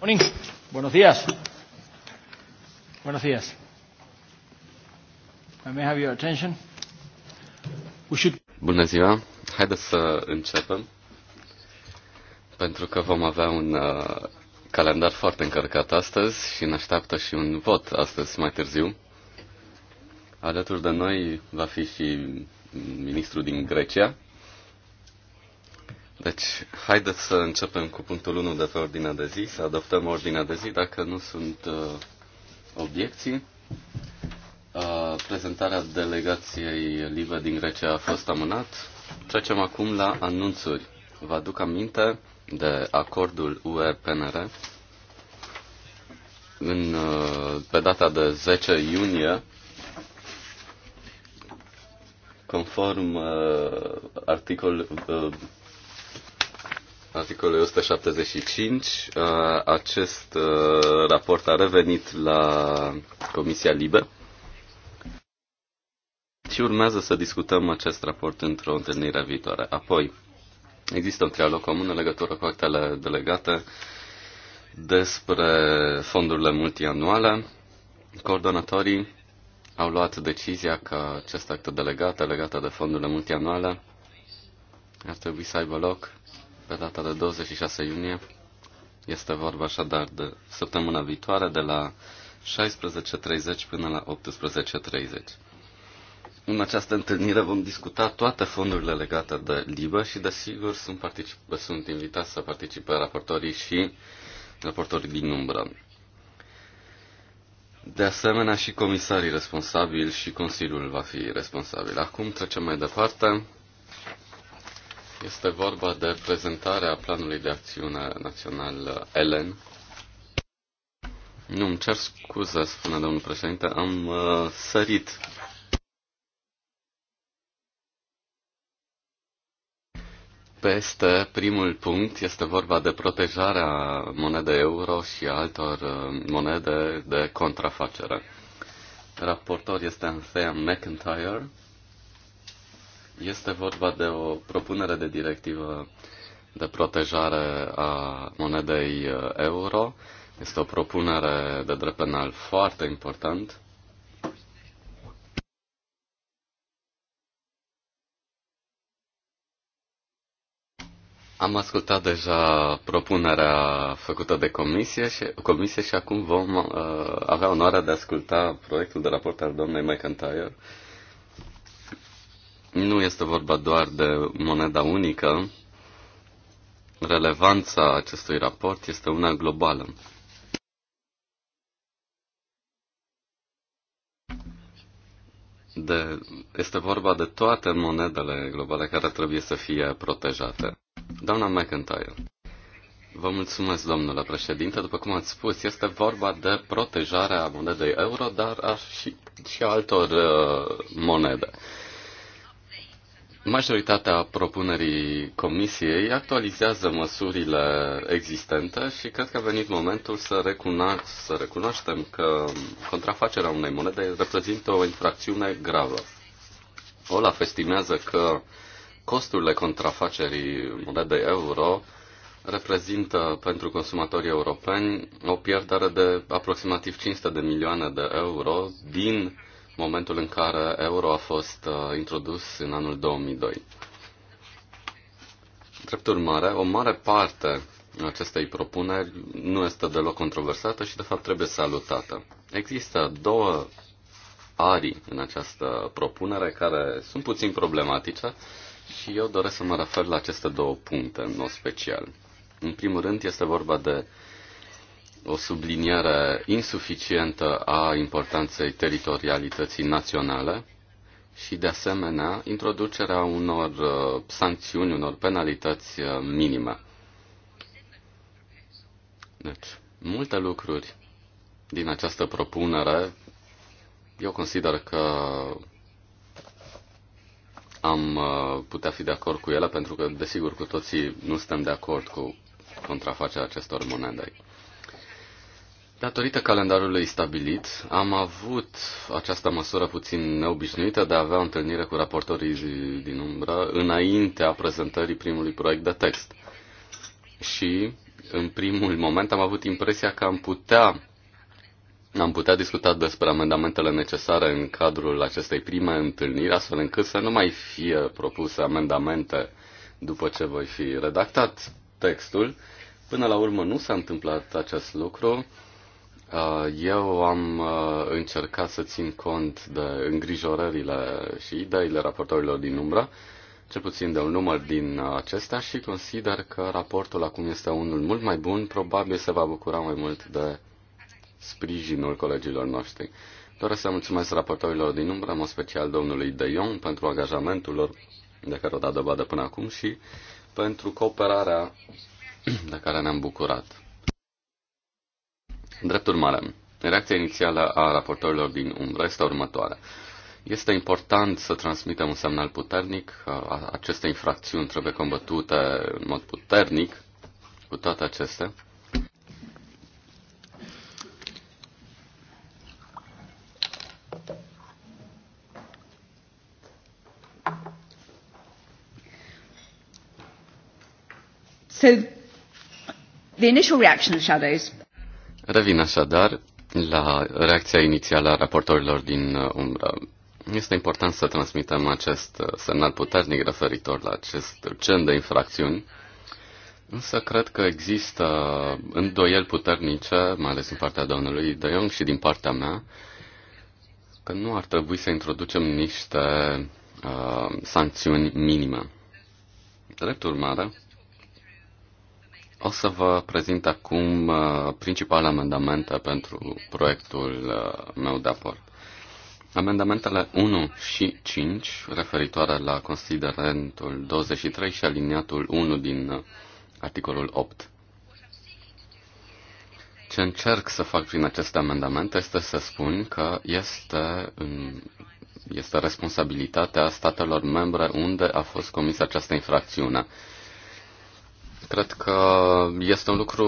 Morning. Buenos días. Buenos días. I may have your attention. We should... Bună ziua. Haideți să începem. Pentru că vom avea un uh, calendar foarte încărcat astăzi și ne așteaptă și un vot astăzi mai târziu. Alături de noi va fi și ministrul din Grecia, deci, haideți să începem cu punctul 1 de pe ordinea de zi, să adoptăm ordinea de zi dacă nu sunt uh, obiecții. Uh, prezentarea delegației live din Grecia a fost amânat. Trecem acum la anunțuri. Vă aduc aminte de acordul UE-PNR în, uh, pe data de 10 iunie, conform uh, articol, uh, articolului 175, uh, acest uh, raport a revenit la Comisia Libe și urmează să discutăm acest raport într-o întâlnire viitoare. Apoi, există un trialog comun în legătură cu actele delegate despre fondurile multianuale. Coordonatorii au luat decizia că acest act delegat, legată de fondurile multianuale, ar trebui să aibă loc pe data de 26 iunie. Este vorba așadar de săptămâna viitoare de la 16.30 până la 18.30. În această întâlnire vom discuta toate fondurile legate de LIBE și, desigur, sunt, particip- sunt invitați să participe raportorii și raportorii din umbră. De asemenea, și comisarii responsabili și Consiliul va fi responsabil. Acum trecem mai departe este vorba de prezentarea planului de acțiune național uh, ELEN. Nu, îmi cer scuze, spune domnul președinte, am uh, sărit. Peste primul punct este vorba de protejarea monedei euro și altor uh, monede de contrafacere. Raportor este Anthea McIntyre. Este vorba de o propunere de directivă de protejare a monedei uh, euro. Este o propunere de drept penal foarte important. Am ascultat deja propunerea făcută de comisie și, comisie și acum vom uh, avea onoarea de a asculta proiectul de raport al doamnei McIntyre. Uh, nu este vorba doar de moneda unică. Relevanța acestui raport este una globală. De, este vorba de toate monedele globale care trebuie să fie protejate. Doamna McIntyre. Vă mulțumesc, domnule președinte. După cum ați spus, este vorba de protejarea monedei euro, dar și, și altor uh, monede. Majoritatea propunerii Comisiei actualizează măsurile existente și cred că a venit momentul să, recuna- să recunoaștem că contrafacerea unei monede reprezintă o infracțiune gravă. Olaf estimează că costurile contrafacerii monedei euro reprezintă pentru consumatorii europeni o pierdere de aproximativ 500 de milioane de euro din momentul în care euro a fost uh, introdus în anul 2002. Drept urmare, o mare parte acestei propuneri nu este deloc controversată și, de fapt, trebuie salutată. Există două arii în această propunere care sunt puțin problematice și eu doresc să mă refer la aceste două puncte în mod special. În primul rând este vorba de uh, o subliniere insuficientă a importanței teritorialității naționale și, de asemenea, introducerea unor uh, sancțiuni, unor penalități uh, minime. Deci, multe lucruri din această propunere, eu consider că am uh, putea fi de acord cu ele, pentru că, desigur, cu toții nu suntem de acord cu contrafacerea acestor monede. Datorită calendarului stabilit, am avut această măsură puțin neobișnuită de a avea o întâlnire cu raportorii din umbră înaintea prezentării primului proiect de text. Și în primul moment am avut impresia că am putea, am putea discuta despre amendamentele necesare în cadrul acestei prime întâlniri, astfel încât să nu mai fie propuse amendamente după ce voi fi redactat textul. Până la urmă nu s-a întâmplat acest lucru Uh, eu am uh, încercat să țin cont de îngrijorările și ideile raportorilor din umbră, cel puțin de un număr din acestea și consider că raportul acum este unul mult mai bun, probabil se va bucura mai mult de sprijinul colegilor noștri. Doresc să mulțumesc raportorilor din umbră, în special domnului De Jong, pentru angajamentul lor de care o dat dovadă până acum și pentru cooperarea de care ne-am bucurat. Drept urmare, reacția inițială a raportorilor din umbră este următoarea. Este important să transmitem un semnal puternic, aceste infracțiuni trebuie combătute în mod puternic, cu toate acestea. So the initial reaction of shadows Revin așadar la reacția inițială a raportorilor din uh, umbră. Este important să transmitem acest uh, semnal puternic referitor la acest gen de infracțiuni, însă cred că există îndoieli puternice, mai ales din partea domnului De Jong și din partea mea, că nu ar trebui să introducem niște uh, sancțiuni minime. Drept urmare, o să vă prezint acum uh, principalele amendamente pentru proiectul uh, meu de aport. Amendamentele 1 și 5, referitoare la considerentul 23 și aliniatul 1 din uh, articolul 8. Ce încerc să fac prin aceste amendamente este să spun că este, este responsabilitatea statelor membre unde a fost comisă această infracțiune Cred că este un lucru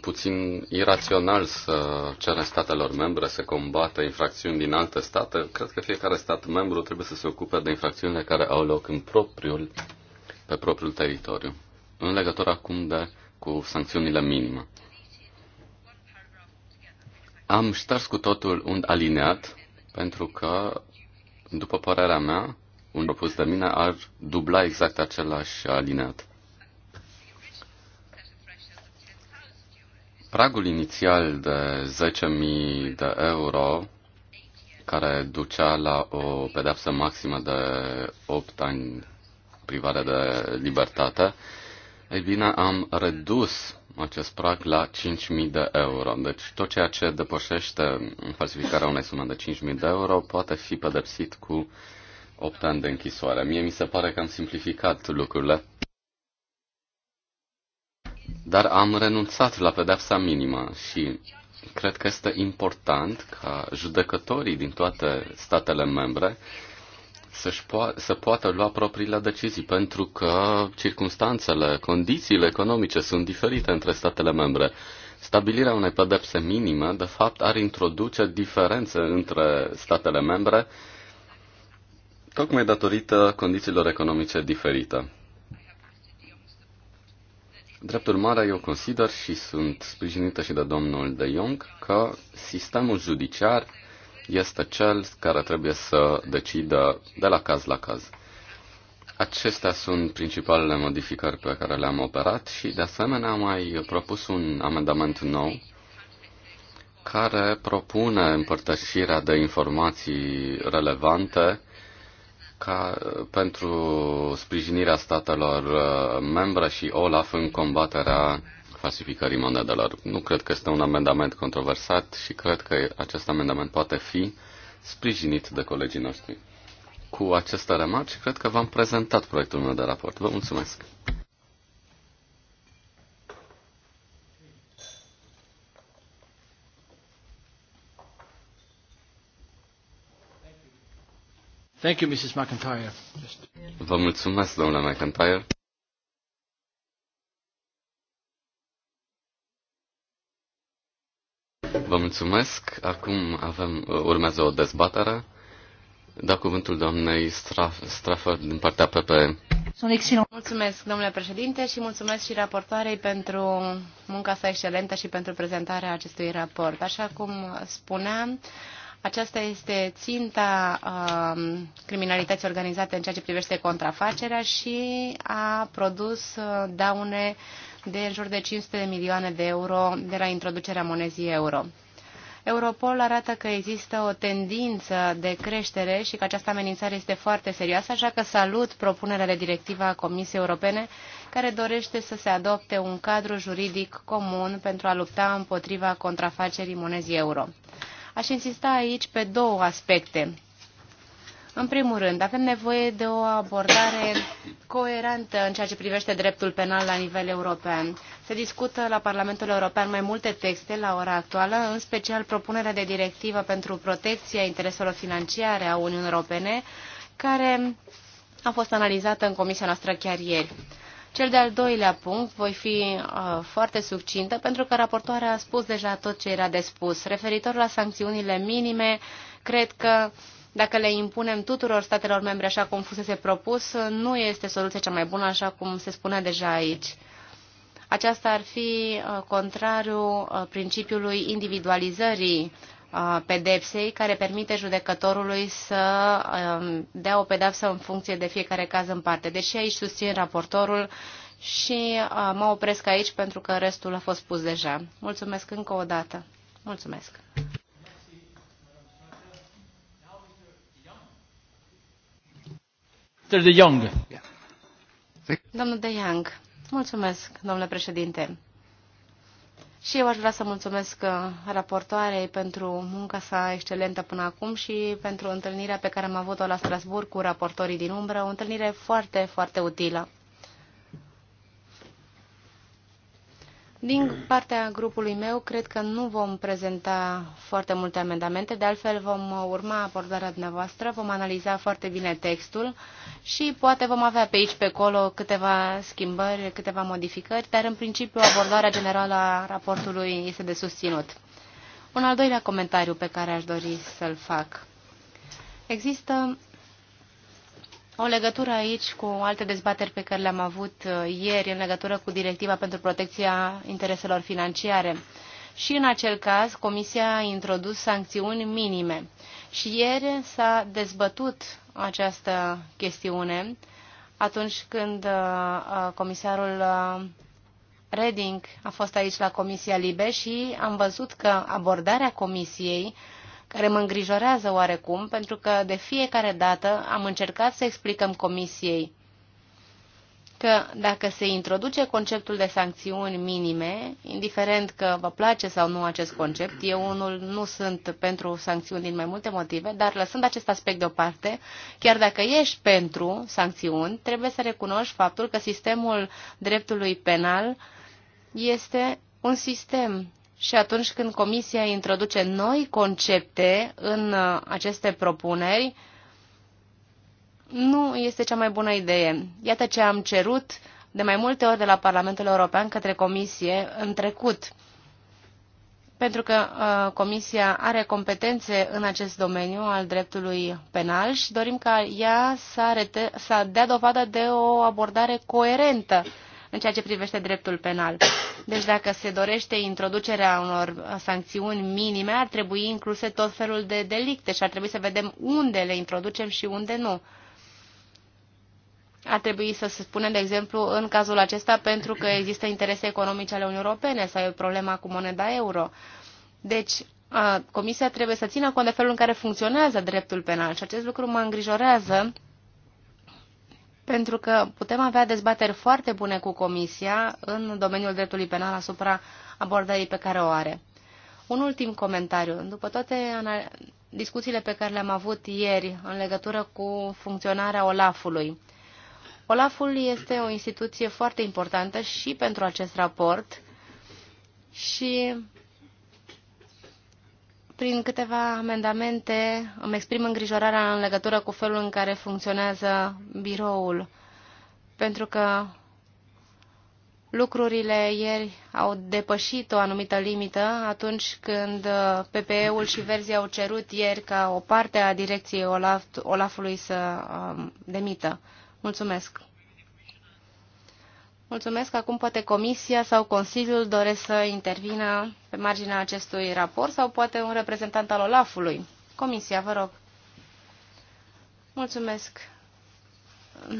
puțin irațional să cerem statelor membre să combată infracțiuni din alte state. Cred că fiecare stat membru trebuie să se ocupe de infracțiunile care au loc în propriul, pe propriul teritoriu. În legătură acum de, cu sancțiunile minime. Am șters cu totul un alineat pentru că, după părerea mea, un propus de mine ar dubla exact același alineat. Pragul inițial de 10.000 de euro, care ducea la o pedeapsă maximă de 8 ani privare de libertate, ei bine, am redus acest prag la 5.000 de euro. Deci tot ceea ce depășește falsificarea unei sume de 5.000 de euro poate fi pedepsit cu 8 ani de închisoare. Mie mi se pare că am simplificat lucrurile dar am renunțat la pedepsa minimă și cred că este important ca judecătorii din toate statele membre să-și po- să poată lua propriile decizii, pentru că circunstanțele, condițiile economice sunt diferite între statele membre. Stabilirea unei pedepse minime, de fapt, ar introduce diferențe între statele membre, tocmai datorită condițiilor economice diferite. Drept urmare, eu consider și sunt sprijinită și de domnul De Jong că sistemul judiciar este cel care trebuie să decidă de la caz la caz. Acestea sunt principalele modificări pe care le-am operat și, de asemenea, am mai propus un amendament nou care propune împărtășirea de informații relevante ca, pentru sprijinirea statelor uh, membre și OLAF în combaterea falsificării monedelor. Nu cred că este un amendament controversat și cred că acest amendament poate fi sprijinit de colegii noștri. Cu aceste remarci, cred că v-am prezentat proiectul meu de raport. Vă mulțumesc! Thank you, Mrs. McIntyre. Vă mulțumesc, domnule McIntyre. Vă mulțumesc. Acum avem, urmează o dezbatere. Da cuvântul doamnei Strafă, din partea PP. Sunt excelent. Mulțumesc, domnule președinte, și mulțumesc și raportoarei pentru munca sa excelentă și pentru prezentarea acestui raport. Așa cum spuneam, aceasta este ținta uh, criminalității organizate în ceea ce privește contrafacerea și a produs uh, daune de în jur de 500 de milioane de euro de la introducerea monezii euro. Europol arată că există o tendință de creștere și că această amenințare este foarte serioasă, așa că salut propunerea de directivă a Comisiei Europene care dorește să se adopte un cadru juridic comun pentru a lupta împotriva contrafacerii monezii euro. Aș insista aici pe două aspecte. În primul rând, avem nevoie de o abordare coerentă în ceea ce privește dreptul penal la nivel european. Se discută la Parlamentul European mai multe texte la ora actuală, în special propunerea de directivă pentru protecția intereselor financiare a Uniunii Europene, care a fost analizată în comisia noastră chiar ieri. Cel de-al doilea punct, voi fi uh, foarte succintă, pentru că raportoarea a spus deja tot ce era de spus. Referitor la sancțiunile minime, cred că dacă le impunem tuturor statelor membre așa cum fusese propus, nu este soluția cea mai bună, așa cum se spune deja aici. Aceasta ar fi uh, contrariu uh, principiului individualizării pedepsei care permite judecătorului să um, dea o pedepsă în funcție de fiecare caz în parte. Deși aici susțin raportorul și uh, mă opresc aici pentru că restul a fost pus deja. Mulțumesc încă o dată. Mulțumesc. Domnul De Young, mulțumesc, domnule președinte. Și eu aș vrea să mulțumesc uh, raportoarei pentru munca sa excelentă până acum și pentru întâlnirea pe care am avut-o la Strasburg cu raportorii din umbră, o întâlnire foarte, foarte utilă. Din partea grupului meu, cred că nu vom prezenta foarte multe amendamente, de altfel vom urma abordarea dumneavoastră, vom analiza foarte bine textul și poate vom avea pe aici, pe acolo, câteva schimbări, câteva modificări, dar în principiu abordarea generală a raportului este de susținut. Un al doilea comentariu pe care aș dori să-l fac. Există o legătură aici cu alte dezbateri pe care le-am avut uh, ieri în legătură cu Directiva pentru protecția intereselor financiare. Și în acel caz, Comisia a introdus sancțiuni minime. Și ieri s-a dezbătut această chestiune atunci când uh, uh, comisarul Reding a fost aici la Comisia Libe și am văzut că abordarea Comisiei uh, care mă îngrijorează oarecum, pentru că de fiecare dată am încercat să explicăm Comisiei că dacă se introduce conceptul de sancțiuni minime, indiferent că vă place sau nu acest concept, eu unul nu sunt pentru sancțiuni din mai multe motive, dar lăsând acest aspect deoparte, chiar dacă ești pentru sancțiuni, trebuie să recunoști faptul că sistemul dreptului penal este un sistem și atunci când Comisia introduce noi concepte în uh, aceste propuneri, nu este cea mai bună idee. Iată ce am cerut de mai multe ori de la Parlamentul European către Comisie în trecut, pentru că uh, Comisia are competențe în acest domeniu al dreptului penal și dorim ca ea să, arete, să dea dovadă de o abordare coerentă în ceea ce privește dreptul penal. Deci dacă se dorește introducerea unor sancțiuni minime, ar trebui incluse tot felul de delicte și ar trebui să vedem unde le introducem și unde nu. Ar trebui să se spune, de exemplu, în cazul acesta, pentru că există interese economice ale Uniunii Europene sau e problema cu moneda euro. Deci, Comisia trebuie să țină cont de felul în care funcționează dreptul penal și acest lucru mă îngrijorează pentru că putem avea dezbateri foarte bune cu Comisia în domeniul dreptului penal asupra abordării pe care o are. Un ultim comentariu. După toate discuțiile pe care le-am avut ieri în legătură cu funcționarea OLAF-ului, OLAF-ul este o instituție foarte importantă și pentru acest raport și prin câteva amendamente îmi exprim îngrijorarea în legătură cu felul în care funcționează biroul, pentru că lucrurile ieri au depășit o anumită limită atunci când uh, PPE-ul și Verzi au cerut ieri ca o parte a direcției Olaf, Olafului să um, demită. Mulțumesc! Mulțumesc. Acum poate Comisia sau Consiliul doresc să intervină pe marginea acestui raport sau poate un reprezentant al OLAF-ului. Comisia, vă rog. Mulțumesc.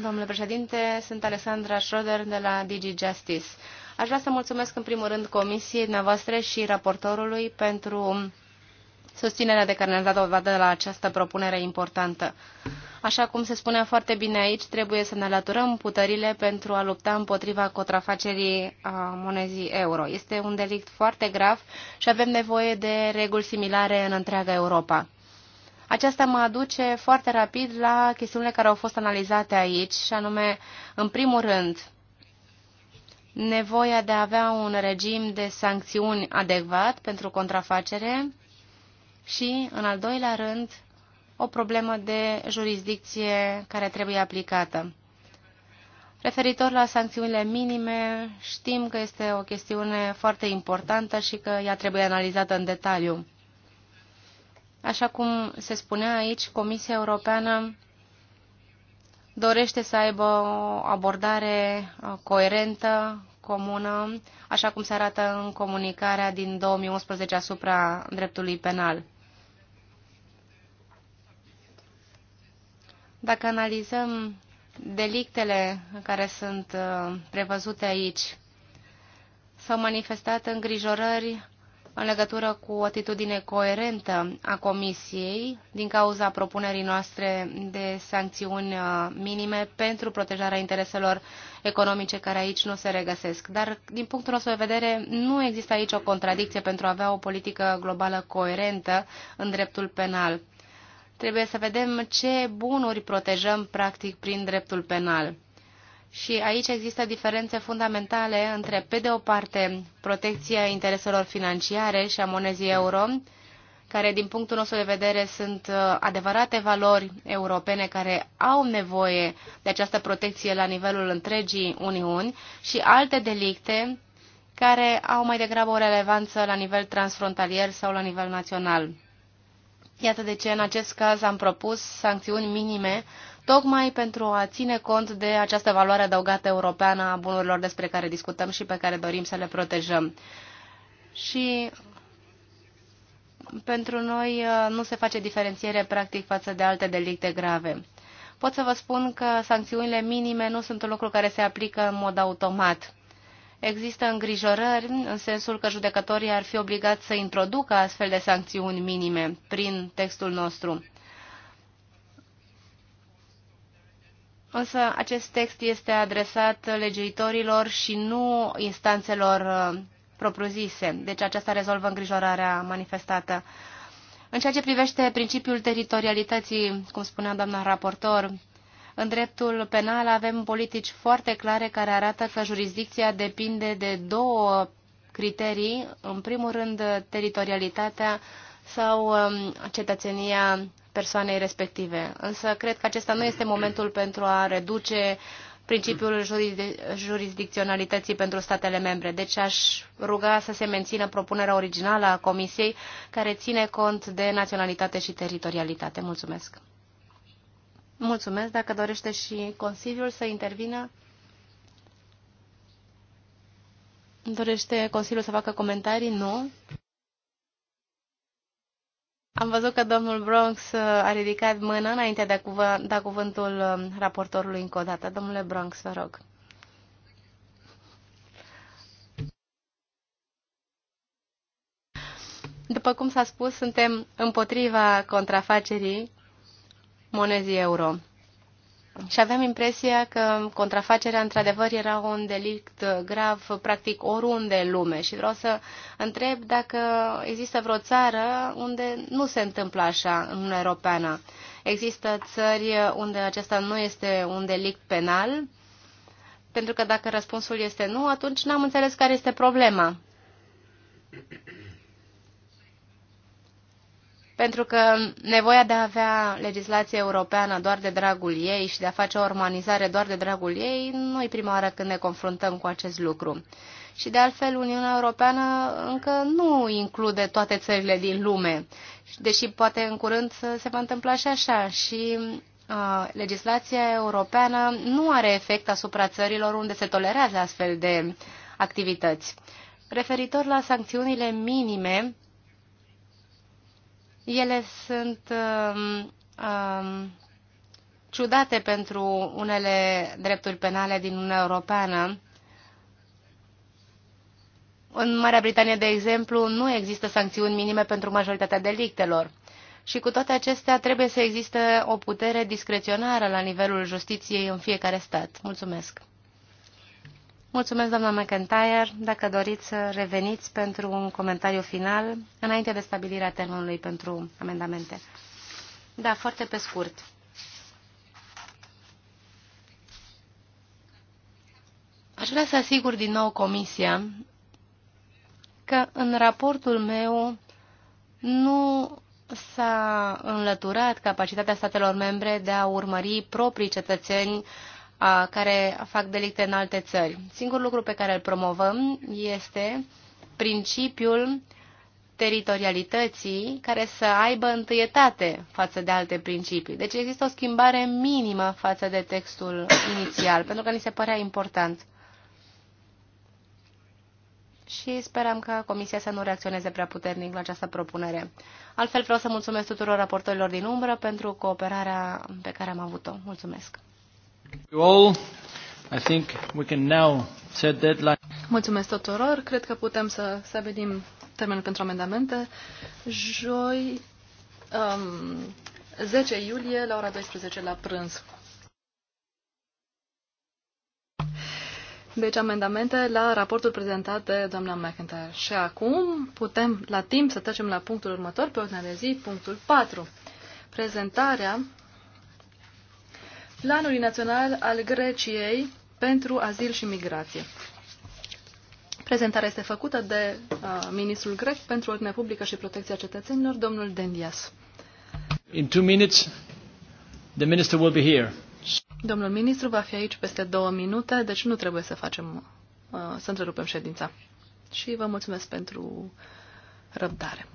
Domnule președinte, sunt Alessandra Schroeder de la Digi Justice. Aș vrea să mulțumesc în primul rând Comisiei dumneavoastră și raportorului pentru susținerea de care ne-a dat vadă la această propunere importantă. Așa cum se spunea foarte bine aici, trebuie să ne alăturăm puterile pentru a lupta împotriva contrafacerii monezii euro. Este un delict foarte grav și avem nevoie de reguli similare în întreaga Europa. Aceasta mă aduce foarte rapid la chestiunile care au fost analizate aici, și anume, în primul rând, nevoia de a avea un regim de sancțiuni adecvat pentru contrafacere și, în al doilea rând, o problemă de jurisdicție care trebuie aplicată. Referitor la sancțiunile minime, știm că este o chestiune foarte importantă și că ea trebuie analizată în detaliu. Așa cum se spunea aici, Comisia Europeană dorește să aibă o abordare uh, coerentă, comună, așa cum se arată în comunicarea din 2011 asupra dreptului penal. Dacă analizăm delictele care sunt uh, prevăzute aici, s-au manifestat îngrijorări în legătură cu o atitudine coerentă a Comisiei din cauza propunerii noastre de sancțiuni uh, minime pentru protejarea intereselor economice care aici nu se regăsesc. Dar, din punctul nostru de vedere, nu există aici o contradicție pentru a avea o politică globală coerentă în dreptul penal. Trebuie să vedem ce bunuri protejăm practic prin dreptul penal. Și aici există diferențe fundamentale între, pe de o parte, protecția intereselor financiare și a monezii euro, care, din punctul nostru de vedere, sunt uh, adevărate valori europene care au nevoie de această protecție la nivelul întregii Uniuni și alte delicte care au mai degrabă o relevanță la nivel transfrontalier sau la nivel național. Iată de ce în acest caz am propus sancțiuni minime, tocmai pentru a ține cont de această valoare adăugată europeană a bunurilor despre care discutăm și pe care dorim să le protejăm. Și pentru noi uh, nu se face diferențiere practic față de alte delicte grave. Pot să vă spun că sancțiunile minime nu sunt un lucru care se aplică în mod automat. Există îngrijorări în sensul că judecătorii ar fi obligați să introducă astfel de sancțiuni minime prin textul nostru. Însă acest text este adresat legiuitorilor și nu instanțelor uh, propriu-zise. Deci aceasta rezolvă îngrijorarea manifestată. În ceea ce privește principiul teritorialității, cum spunea doamna raportor, în dreptul penal avem politici foarte clare care arată că jurisdicția depinde de două criterii, în primul rând teritorialitatea sau um, cetățenia persoanei respective. Însă cred că acesta nu este momentul pentru a reduce principiul jurisdicționalității pentru statele membre. Deci aș ruga să se mențină propunerea originală a Comisiei care ține cont de naționalitate și teritorialitate. Mulțumesc! Mulțumesc. Dacă dorește și Consiliul să intervină. Dorește Consiliul să facă comentarii? Nu. Am văzut că domnul Bronx a ridicat mâna înainte de a da cuvântul um, raportorului încă o dată. Domnule Bronx, vă rog. După cum s-a spus, suntem împotriva contrafacerii monezii euro. Și aveam impresia că contrafacerea, într-adevăr, era un delict grav, practic, oriunde în lume. Și vreau să întreb dacă există vreo țară unde nu se întâmplă așa în Uniunea Europeană. Există țări unde acesta nu este un delict penal? Pentru că dacă răspunsul este nu, atunci n-am înțeles care este problema pentru că nevoia de a avea legislație europeană doar de dragul ei și de a face o urbanizare doar de dragul ei, nu e prima oară când ne confruntăm cu acest lucru. Și de altfel, Uniunea Europeană încă nu include toate țările din lume, deși poate în curând se va întâmpla și așa. Și a, legislația europeană nu are efect asupra țărilor unde se tolerează astfel de activități. Referitor la sancțiunile minime, ele sunt um, um, ciudate pentru unele drepturi penale din Uniunea Europeană. În Marea Britanie, de exemplu, nu există sancțiuni minime pentru majoritatea delictelor. Și cu toate acestea trebuie să existe o putere discreționară la nivelul justiției în fiecare stat. Mulțumesc. Mulțumesc, doamna McIntyre. Dacă doriți să reveniți pentru un comentariu final, înainte de stabilirea termenului pentru amendamente. Da, foarte pe scurt. Aș vrea să asigur din nou Comisia că în raportul meu nu s-a înlăturat capacitatea statelor membre de a urmări proprii cetățeni uh, care fac delicte în alte țări. Singurul lucru pe care îl promovăm este principiul teritorialității care să aibă întâietate față de alte principii. Deci există o schimbare minimă față de textul inițial, pentru că ni se părea important. Și sperăm că Comisia să nu reacționeze prea puternic la această propunere. Altfel vreau să mulțumesc tuturor raportorilor din umbră pentru cooperarea pe care am avut-o. Mulțumesc! Mulțumesc tuturor. Cred că putem să stabilim termenul pentru amendamente. Joi, um, 10 iulie, la ora 12 la prânz. Deci amendamente la raportul prezentat de doamna McIntyre. Și acum putem la timp să trecem la punctul următor, pe ordinea de zi, punctul 4. Prezentarea Planului Național al Greciei pentru Azil și Migrație. Prezentarea este făcută de uh, ministrul grec pentru ordine publică și protecția cetățenilor, domnul Dendias. In two minutes, the minister will be here. Domnul ministru va fi aici peste două minute, deci nu trebuie să facem, uh, să întrerupem ședința. Și vă mulțumesc pentru răbdare.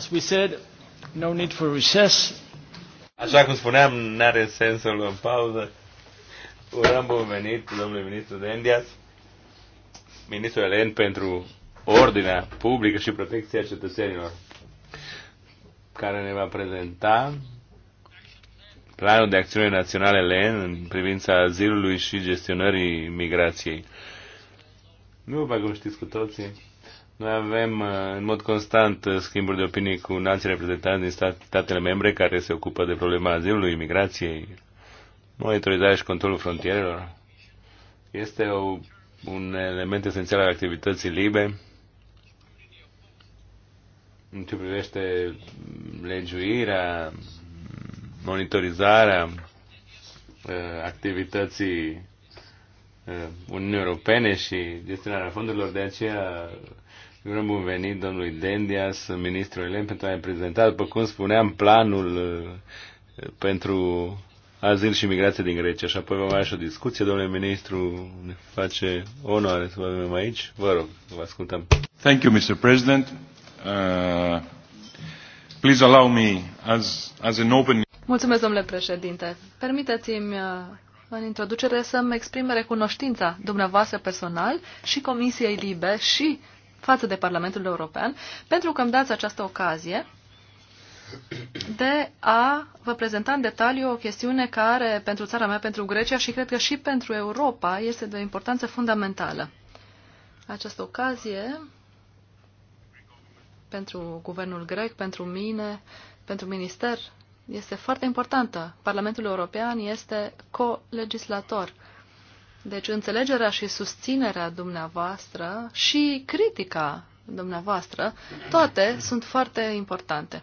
As we said, no need for recess. Așa cum spuneam, nu are sens să luăm pauză. Urăm bun venit, domnule ministru Indias, ministrul elen pentru ordinea publică și protecția cetățenilor, care ne va prezenta planul de acțiune naționale LN în privința azilului și gestionării migrației. Nu, după cum știți cu toții, noi avem uh, în mod constant uh, schimburi de opinii cu înalți reprezentanți din statele membre care se ocupă de problema azilului, imigrației, monitorizarea și controlul frontierelor. Este o, un element esențial al activității libe în ce privește legiuirea, monitorizarea uh, activității Uniunii Europene și gestionarea fondurilor, de aceea Urăm bun venit domnului Dendias, ministrul Elen, pentru a i prezenta, după cum spuneam, planul uh, pentru azil și migrație din Grecia. Și apoi vom avea și o discuție. Domnule ministru, ne face onoare să vă avem aici. Vă rog, vă ascultăm. Thank you, Mr. President. Uh, please allow me, as, as an open... Mulțumesc, domnule președinte. Permiteți-mi uh, în introducere să-mi exprim recunoștința dumneavoastră personal și Comisiei Libe și față de Parlamentul European, pentru că îmi dați această ocazie de a vă prezenta în detaliu o chestiune care pentru țara mea, pentru Grecia și cred că și pentru Europa este de o importanță fundamentală. Această ocazie pentru guvernul grec, pentru mine, pentru minister, este foarte importantă. Parlamentul European este co-legislator deci înțelegerea și susținerea dumneavoastră și critica dumneavoastră, toate sunt foarte importante.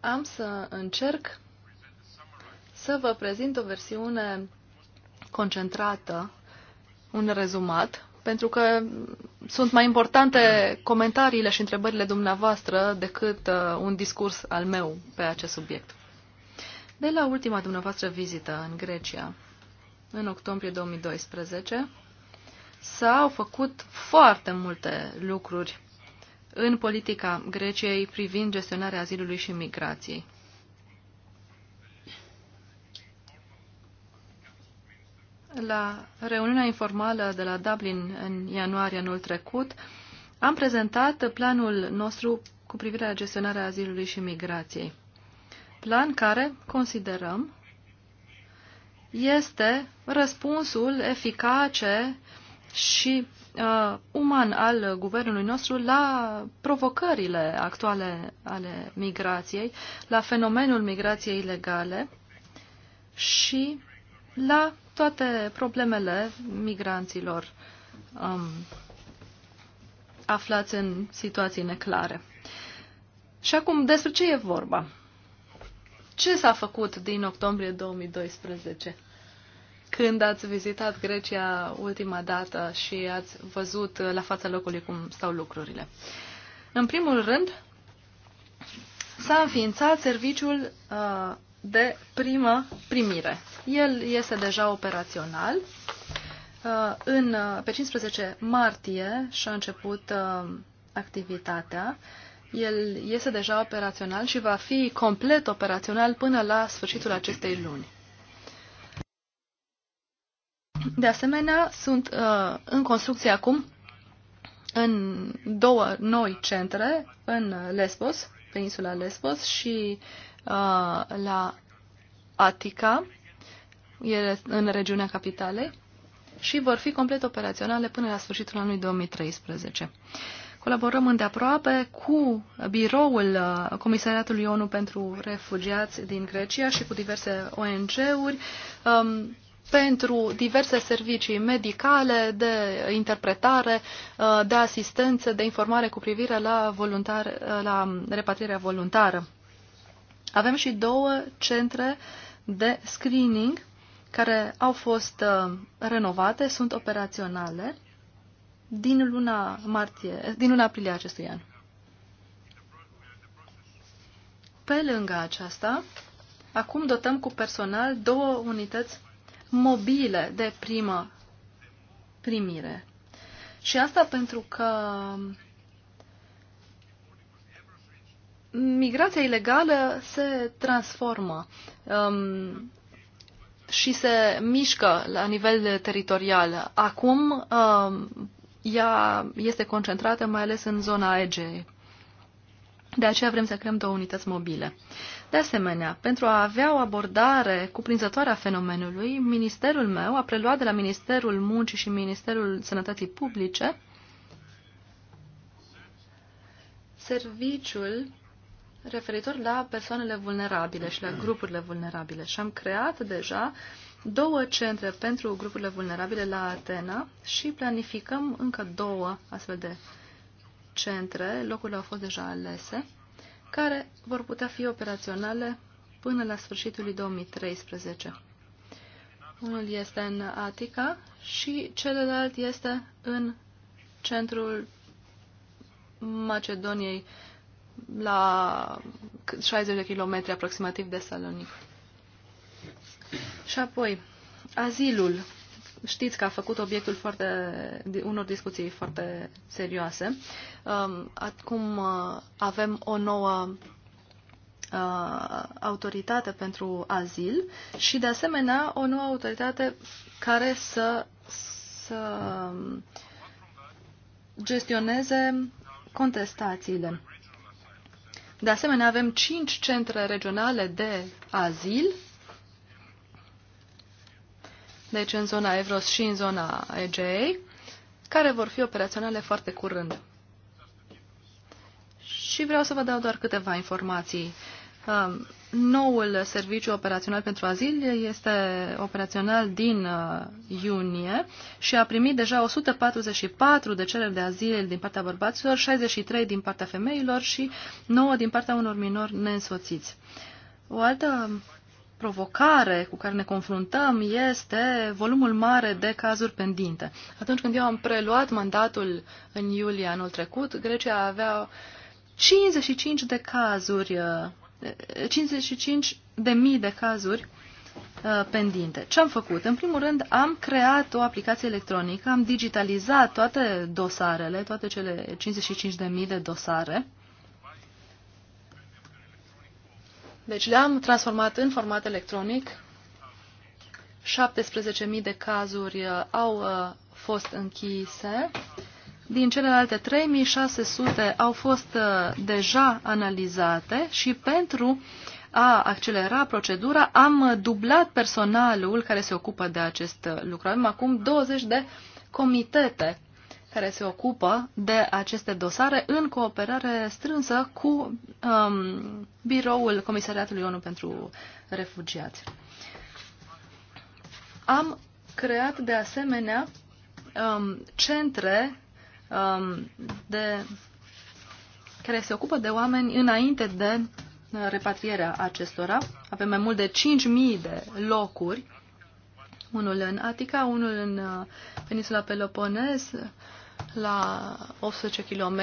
Am să încerc să vă prezint o versiune concentrată, un rezumat, pentru că sunt mai importante comentariile și întrebările dumneavoastră decât uh, un discurs al meu pe acest subiect. De la ultima dumneavoastră vizită în Grecia, în octombrie 2012, s-au făcut foarte multe lucruri în politica Greciei privind gestionarea azilului și migrației. La reuniunea informală de la Dublin în ianuarie anul trecut, am prezentat planul nostru cu privire la gestionarea azilului și migrației plan care, considerăm, este răspunsul eficace și uh, uman al guvernului nostru la provocările actuale ale migrației, la fenomenul migrației ilegale și la toate problemele migranților um, aflați în situații neclare. Și acum, despre ce e vorba? Ce s-a făcut din octombrie 2012? Când ați vizitat Grecia ultima dată și ați văzut la fața locului cum stau lucrurile. În primul rând, s-a înființat serviciul uh, de primă primire. El este deja operațional. Uh, în, uh, pe 15 martie și-a început uh, activitatea. Uh, el este deja operațional și va fi complet operațional până la sfârșitul acestei luni. De asemenea, sunt uh, în construcție acum în două noi centre, în Lesbos, pe insula Lesbos și uh, la Atica, ele în regiunea capitalei, și vor fi complet operaționale până la sfârșitul anului 2013. Colaborăm îndeaproape cu biroul uh, Comisariatului ONU pentru Refugiați din Grecia și cu diverse ONG-uri um, pentru diverse servicii medicale, de interpretare, uh, de asistență, de informare cu privire la, voluntar, uh, la repatrierea voluntară. Avem și două centre de screening care au fost renovate, sunt operaționale din luna martie, din luna aprilie acestui an. Pe lângă aceasta, acum dotăm cu personal două unități mobile de primă primire. Și asta pentru că migrația ilegală se transformă um, și se mișcă la nivel teritorial. Acum um, ea este concentrată mai ales în zona Egei. De aceea vrem să creăm două unități mobile. De asemenea, pentru a avea o abordare cuprinzătoare a fenomenului, ministerul meu a preluat de la Ministerul Muncii și Ministerul Sănătății Publice serviciul referitor la persoanele vulnerabile și la grupurile vulnerabile. Și am creat deja uh, două centre pentru grupurile vulnerabile la Atena și planificăm încă două astfel de centre, locurile au fost deja alese, care vor putea fi operaționale până la sfârșitul 2013. Unul este în Atica și celălalt este în centrul Macedoniei la 60 de kilometri aproximativ de Salonic. Și apoi, azilul. Știți că a făcut obiectul foarte, unor discuții foarte serioase. Um, acum uh, avem o nouă uh, autoritate pentru azil și, de asemenea, o nouă autoritate care să, să gestioneze contestațiile. De asemenea, avem cinci centre regionale de azil deci în zona Evros și în zona Egei, care vor fi operaționale foarte curând. Și vreau să vă dau doar câteva informații. Um, noul serviciu operațional pentru azil este operațional din uh, iunie și a primit deja 144 de cereri de azil din partea bărbaților, 63 din partea femeilor și 9 din partea unor minori neînsoțiți. O altă provocare cu care ne confruntăm este volumul mare de cazuri pendinte. Atunci când eu am preluat mandatul în iulie anul trecut, Grecia avea 55 de cazuri, 55 eh, de mii de cazuri eh, pendinte. Ce am făcut? În primul rând, am creat o aplicație electronică, am digitalizat toate dosarele, toate cele 55 de mii de dosare, Deci le-am transformat în format electronic. 17.000 de cazuri uh, au uh, fost închise. Din celelalte 3.600 au fost uh, deja analizate și pentru a accelera procedura am dublat personalul care se ocupă de acest lucru. Avem acum 20 de comitete care se ocupă de aceste dosare în cooperare strânsă cu um, biroul Comisariatului ONU pentru Refugiați. Am creat de asemenea um, centre um, de, care se ocupă de oameni înainte de repatrierea acestora. Avem mai mult de 5.000 de locuri, unul în Atica, unul în uh, peninsula Peloponez, la 800 km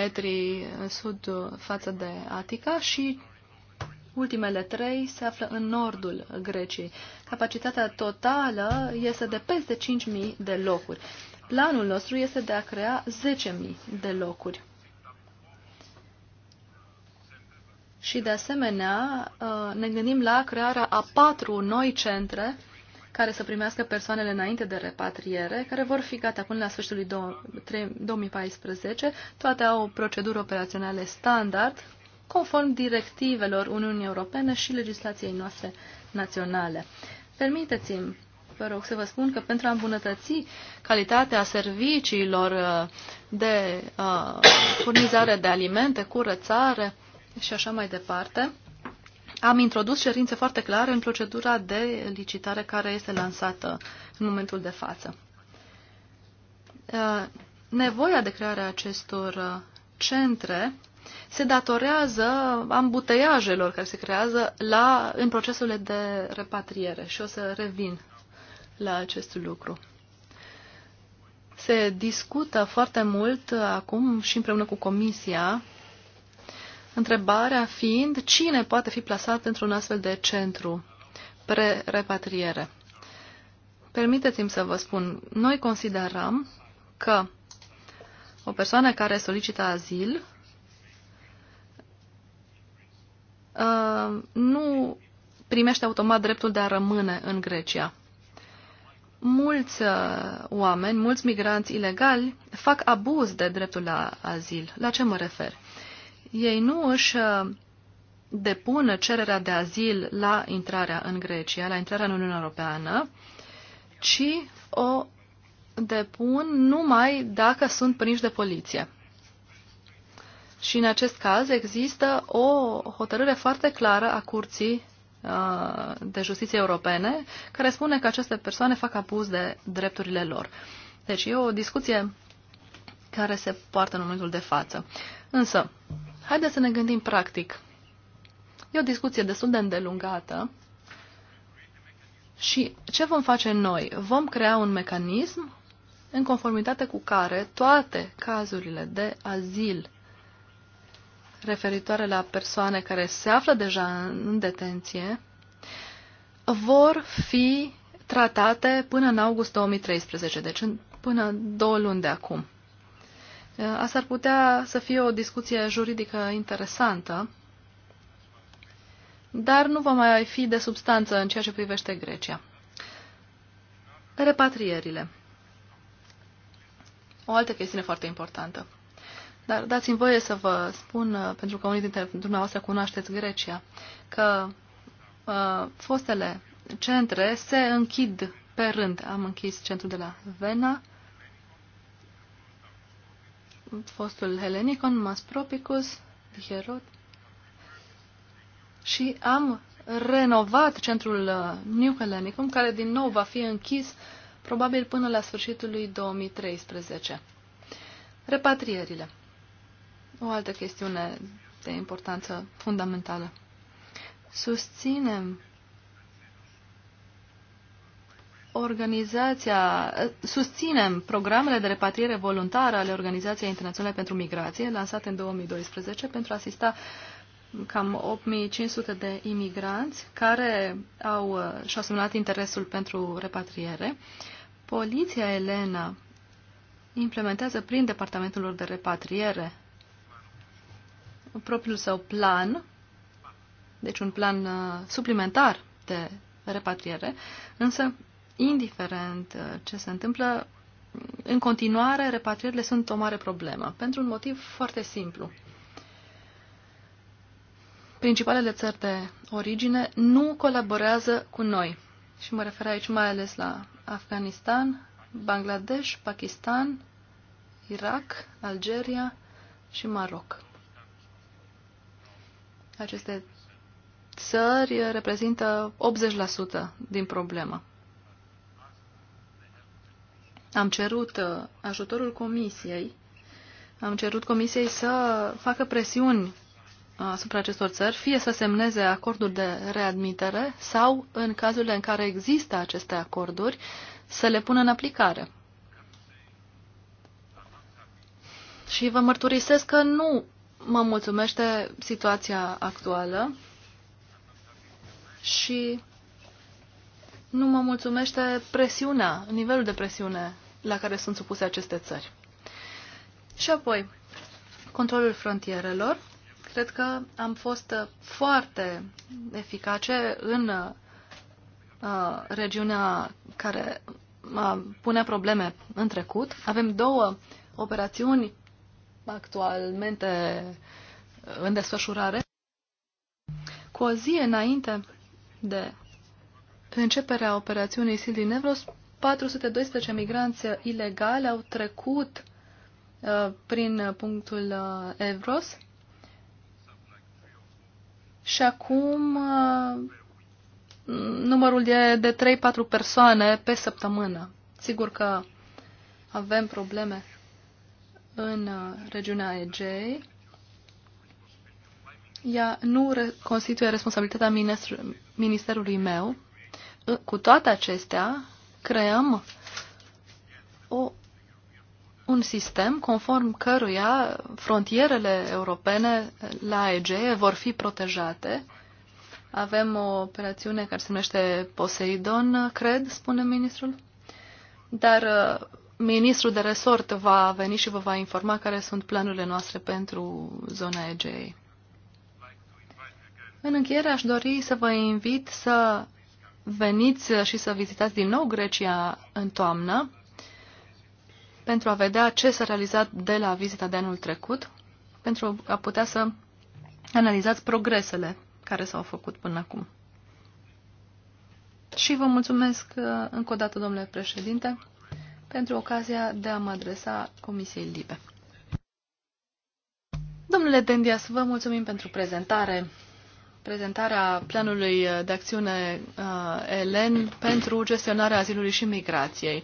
în sud față de Atica și ultimele trei se află în nordul Greciei. Capacitatea totală este de peste 5.000 de locuri. Planul nostru este de a crea 10.000 de locuri. Și de asemenea uh, ne gândim la crearea a patru noi centre care să primească persoanele înainte de repatriere, care vor fi gata până la sfârșitul 2014. Toate au o procedură operațională standard, conform directivelor Uniunii Europene și legislației noastre naționale. Permiteți-mi, vă rog să vă spun că pentru a îmbunătăți calitatea serviciilor uh, de uh, furnizare de alimente, curățare și așa mai departe, am introdus cerințe foarte clare în procedura de licitare care este lansată în momentul de față. Uh, nevoia de creare a acestor uh, centre se datorează ambuteiajelor care se creează la, în procesurile de repatriere și o să revin la acest lucru. Se discută foarte mult uh, acum și împreună cu Comisia Întrebarea fiind cine poate fi plasat într-un astfel de centru pre-repatriere. Permiteți-mi să vă spun, noi considerăm că o persoană care solicită azil uh, nu primește automat dreptul de a rămâne în Grecia. Mulți uh, oameni, mulți migranți ilegali fac abuz de dreptul la azil. La ce mă refer? ei nu își uh, depun cererea de azil la intrarea în Grecia, la intrarea în Uniunea Europeană, ci o depun numai dacă sunt prinși de poliție. Și în acest caz există o hotărâre foarte clară a Curții uh, de Justiție Europene care spune că aceste persoane fac abuz de drepturile lor. Deci e o discuție care se poartă în momentul de față. Însă, Haideți să ne gândim practic. E o discuție destul de îndelungată și ce vom face noi? Vom crea un mecanism în conformitate cu care toate cazurile de azil referitoare la persoane care se află deja în detenție vor fi tratate până în august 2013, deci până două luni de acum. Eh, asta ar putea să fie o discuție juridică interesantă, dar nu va mai fi de substanță în ceea ce privește Grecia. Repatrierile. O altă chestiune foarte importantă. Dar dați-mi voie să vă spun, eh, pentru că unii dintre dumneavoastră cunoașteți Grecia, că uh, fostele centre se închid pe rând. Am închis centrul de la Vena, fostul Helenicon, Maspropicus, Herod. Și am renovat centrul uh, New Hellenicum, care din nou va fi închis probabil până la sfârșitul lui 2013. Repatrierile. O altă chestiune de importanță fundamentală. Susținem organizația, susținem programele de repatriere voluntară ale Organizației Internaționale pentru Migrație, lansate în 2012, pentru a asista cam 8500 de imigranți care au uh, și-au semnat interesul pentru repatriere. Poliția Elena implementează prin departamentul lor de repatriere propriul său plan, deci un plan uh, suplimentar de repatriere, însă indiferent uh, ce se întâmplă, în continuare repatrierile sunt o mare problemă, pentru un motiv foarte simplu. Principalele țări de origine nu colaborează cu noi. Și mă refer aici mai ales la Afganistan, Bangladesh, Pakistan, Irak, Algeria și Maroc. Aceste țări reprezintă 80% din problemă. Am cerut uh, ajutorul comisiei, am cerut comisiei să facă presiuni uh, asupra acestor țări, fie să semneze acorduri de readmitere sau, în cazurile în care există aceste acorduri, să le pună în aplicare. Și vă mărturisesc că nu mă mulțumește situația actuală și nu mă mulțumește presiunea, nivelul de presiune la care sunt supuse aceste țări. Și apoi, controlul frontierelor. Cred că am fost foarte eficace în uh, regiunea care uh, punea probleme în trecut. Avem două operațiuni actualmente în desfășurare. Cu o zi înainte de începerea operațiunii SIL din Evros, 412 migranți ilegali au trecut uh, prin punctul uh, Evros și acum uh, numărul e de 3-4 persoane pe săptămână. Sigur că avem probleme în uh, regiunea Egei. Ea nu constituie responsabilitatea ministerului meu, cu toate acestea, creăm o, un sistem conform căruia frontierele europene la Egee vor fi protejate. Avem o operațiune care se numește Poseidon, cred, spune ministrul. Dar uh, ministrul de resort va veni și vă va informa care sunt planurile noastre pentru zona Egei. În încheiere aș dori să vă invit să veniți și să vizitați din nou Grecia în toamnă pentru a vedea ce s-a realizat de la vizita de anul trecut, pentru a putea să analizați progresele care s-au făcut până acum. Și vă mulțumesc uh, încă o dată, domnule președinte, pentru ocazia de a mă adresa Comisiei Libe. Domnule Dendias, vă mulțumim pentru prezentare prezentarea planului de acțiune uh, ELEN pentru gestionarea azilului și migrației.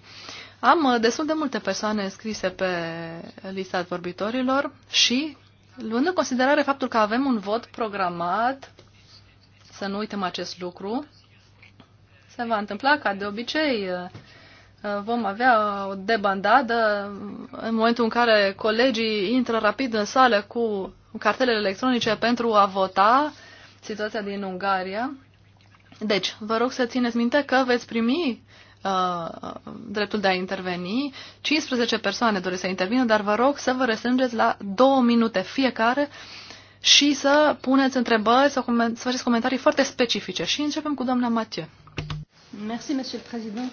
Am uh, destul de multe persoane scrise pe lista vorbitorilor și, luând în considerare faptul că avem un vot programat, să nu uităm acest lucru, se va întâmpla ca de obicei uh, vom avea o debandadă în momentul în care colegii intră rapid în sală cu cartelele electronice pentru a vota situația din Ungaria. Deci, vă rog să țineți minte că veți primi uh, dreptul de a interveni. 15 persoane doresc să intervină, dar vă rog să vă restrângeți la două minute fiecare și să puneți întrebări sau să faceți comentarii foarte specifice. Și începem cu doamna Mathieu. Mulțumim.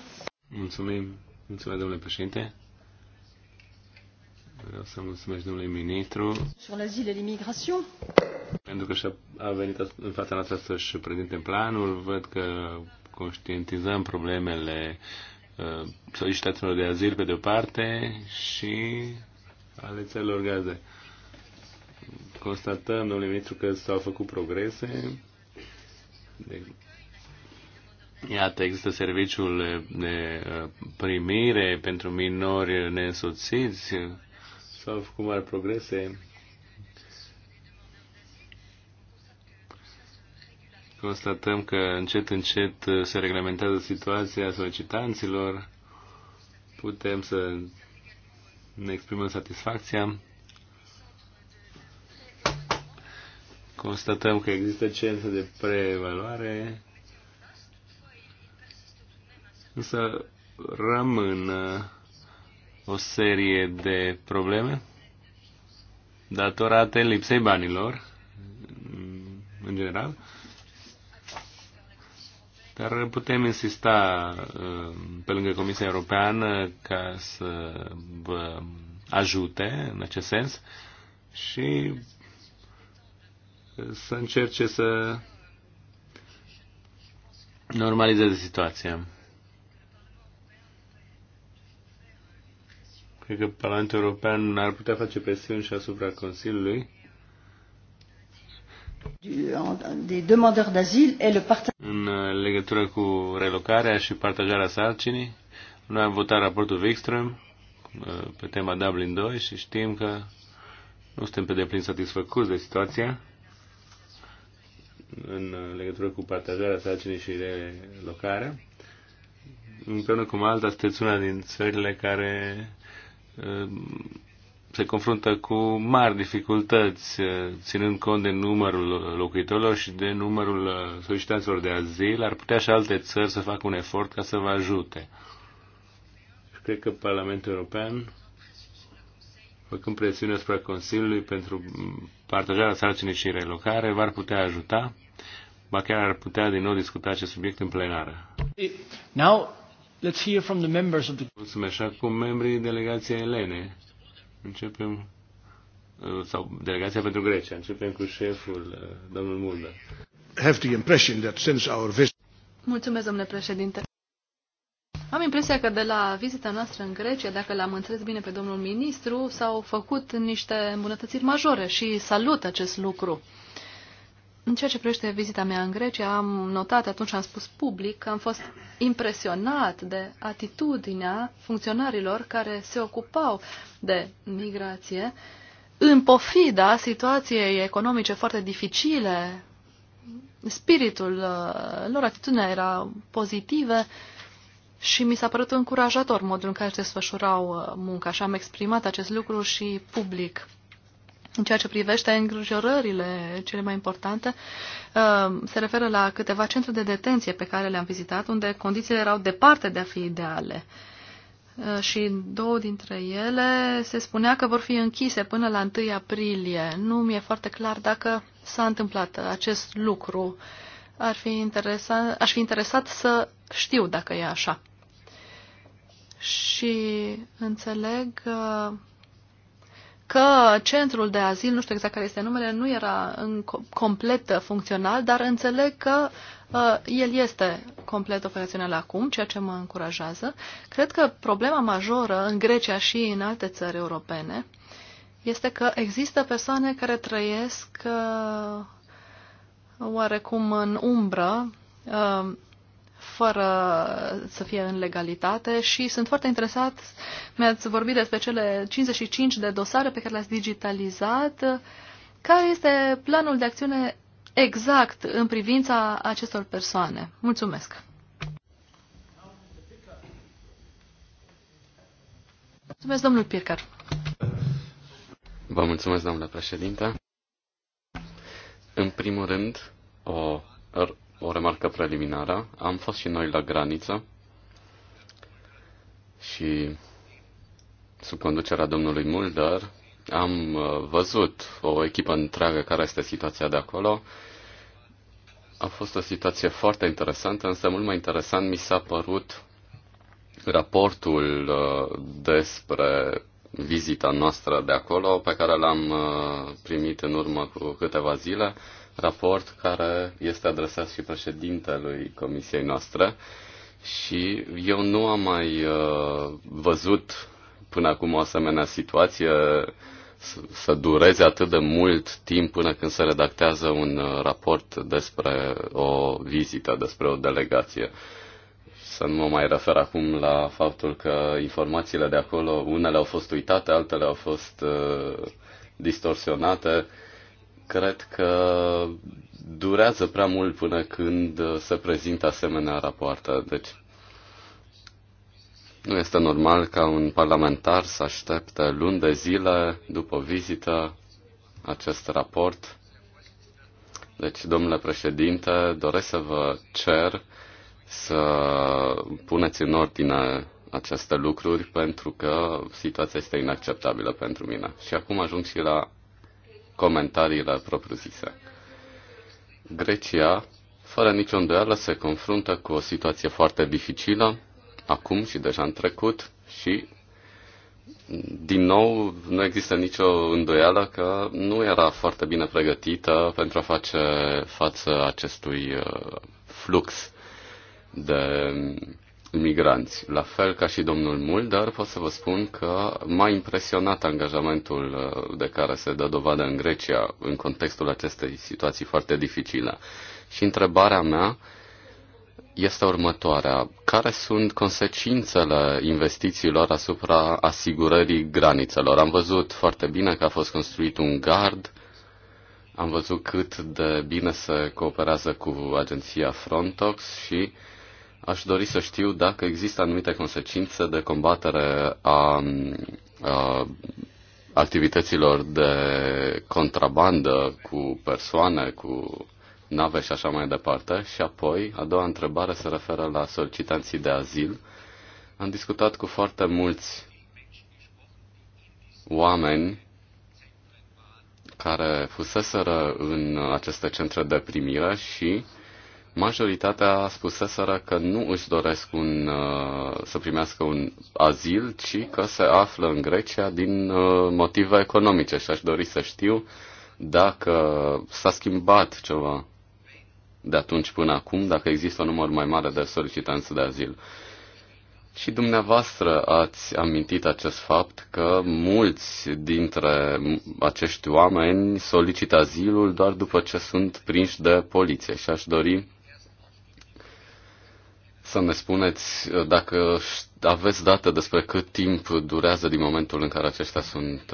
Mulțumim. Mulțumesc, domnule președinte. Vreau să mulțumesc domnului ministru. Sur zile de migrație. Pentru că a a venit în fața noastră să-și prezinte planul, văd că conștientizăm problemele uh, solicitațiilor de azil pe de-o parte și ale țărilor gaze. Constatăm, domnule ministru, că s-au făcut progrese. De... Iată, există serviciul de uh, primire pentru minori neînsoțiți S-au făcut mari progrese. Constatăm că încet, încet se reglementează situația solicitanților. Putem să ne exprimăm satisfacția. Constatăm că există centre de preevaluare, însă rămân o serie de probleme datorate lipsei banilor, în general, dar putem insista uh, pe lângă Comisia Europeană ca să vă ajute în acest sens și uh, să încerce să normalizeze situația. Cred că Parlamentul European ar putea face presiuni și asupra Consiliului. În legătură cu relocarea și partajarea sarcinii, noi am votat raportul Wikström uh, pe tema Dublin 2 și știm că nu suntem pe deplin satisfăcuți de situația în legătură cu partajarea sarcinii și relocarea. Împreună cu Malta, sunteți una din țările care Ehm, se confruntă cu mari dificultăți, eh, ținând cont de numărul locuitorilor și de numărul eh, solicitanților de azil, ar putea și alte țări să facă un efort ca să vă ajute. Și cred că Parlamentul European, făcând presiune asupra Consiliului pentru partajarea sarcinii și relocare, v-ar putea ajuta, ba chiar ar putea din nou discuta acest subiect în plenară. Now, Let's hear from the members of the... Mulțumesc. acum membrii delegației Elene. Începem uh, sau delegația pentru Grecia. Începem cu șeful, uh, domnul Mulda. Have the impression that since our visit... Mulțumesc, domnule președinte. Am impresia că de la vizita noastră în Grecia, dacă l-am înțeles bine pe domnul ministru, s-au făcut niște îmbunătățiri majore și salut acest lucru. În ceea ce privește vizita mea în Grecia, am notat, atunci am spus public, că am fost impresionat de atitudinea funcționarilor care se ocupau de migrație, în pofida situației economice foarte dificile, spiritul uh, lor, atitudinea era pozitivă și mi s-a părut încurajator modul în care se sfășurau uh, munca și am exprimat acest lucru și public în ceea ce privește îngrijorările cele mai importante, uh, se referă la câteva centre de detenție pe care le-am vizitat, unde condițiile erau departe de a fi ideale. Uh, și două dintre ele se spunea că vor fi închise până la 1 aprilie. Nu mi-e foarte clar dacă s-a întâmplat acest lucru. Ar fi interesat, aș fi interesat să știu dacă e așa. Și înțeleg uh, că centrul de azil, nu știu exact care este numele, nu era în complet funcțional, dar înțeleg că uh, el este complet operațional acum, ceea ce mă încurajează. Cred că problema majoră în Grecia și în alte țări europene este că există persoane care trăiesc uh, oarecum în umbră, uh, fără să fie în legalitate și sunt foarte interesat, mi-ați vorbit despre cele 55 de dosare pe care le-ați digitalizat. Care este planul de acțiune exact în privința acestor persoane? Mulțumesc! Mulțumesc, domnul Pircar. Vă mulțumesc, doamna președinte. În primul rând, o o remarcă preliminară. Am fost și noi la graniță și sub conducerea domnului Mulder am uh, văzut o echipă întreagă care este situația de acolo. A fost o situație foarte interesantă, însă mult mai interesant mi s-a părut raportul uh, despre vizita noastră de acolo, pe care l-am uh, primit în urmă cu câteva zile raport care este adresat și președintelui comisiei noastre și eu nu am mai uh, văzut până acum o asemenea situație să dureze atât de mult timp până când se redactează un uh, raport despre o vizită, despre o delegație. Să nu mă mai refer acum la faptul că informațiile de acolo, unele au fost uitate, altele au fost uh, distorsionate cred că durează prea mult până când se prezintă asemenea rapoarte. Deci nu este normal ca un parlamentar să aștepte luni de zile după vizită acest raport. Deci, domnule președinte, doresc să vă cer să puneți în ordine aceste lucruri pentru că situația este inacceptabilă pentru mine. Și acum ajung și la comentariile propriu-zise. Grecia, fără nicio îndoială, se confruntă cu o situație foarte dificilă, acum și deja în trecut, și din nou, nu există nicio îndoială că nu era foarte bine pregătită pentru a face față acestui uh, flux de migranți. La fel ca și domnul Mulder, pot să vă spun că m-a impresionat angajamentul uh, de care se dă dovadă în Grecia în contextul acestei situații foarte dificile. Și întrebarea mea este următoarea. Care sunt consecințele investițiilor asupra asigurării granițelor? Am văzut foarte bine că a fost construit un gard, am văzut cât de bine se cooperează cu agenția Frontox și uh, Aș dori să știu dacă există anumite consecințe de combatere a, a activităților de contrabandă cu persoane, cu nave și așa mai departe. Și apoi, a doua întrebare se referă la solicitanții de azil. Am discutat cu foarte mulți oameni care fuseseră în aceste centre de primire și uh, majoritatea spuseseră că nu își doresc un, uh, să primească un azil, ci că se află în Grecia din uh, motive economice și aș dori să știu dacă s-a schimbat ceva de atunci până acum, dacă există un număr mai mare de solicitanți de azil. Și dumneavoastră ați amintit acest fapt că mulți dintre acești oameni solicită azilul doar după ce sunt prinși de poliție și aș dori să ne spuneți uh, dacă aveți date despre cât timp durează din momentul în care aceștia sunt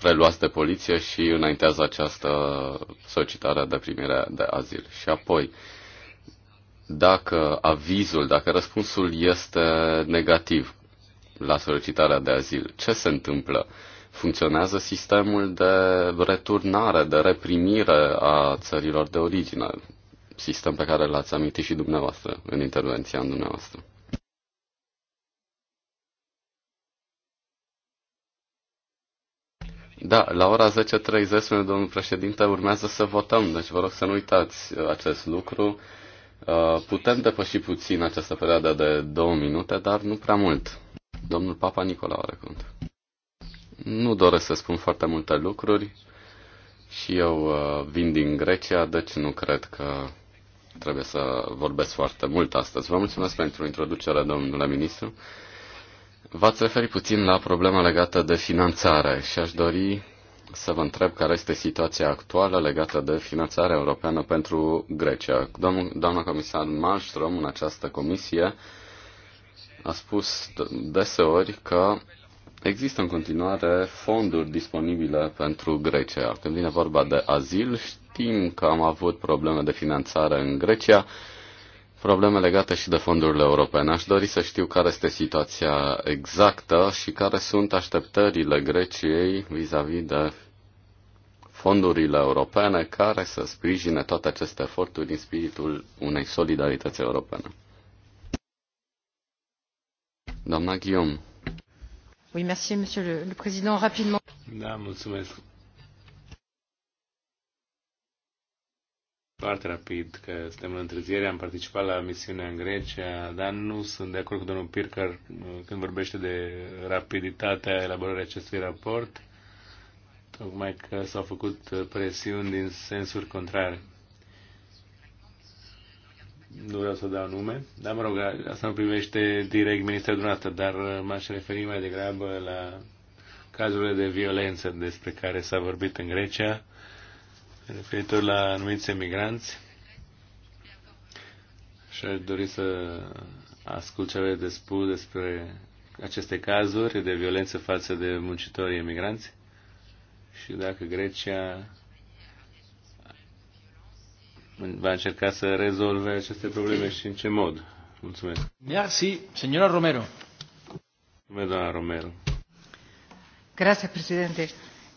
preluați uh, de poliție și înaintează această solicitare de primire de azil. Și apoi, dacă avizul, dacă răspunsul este negativ la solicitarea de azil, ce se întâmplă? Funcționează sistemul de returnare, de reprimire a țărilor de origine sistem pe care l-ați amintit și dumneavoastră în intervenția în dumneavoastră. Da, la ora 10.30, domnul președinte, urmează să votăm, deci vă rog să nu uitați uh, acest lucru. Uh, putem depăși puțin această perioadă de două minute, dar nu prea mult. Domnul Papa Nicola are cont. Nu doresc să spun foarte multe lucruri și eu uh, vin din Grecia, deci nu cred că trebuie să vorbesc foarte mult astăzi. Vă mulțumesc pentru introducerea, domnule ministru. V-ați referit puțin la problema legată de finanțare și aș dori să vă întreb care este situația actuală legată de finanțarea europeană pentru Grecia. Doamna comisar Malmström, în această comisie, a spus deseori că Există în continuare fonduri disponibile pentru Grecia. Când vine vorba de azil, știm că am avut probleme de finanțare în Grecia, probleme legate și de fondurile europene. Aș dori să știu care este situația exactă și care sunt așteptările Greciei vis-a-vis -vis de fondurile europene care să sprijine toate aceste eforturi în spiritul unei solidarități europene. Doamna Guillaume. Monsieur le, Président. Rapidement. Da, mulțumesc. Foarte rapid, că suntem în întârziere, am participat la misiunea în Grecia, dar nu sunt de acord cu domnul Pircar uh, când vorbește de rapiditatea elaborării acestui raport, tocmai că s-au făcut uh, presiuni din sensuri contrare nu vreau să dau nume, dar mă rog, asta nu primește direct ministrul dumneavoastră, dar uh, m-aș referi mai degrabă la cazurile de violență despre care s-a vorbit în Grecia, referitor la anumiți emigranți. Și aș dori să ascult ce aveți de spus despre aceste cazuri de violență față de muncitorii emigranți și dacă Grecia va încerca să rezolve aceste probleme și în ce mod. Mulțumesc. Merci, señora Romero. Mulțumesc, doamna Romero. Gracias, presidente.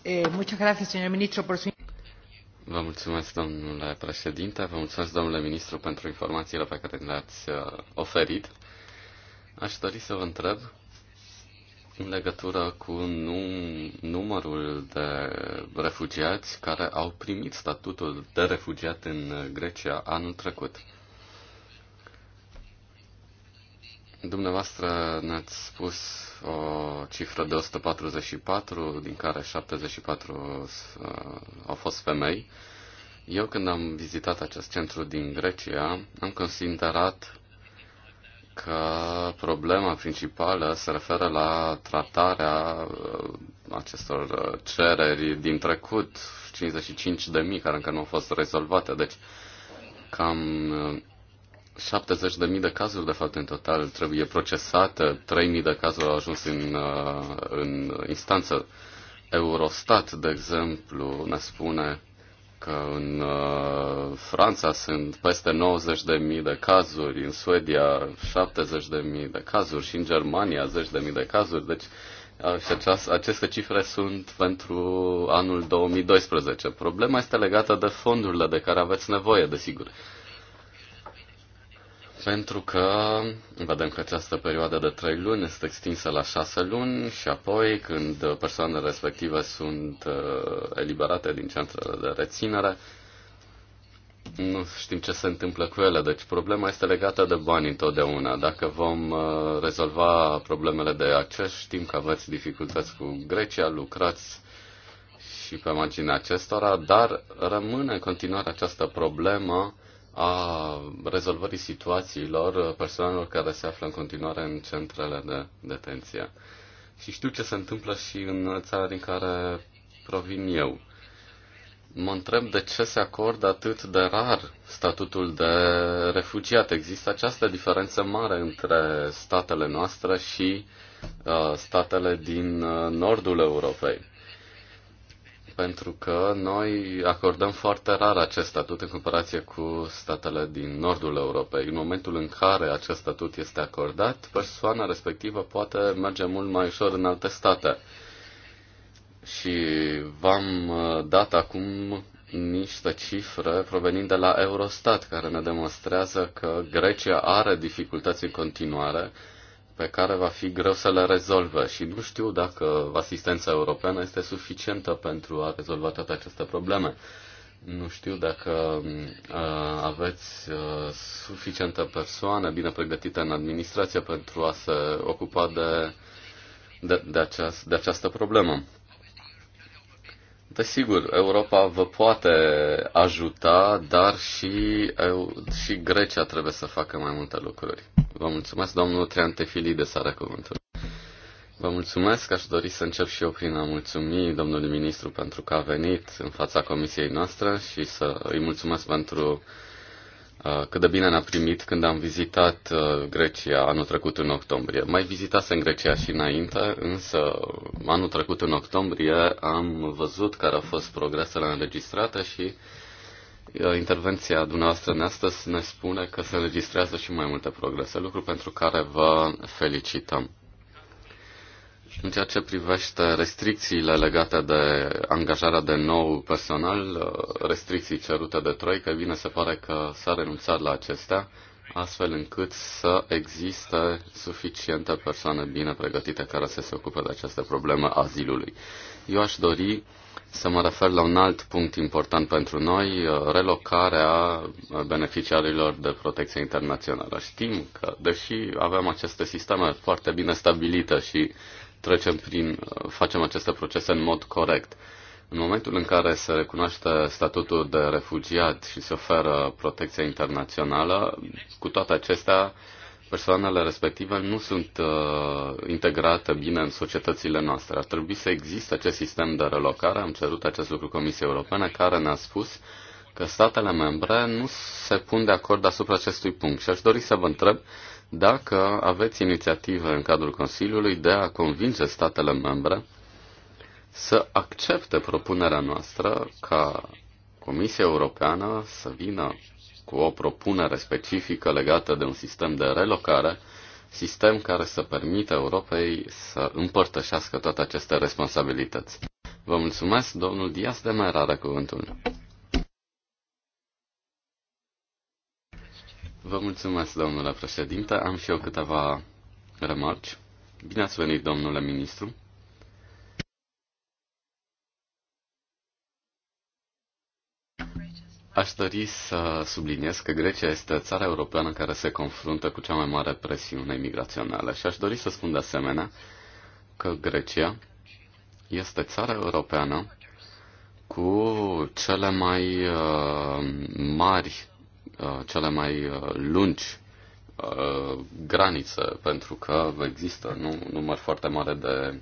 Eh, muchas gracias, señor ministro, por su... Vă mulțumesc, domnule președinte, vă mulțumesc, domnule ministru, pentru informațiile pe care le-ați uh, oferit. Aș dori să vă întreb în legătură cu num- numărul de refugiați care au primit statutul de refugiat în Grecia anul trecut. Dumneavoastră ne-ați spus o cifră de 144, din care 74 uh, au fost femei. Eu când am vizitat acest centru din Grecia, am considerat că problema principală se referă la tratarea uh, acestor uh, cereri din trecut, 55 de mii care încă nu au fost rezolvate, deci cam 70 uh, de mii de cazuri, de fapt, în total trebuie procesate, 3 mii de cazuri au ajuns în, în instanță. Eurostat, de exemplu, ne spune că în uh, Franța sunt peste 90.000 de cazuri, în Suedia 70.000 de cazuri și în Germania 10.000 de cazuri. Deci uh, și aceast, aceste cifre sunt pentru anul 2012. Problema este legată de fondurile de care aveți nevoie, desigur. Uh, pentru că vedem că această perioadă de trei luni este extinsă la 6 luni și apoi când persoanele respective sunt uh, eliberate din centrele de reținere, nu știm ce se întâmplă cu ele. Deci problema este legată de bani întotdeauna. Dacă vom uh, rezolva problemele de acces, știm că aveți dificultăți cu Grecia, lucrați și pe marginea acestora, dar rămâne în continuare această problemă a rezolvării situațiilor persoanelor care se află în continuare în centrele de detenție. Și știu ce se întâmplă și în țara din care provin eu. Mă întreb de ce se acordă atât de rar statutul de refugiat. Există această diferență mare între statele noastre și uh, statele din uh, nordul Europei pentru că noi acordăm foarte rar acest statut în comparație cu statele din nordul Europei. În momentul în care acest statut este acordat, persoana respectivă poate merge mult mai ușor în alte state. Și v-am uh, dat acum niște cifre provenind de la Eurostat, care ne demonstrează că Grecia are dificultăți în continuare pe care va fi greu să le rezolve și nu știu dacă asistența europeană este suficientă pentru a rezolva toate aceste probleme. Nu știu dacă uh, aveți uh, suficientă persoană bine pregătită în administrație pentru a se ocupa de, de, de, aceast, de această problemă. Desigur, Europa vă poate ajuta, dar și, eu, și Grecia trebuie să facă mai multe lucruri. Vă mulțumesc, domnul Triantefili de Sara Cuvântul. Vă mulțumesc, aș dori să încep și eu prin a mulțumi domnului ministru pentru că a venit în fața comisiei noastre și să îi mulțumesc pentru Uh, cât de bine ne-a primit când am vizitat uh, Grecia anul trecut în octombrie. Mai vizitasem Grecia și înainte, însă anul trecut în octombrie am văzut care au fost progresele înregistrate și uh, intervenția dumneavoastră în astăzi ne spune că se înregistrează și mai multe progrese, lucru pentru care vă felicităm. În ceea ce privește restricțiile legate de angajarea de nou personal, restricții cerute de Troică, bine se pare că s-a renunțat la acestea, astfel încât să existe suficiente persoane bine pregătite care să se ocupe de această problemă azilului. Eu aș dori să mă refer la un alt punct important pentru noi, relocarea beneficiarilor de protecție internațională. Știm că, deși avem aceste sisteme foarte bine stabilite și trecem prin, uh, facem aceste procese în mod corect. În momentul în care se recunoaște statutul de refugiat și se oferă protecția internațională, cu toate acestea, persoanele respective nu sunt uh, integrate bine în societățile noastre. Ar trebui să existe acest sistem de relocare. Am cerut acest lucru Comisiei Europene, care ne-a spus că statele membre nu se pun de acord asupra acestui punct. Și aș dori să vă întreb uh, dacă aveți inițiative în cadrul Consiliului de a convinge statele membre să accepte propunerea noastră ca Comisia Europeană să vină cu o propunere specifică legată de un sistem de relocare, sistem care să permită Europei să împărtășească toate aceste responsabilități. Vă mulțumesc, domnul Dias de Mera are cuvântul. Vă mulțumesc, domnule președinte. Am și eu câteva remarci. Bine ați venit, domnule ministru. Aș dori să subliniez că Grecia este țara europeană care se confruntă cu cea mai mare presiune migrațională și aș dori să spun de asemenea că Grecia este țara europeană cu cele mai uh, mari Uh, cele mai uh, lungi uh, granițe, pentru că există nu, număr foarte mare de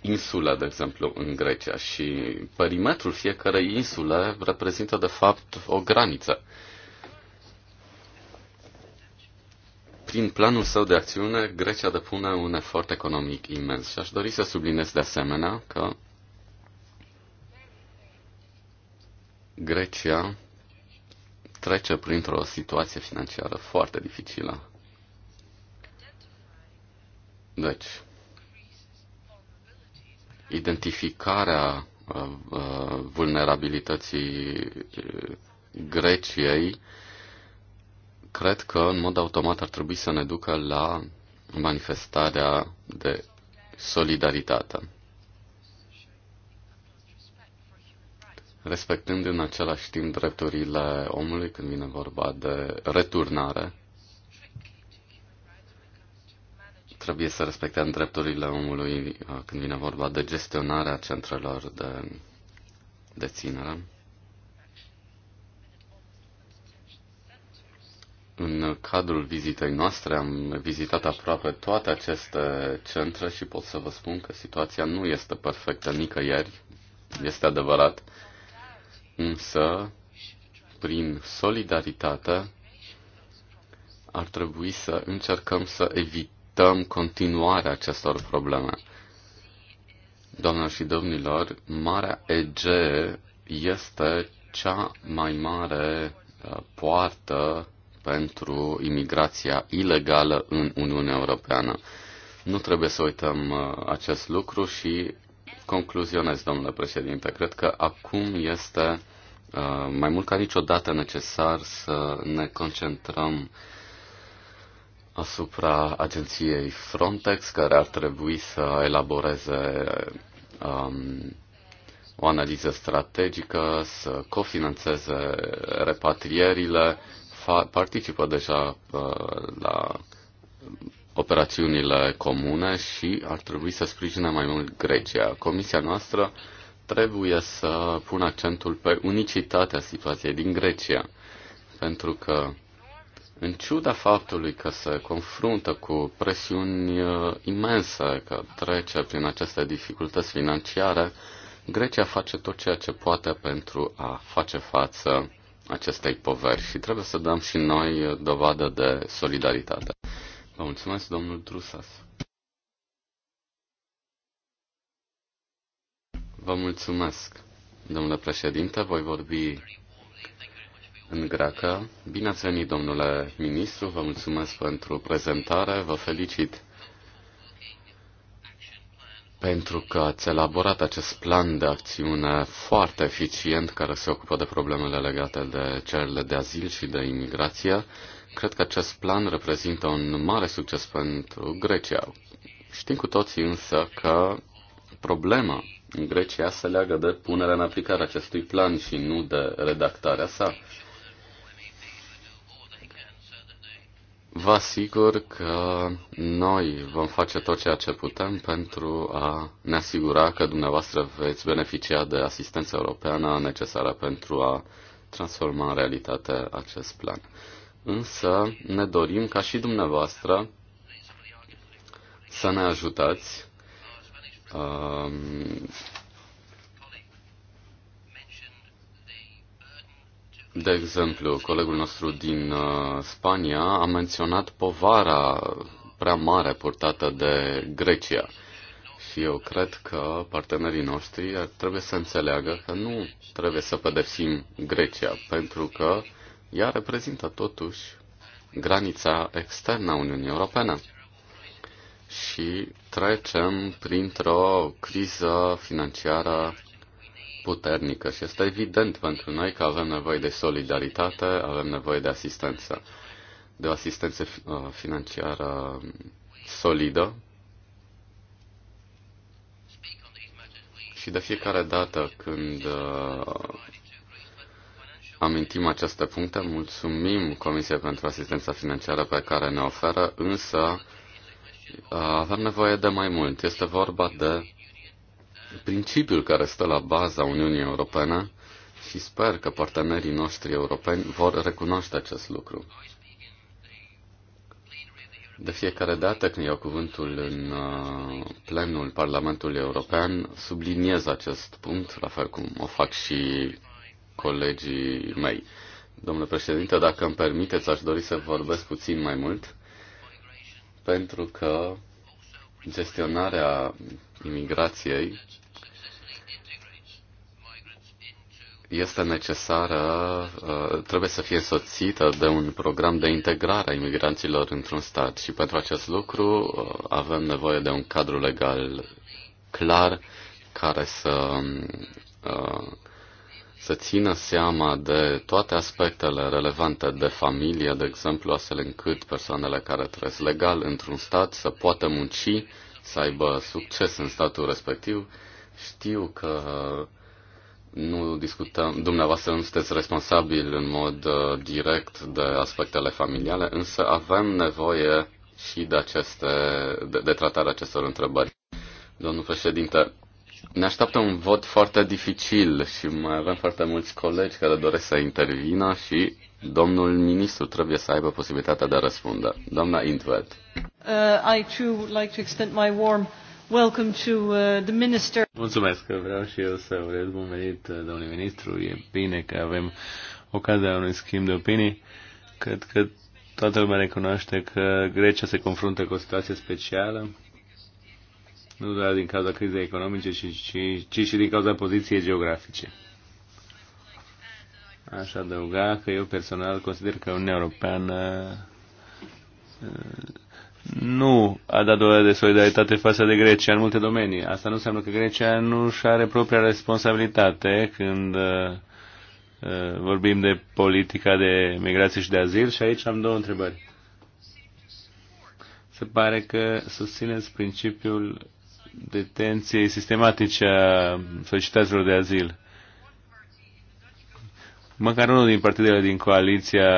insule, de exemplu, în Grecia și perimetrul fiecarei insule reprezintă, de fapt, o graniță. Prin planul său de acțiune, Grecia depune un efort economic imens și aș dori să subliniez de asemenea că Grecia trece printr-o situație financiară foarte dificilă. Deci, identificarea uh, uh, vulnerabilității uh, Greciei, cred că în mod automat ar trebui să ne ducă la manifestarea de solidaritate. respectând în același timp drepturile omului când vine vorba de returnare. Trebuie să respectăm drepturile omului uh, când vine vorba de gestionarea centrelor de deținere. În cadrul vizitei noastre am vizitat aproape toate aceste centre și pot să vă spun că situația nu este perfectă nicăieri, este adevărat, însă, prin solidaritate, ar trebui să încercăm să evităm continuarea acestor probleme. Doamnelor și domnilor, Marea Egee este cea mai mare uh, poartă pentru imigrația ilegală în Uniunea Europeană. Nu trebuie să uităm uh, acest lucru și concluzionez, domnule președinte. Cred că acum este Uh, mai mult ca niciodată necesar să ne concentrăm asupra agenției Frontex, care ar trebui să elaboreze um, o analiză strategică, să cofinanțeze repatrierile, participă deja uh, la operațiunile comune și ar trebui să sprijine mai mult Grecia. Comisia noastră uh, trebuie să pun accentul pe unicitatea situației din Grecia, pentru că în ciuda faptului că se confruntă cu presiuni uh, imense, că trece prin aceste dificultăți financiare, Grecia face tot ceea ce poate pentru a face față acestei poveri și trebuie să dăm și noi dovadă de solidaritate. Vă mulțumesc, domnul Drusas. Vă mulțumesc, domnule președinte. Voi vorbi în greacă. Bine ați venit, domnule ministru. Vă mulțumesc pentru prezentare. Vă felicit pentru că ați elaborat acest plan de acțiune foarte eficient care se ocupă de problemele legate de cererile de azil și de imigrație. Cred că acest plan reprezintă un mare succes pentru Grecia. Știm cu toții însă că problema în Grecia se leagă de punerea în aplicare acestui plan și nu de redactarea sa. Vă asigur că noi vom face tot ceea ce putem pentru a ne asigura că dumneavoastră veți beneficia de asistența europeană necesară pentru a transforma în realitate acest plan. Însă ne dorim ca și dumneavoastră să ne ajutați Um, de exemplu, colegul nostru din uh, Spania a menționat povara prea mare purtată de Grecia. Și eu cred că partenerii noștri trebuie să înțeleagă că nu trebuie să pedepsim Grecia, pentru că ea reprezintă totuși granița externă a Uniunii Europene și trecem printr-o criză financiară puternică și este evident pentru noi că avem nevoie de solidaritate, avem nevoie de asistență, de o asistență uh, financiară solidă. Și de fiecare dată când uh, amintim aceste puncte, mulțumim Comisiei pentru asistența financiară pe care ne oferă, însă Ah, avem nevoie de mai mult. Este vorba de principiul care stă la baza Uniunii Europene și sper că partenerii noștri europeni vor recunoaște acest lucru. De fiecare dată când iau cuvântul în ah, plenul Parlamentului European, subliniez acest punct, la fel cum o fac și colegii mei. Domnule președinte, dacă îmi permiteți, aș dori să vorbesc puțin mai mult pentru că gestionarea imigrației este necesară, uh, trebuie să fie însoțită de un program de integrare a imigranților într-un stat și pentru acest lucru uh, avem nevoie de un cadru legal clar care să uh, să țină seama de toate aspectele relevante de familie, de exemplu, astfel încât persoanele care trăiesc legal într-un stat să poată munci, să aibă succes în statul respectiv. Știu că nu discutăm, dumneavoastră nu sunteți responsabil în mod uh, direct de aspectele familiale, însă avem nevoie și de, aceste, de, de tratarea acestor întrebări. Domnul președinte, ne așteaptă un vot foarte dificil și mai avem foarte mulți colegi care doresc să intervină și domnul ministru trebuie să aibă posibilitatea de a răspunde. Doamna Intveld. Uh, I too would like to extend my warm welcome to uh, the minister. Mulțumesc că vreau și eu să urez bun venit, uh, domnul ministru. E bine că avem ocazia unui schimb de opinii. Cred că toată lumea recunoaște că Grecia se confruntă cu o situație specială nu doar din cauza crizei economice, ci, ci, ci și din cauza poziției geografice. Aș adăuga că eu personal consider că Uniunea Europeană uh, nu a dat dovadă de solidaritate față de Grecia în multe domenii. Asta nu înseamnă că Grecia nu și are propria responsabilitate când uh, uh, vorbim de politica de migrație și de azil și aici am două întrebări. Se pare că susțineți principiul detenției sistematice a solicitațiilor de azil. Măcar unul din partidele din coaliția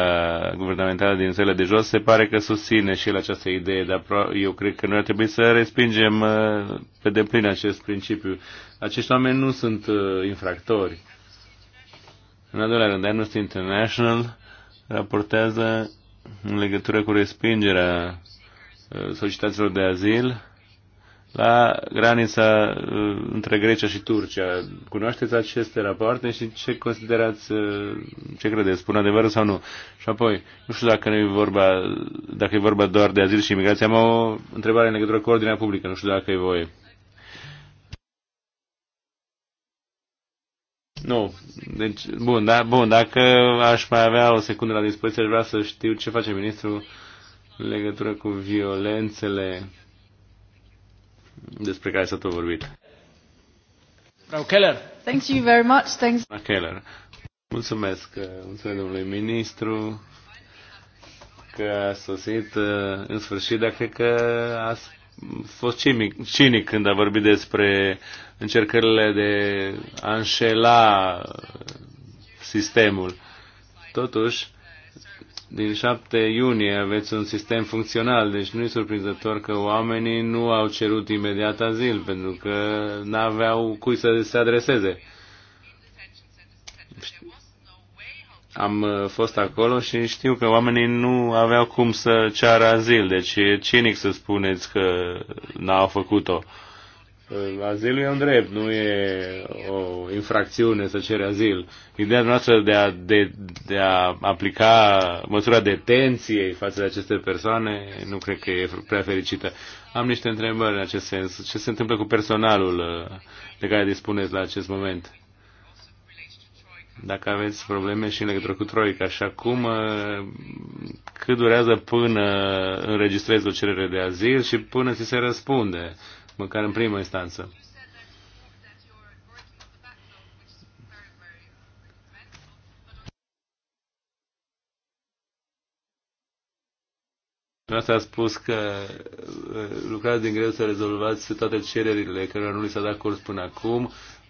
guvernamentală din țările de jos se pare că susține și el această idee, dar eu cred că noi ar trebui să respingem uh, pe deplin acest principiu. Acești oameni nu sunt uh, infractori. În al doilea rând, Amnesty International raportează în legătură cu respingerea uh, solicitațiilor de azil la granița uh, între Grecia și Turcia. Cunoașteți aceste rapoarte și ce considerați, uh, ce credeți, spun adevărul sau nu? Și apoi, nu știu dacă, e vorba, dacă e vorba doar de azil și imigrație, am o întrebare în legătură cu ordinea publică, nu știu dacă e voie. Nu. Deci, bun, da, bun, dacă aș mai avea o secundă la dispoziție, aș vrea să știu ce face ministrul în legătură cu violențele despre care s-a tot vorbit. Frau Keller. Thank you very much. Thanks. Keller. Mulțumesc, uh, mulțumesc domnului ministru că a sosit uh, în sfârșit, dar cred că a fost cinic, cinic când a vorbit despre încercările de a înșela uh, sistemul. Totuși, din 7 iunie aveți un sistem funcțional, deci nu e surprinzător că oamenii nu au cerut imediat azil, pentru că n-aveau cui să se adreseze. Am uh, fost acolo și știu că oamenii nu aveau cum să ceară azil, deci e cinic să spuneți că n-au făcut-o. Ă, azilul e un drept, nu e o infracțiune să ceri azil. Ideea noastră de a, de, de a aplica măsura detenției față de aceste persoane nu cred că e prea fericită. Am niște întrebări în acest sens. Ce se întâmplă cu personalul ă, de care dispuneți la acest moment? Dacă aveți probleme și în legătură cu Troica și acum ă, cât durează până înregistrezi o cerere de azil și până ți se răspunde măcar în primă instanță. Asta a spus că uh, lucrați din greu să rezolvați toate cererile care nu li s-a dat curs până acum,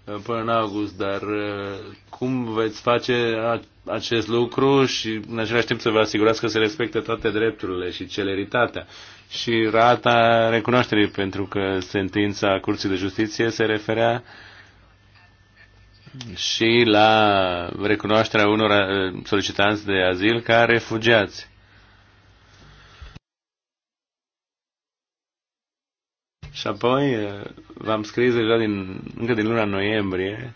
uh, până în august, dar uh, cum veți face acest lucru și în același timp să vă asigurați că se respectă toate drepturile și celeritatea? și rata recunoașterii, pentru că sentința Curții de Justiție se referea și la recunoașterea unor eh, solicitanți de azil ca refugiați. Și apoi eh, v-am scris deja din, încă din luna noiembrie,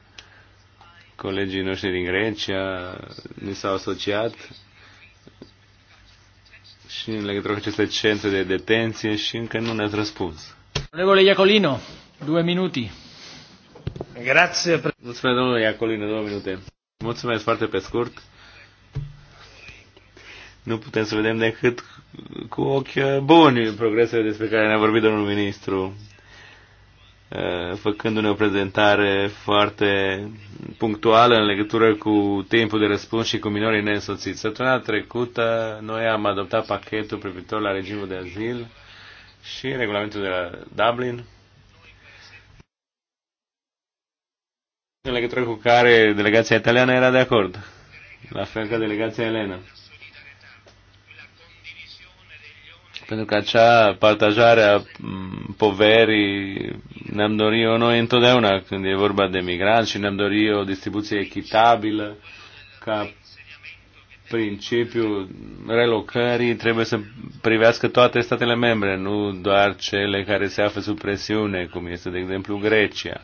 colegii noștri din Grecia ni s-au asociat și în legătură cu aceste centre de detenție și încă nu ne-ați răspuns. Colegul Iacolino, două minute. Grazie. Mulțumesc, domnule Iacolino, două minute. Mulțumesc foarte pe scurt. Nu putem să vedem decât cu ochi buni progresele despre care ne-a vorbit domnul ministru Eh, făcându-ne o prezentare foarte punctuală în legătură cu timpul de răspuns și cu minorii neînsoțiți. Săptămâna trecută noi am adoptat pachetul privitor la regimul de azil și regulamentul de la Dublin, în legătură cu care delegația italiană era de acord, la fel ca delegația elena. Pentru că acea partajare a poverii ne-am dorit o noi întotdeauna când e vorba de migranți și ne-am dorit o distribuție echitabilă ca principiul relocării trebuie să privească toate statele membre, nu doar cele care se află sub presiune, cum este, de exemplu, Grecia.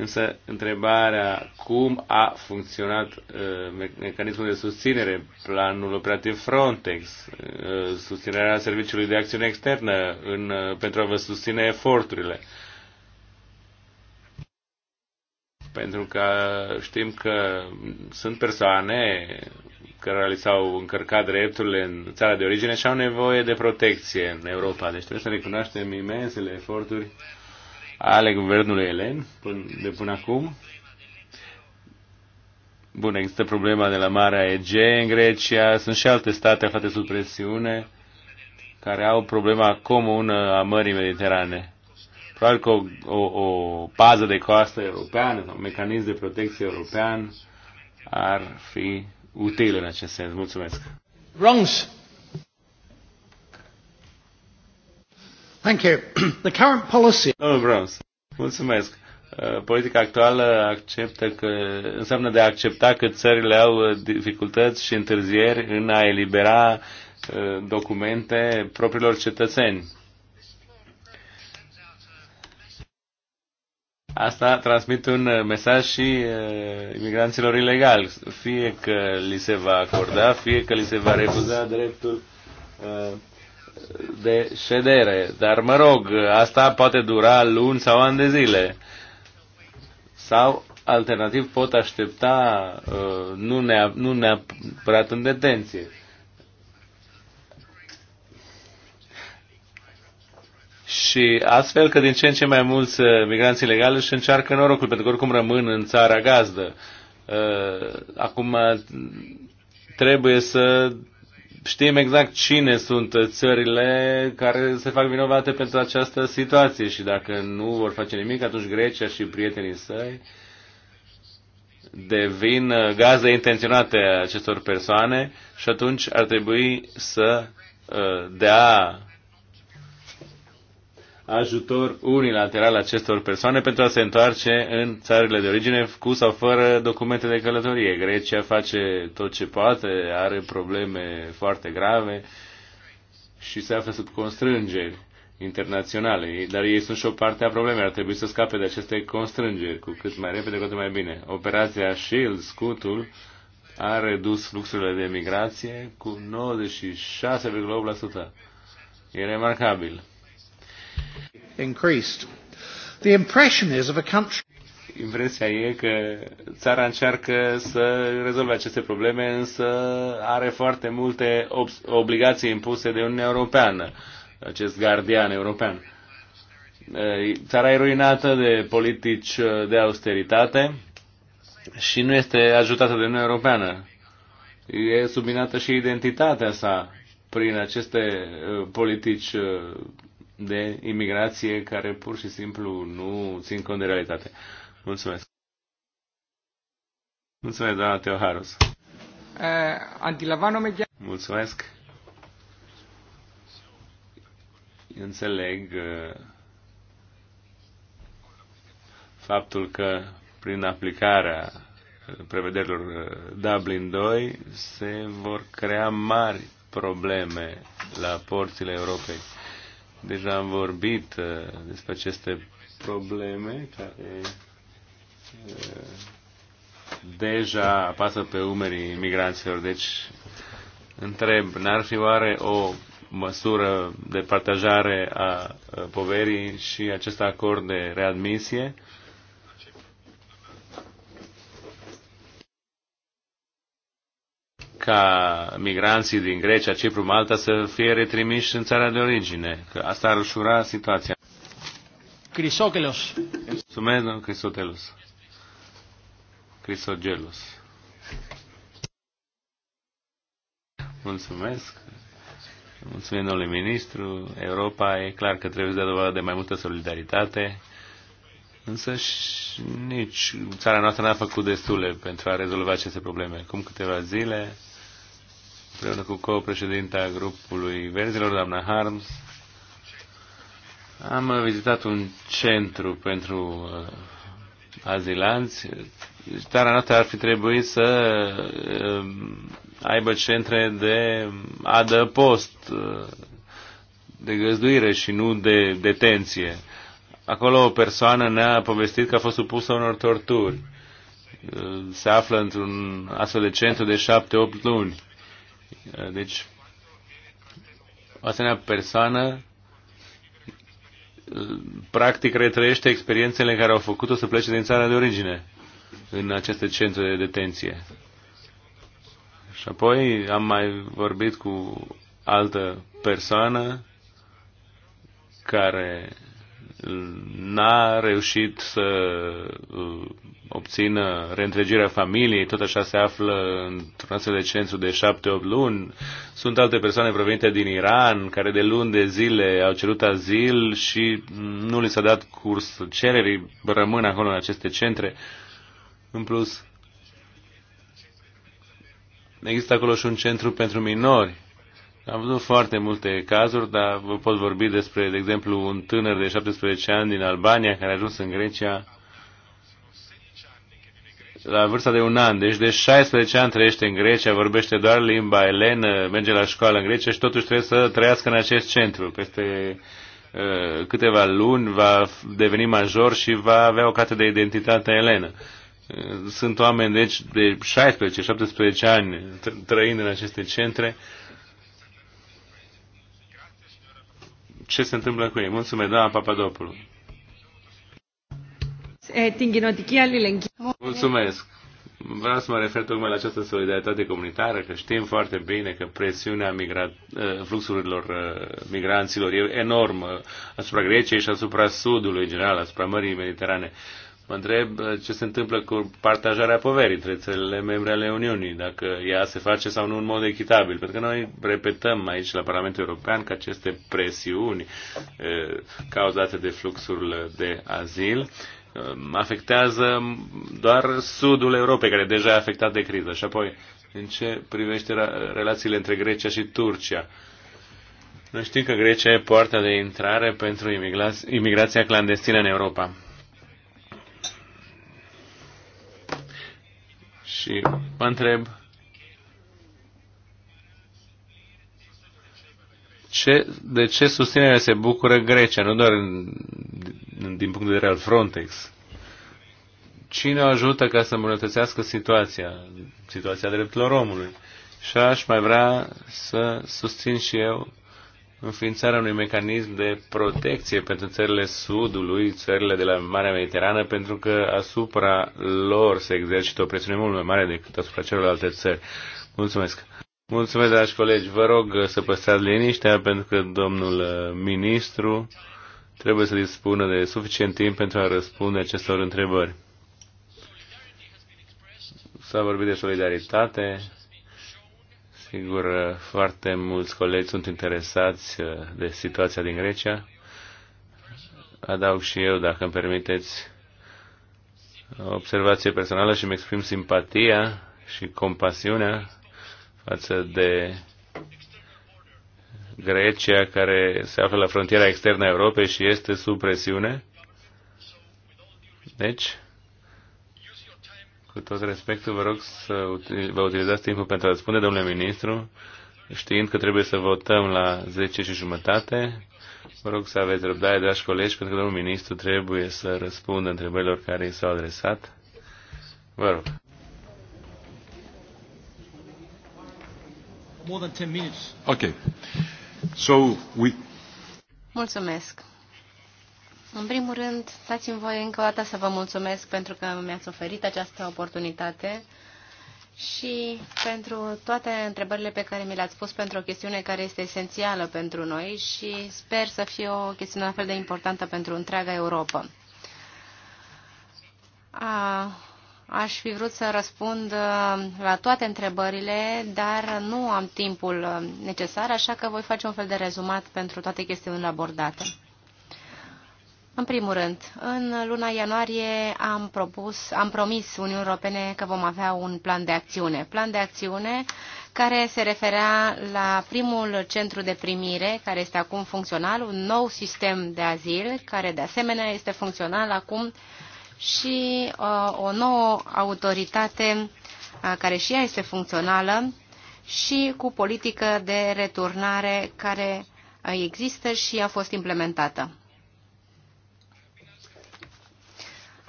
Însă, întrebarea cum a funcționat uh, mecanismul de susținere, planul operativ Frontex, uh, susținerea Serviciului de Acțiune Externă în, uh, pentru a vă susține eforturile. Pentru că știm că sunt persoane care li s-au încărcat drepturile în țara de origine și au nevoie de protecție în Europa. Deci trebuie să recunoaștem imensele eforturi uh, ale guvernului elen de până acum. Bun, există problema de la Marea Ege în Grecia, sunt și alte state aflate sub presiune care au problema comună a Mării Mediterane. Probabil că o, o, o pază de coastă europeană, un mecanism de protecție european ar fi util în acest sens. Mulțumesc! Wrongs. Thank you. The current policy... mulțumesc. Uh, politica actuală acceptă că, înseamnă de a accepta că țările au uh, dificultăți și întârzieri în a elibera uh, documente propriilor cetățeni. Asta transmite un mesaj și uh, imigranților ilegali, fie că li se va acorda, fie că li se va refuza dreptul uh, de ședere. Dar mă rog, asta poate dura luni sau ani de zile. Sau alternativ pot aștepta uh, nu, neapărat nu neapărat în detenție. Și astfel că din ce în ce mai mulți uh, migranți ilegali își încearcă norocul, pentru că oricum rămân în țara gazdă. Uh, acum uh, trebuie să știm exact cine sunt țările care se fac vinovate pentru această situație și dacă nu vor face nimic, atunci Grecia și prietenii săi devin gaze intenționate acestor persoane și atunci ar trebui să uh, dea ajutor unilateral acestor persoane pentru a se întoarce în țările de origine cu sau fără documente de călătorie. Grecia face tot ce poate, are probleme foarte grave și se află sub constrângeri internaționale, dar ei sunt și o parte a problemei, ar trebui să scape de aceste constrângeri cu cât mai repede, cu atât mai bine. Operația Shield, scutul, a redus fluxurile de migrație cu 96,8%. E remarcabil. Increased. The impression is of a country impresia e că țara încearcă să rezolve aceste probleme, însă are foarte multe obligații impuse de Uniunea Europeană, acest gardian european. Țara e ruinată de politici de austeritate și nu este ajutată de Uniunea Europeană. E subminată și identitatea sa prin aceste politici de imigrație care pur și simplu nu țin cont de realitate. Mulțumesc. Mulțumesc, doamna Teoharus. Eh, Mulțumesc. Înțeleg eh, faptul că prin aplicarea eh, prevederilor Dublin 2 se vor crea mari probleme la porțile Europei Deja am vorbit uh, despre aceste probleme care uh, deja apasă pe umerii migranților. Deci, întreb, n-ar fi oare o măsură de partajare a poverii și acest acord de readmisie? ca migranții din Grecia, Cipru, Malta să fie retrimiși în țara de origine, că asta ar ușura situația. Crisogelos. Mulțumesc, domnul Crisotelos. Crisogelos. Mulțumesc. Mulțumim, domnule ministru. Europa e clar că trebuie să dea dovadă de mai multă solidaritate, însă și nici țara noastră n-a făcut destule pentru a rezolva aceste probleme. Cum câteva zile împreună cu co-președinta grupului Verzilor, doamna Harms, am vizitat un centru pentru uh, azilanți. Țara noastră ar fi trebuit să uh, aibă centre de adăpost, uh, de găzduire și nu de detenție. Acolo o persoană ne-a povestit că a fost supusă unor torturi. Uh, se află într-un astfel de centru de șapte-opt luni Eh, deci, o asemenea persoană eh, practic retrăiește experiențele care au făcut-o să plece din țara de origine în aceste centre de detenție. Și apoi am mai vorbit cu altă persoană care n-a reușit să uh, obțină reîntregirea familiei, tot așa se află într-un astfel de centru de șapte opt luni. Sunt alte persoane provenite din Iran care de luni de zile au cerut azil și nu li s-a dat curs cererii, rămân acolo în aceste centre. În plus, există acolo și un centru pentru minori am văzut foarte multe cazuri, dar vă pot vorbi despre, de exemplu, un tânăr de 17 ani din Albania care a ajuns în Grecia la vârsta de un an, deci de 16 ani trăiește în Grecia, vorbește doar limba elenă, merge la școală în Grecia și totuși trebuie să trăiască în acest centru. Peste uh, câteva luni va deveni major și va avea o carte de identitate elenă. Uh, sunt oameni, deci, de 16-17 ani trăind în aceste centre. Uh, ce se întâmplă cu ei. Mulțumesc, doamna Papadopoulou. Eh, Mulțumesc. Vreau să mă refer tocmai la această solidaritate comunitară, că știm foarte bine că presiunea migrat, eh, fluxurilor eh, migranților e enormă asupra Greciei și asupra Sudului în general, asupra Mării Mediterane. Mă întreb uh, ce se întâmplă cu partajarea poverii între țările membre ale Uniunii, dacă ea se face sau nu în mod echitabil. Pentru că noi repetăm aici la Parlamentul European că aceste presiuni uh, cauzate de fluxul de azil uh, afectează doar sudul Europei, care deja e afectat de criză. Și apoi, în ce privește relațiile între Grecia și Turcia, noi știm că Grecia e poarta de intrare pentru imigrația clandestină în Europa. Și mă întreb ce, de ce susținerea se bucură Grecia, nu doar în, din punct de vedere al Frontex. Cine o ajută ca să îmbunătățească situația, situația drepturilor omului? Și aș mai vrea să susțin și eu înființarea unui mecanism de protecție pentru țările Sudului, țările de la Marea Mediterană, pentru că asupra lor se exercită o presiune mult mai mare decât asupra celorlalte țări. Mulțumesc! Mulțumesc, dragi colegi! Vă rog să păstrați liniștea, pentru că domnul uh, ministru trebuie să dispună de suficient timp pentru a răspunde acestor întrebări. S-a vorbit de solidaritate Sigur, uh, foarte mulți colegi sunt interesați uh, de situația din Grecia. Adaug și eu, dacă îmi permiteți, o observație personală și îmi exprim simpatia și compasiunea față de Grecia, care se află la frontiera externă a Europei și este sub presiune. Deci, cu tot respectul, vă rog să vă utilizați timpul pentru a răspunde, domnule ministru, știind că trebuie să votăm la 10 și jumătate. Vă rog să aveți răbdare, dragi colegi, pentru că domnul ministru trebuie să răspundă întrebărilor care i s-au adresat. Vă rog. More than 10 minutes. Okay. So we... Mulțumesc. În primul rând, dați-mi voie încă o dată să vă mulțumesc pentru că mi-ați oferit această oportunitate și pentru toate întrebările pe care mi le-ați pus pentru o chestiune care este esențială pentru noi și sper să fie o chestiune la fel de importantă pentru întreaga Europa. A, aș fi vrut să răspund la toate întrebările, dar nu am timpul necesar, așa că voi face un fel de rezumat pentru toate chestiunile abordate. În primul rând, în luna ianuarie am, propus, am promis Uniunii Europene că vom avea un plan de acțiune. Plan de acțiune care se referea la primul centru de primire, care este acum funcțional, un nou sistem de azil, care de asemenea este funcțional acum și uh, o nouă autoritate uh, care și ea este funcțională și cu politică de returnare care uh, există și a fost implementată.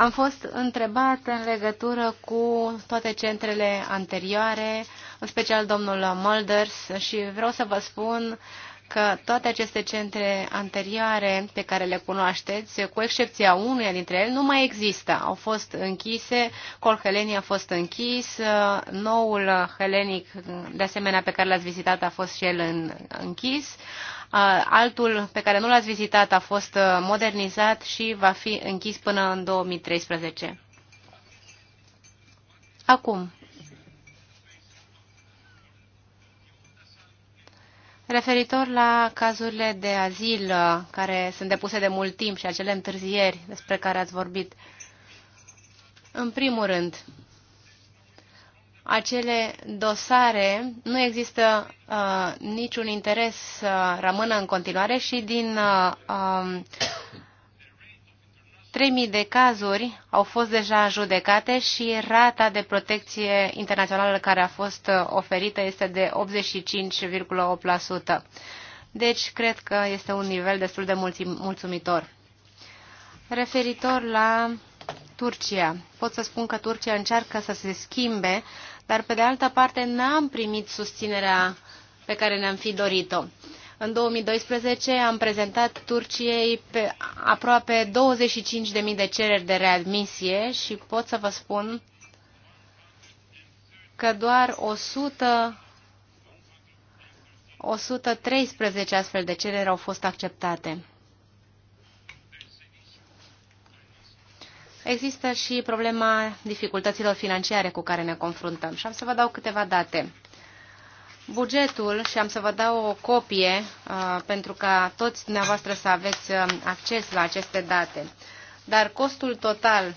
Am fost întrebat în legătură cu toate centrele anterioare, în special domnul Mulders, și vreau să vă spun că toate aceste centre anterioare pe care le cunoașteți, cu excepția unuia dintre ele, nu mai există. Au fost închise, Colheleni a fost închis, noul helenic, de asemenea, pe care l-ați vizitat, a fost și el în, închis. Altul pe care nu l-ați vizitat a fost modernizat și va fi închis până în 2013. Acum, Referitor la cazurile de azil uh, care sunt depuse de mult timp și acele întârzieri despre care ați vorbit, în primul rând, acele dosare nu există uh, niciun interes să rămână în continuare și din uh, um, 3.000 de cazuri au fost deja judecate și rata de protecție internațională care a fost uh, oferită este de 85,8%. Deci, cred că este un nivel destul de mulțumitor. Referitor la Turcia, pot să spun că Turcia încearcă să se schimbe, dar pe de altă parte n-am primit susținerea pe care ne-am fi dorit-o. În 2012 am prezentat Turciei pe aproape 25.000 de cereri de readmisie și pot să vă spun că doar 100, 113 astfel de cereri au fost acceptate. Există și problema dificultăților financiare cu care ne confruntăm și am să vă dau câteva date. Bugetul, și am să vă dau o copie uh, pentru ca toți dumneavoastră să aveți uh, acces la aceste date, dar costul total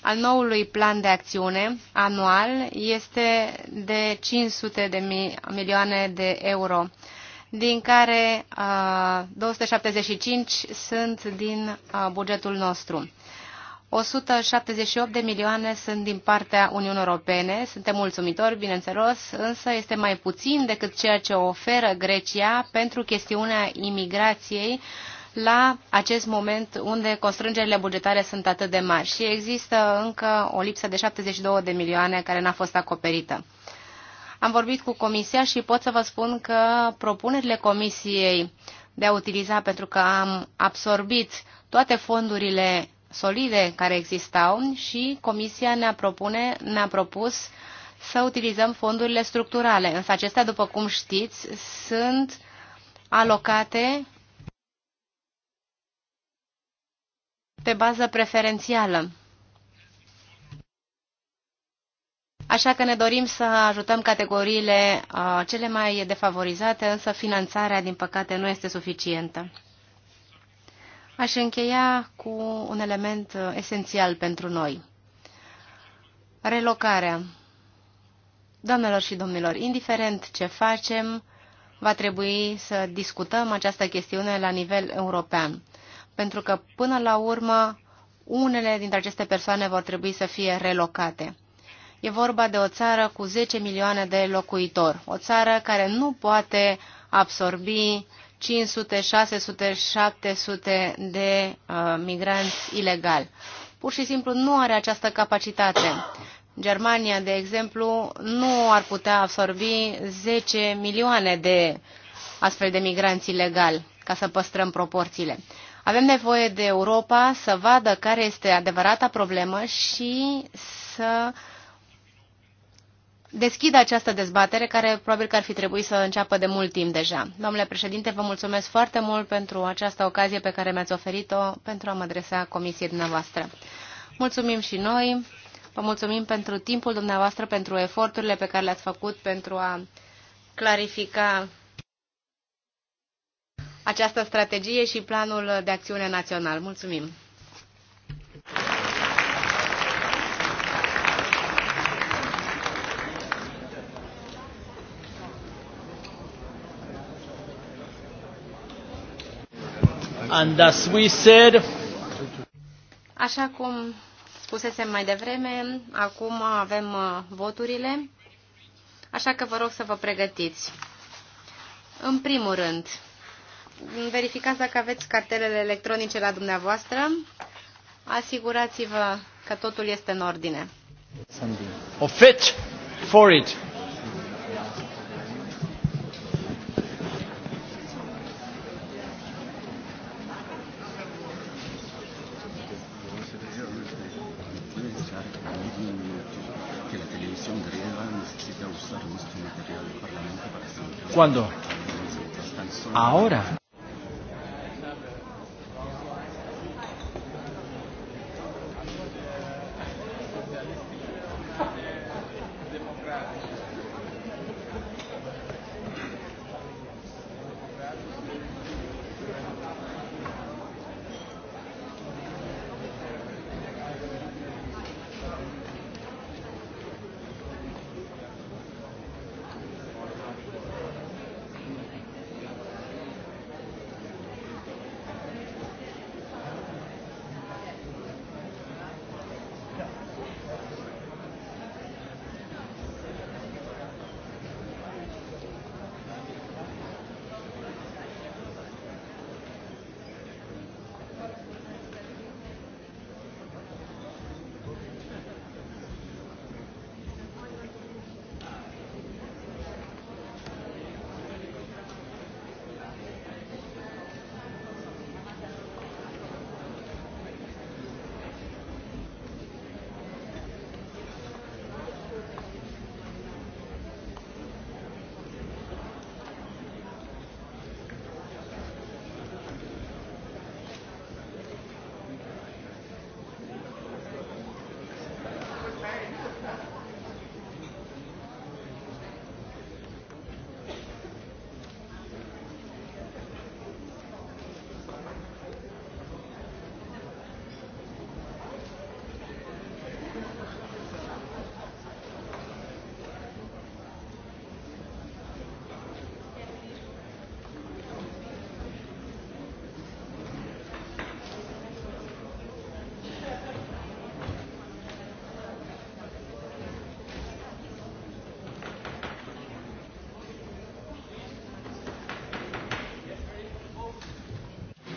al noului plan de acțiune anual este de 500 de mi milioane de euro, din care uh, 275 sunt din uh, bugetul nostru. 178 de milioane sunt din partea Uniunii Europene, suntem mulțumitori, bineînțeles, însă este mai puțin decât ceea ce oferă Grecia pentru chestiunea imigrației la acest moment unde constrângerile bugetare sunt atât de mari și există încă o lipsă de 72 de milioane care n-a fost acoperită. Am vorbit cu Comisia și pot să vă spun că propunerile Comisiei de a utiliza, pentru că am absorbit toate fondurile solide care existau și Comisia ne-a, propune, ne-a propus să utilizăm fondurile structurale. Însă acestea, după cum știți, sunt alocate pe bază preferențială. Așa că ne dorim să ajutăm categoriile uh, cele mai defavorizate, însă finanțarea, din păcate, nu este suficientă. Aș încheia cu un element uh, esențial pentru noi. Relocarea. Doamnelor și domnilor, indiferent ce facem, va trebui să discutăm această chestiune la nivel european. Pentru că, până la urmă, unele dintre aceste persoane vor trebui să fie relocate. E vorba de o țară cu 10 milioane de locuitori, o țară care nu poate absorbi 500, 600, 700 de uh, migranți ilegali. Pur și simplu nu are această capacitate. Germania, de exemplu, nu ar putea absorbi 10 milioane de astfel de migranți ilegali, ca să păstrăm proporțiile. Avem nevoie de Europa să vadă care este adevărata problemă și să uh, deschid această dezbatere care probabil că ar fi trebuit să înceapă de mult timp deja. Domnule președinte, vă mulțumesc foarte mult pentru această ocazie pe care mi-ați oferit-o pentru a mă adresa comisiei dumneavoastră. Mulțumim și noi, vă mulțumim pentru timpul dumneavoastră, pentru eforturile pe care le-ați făcut pentru a clarifica această strategie și planul de acțiune național. Mulțumim! And as we said, Așa cum spusesem mai devreme, acum avem uh, voturile, așa că vă rog să vă pregătiți. În primul rând, verificați dacă aveți cartelele electronice la dumneavoastră. Asigurați-vă că totul este în ordine. O it for it. ¿Cuándo? Ahora.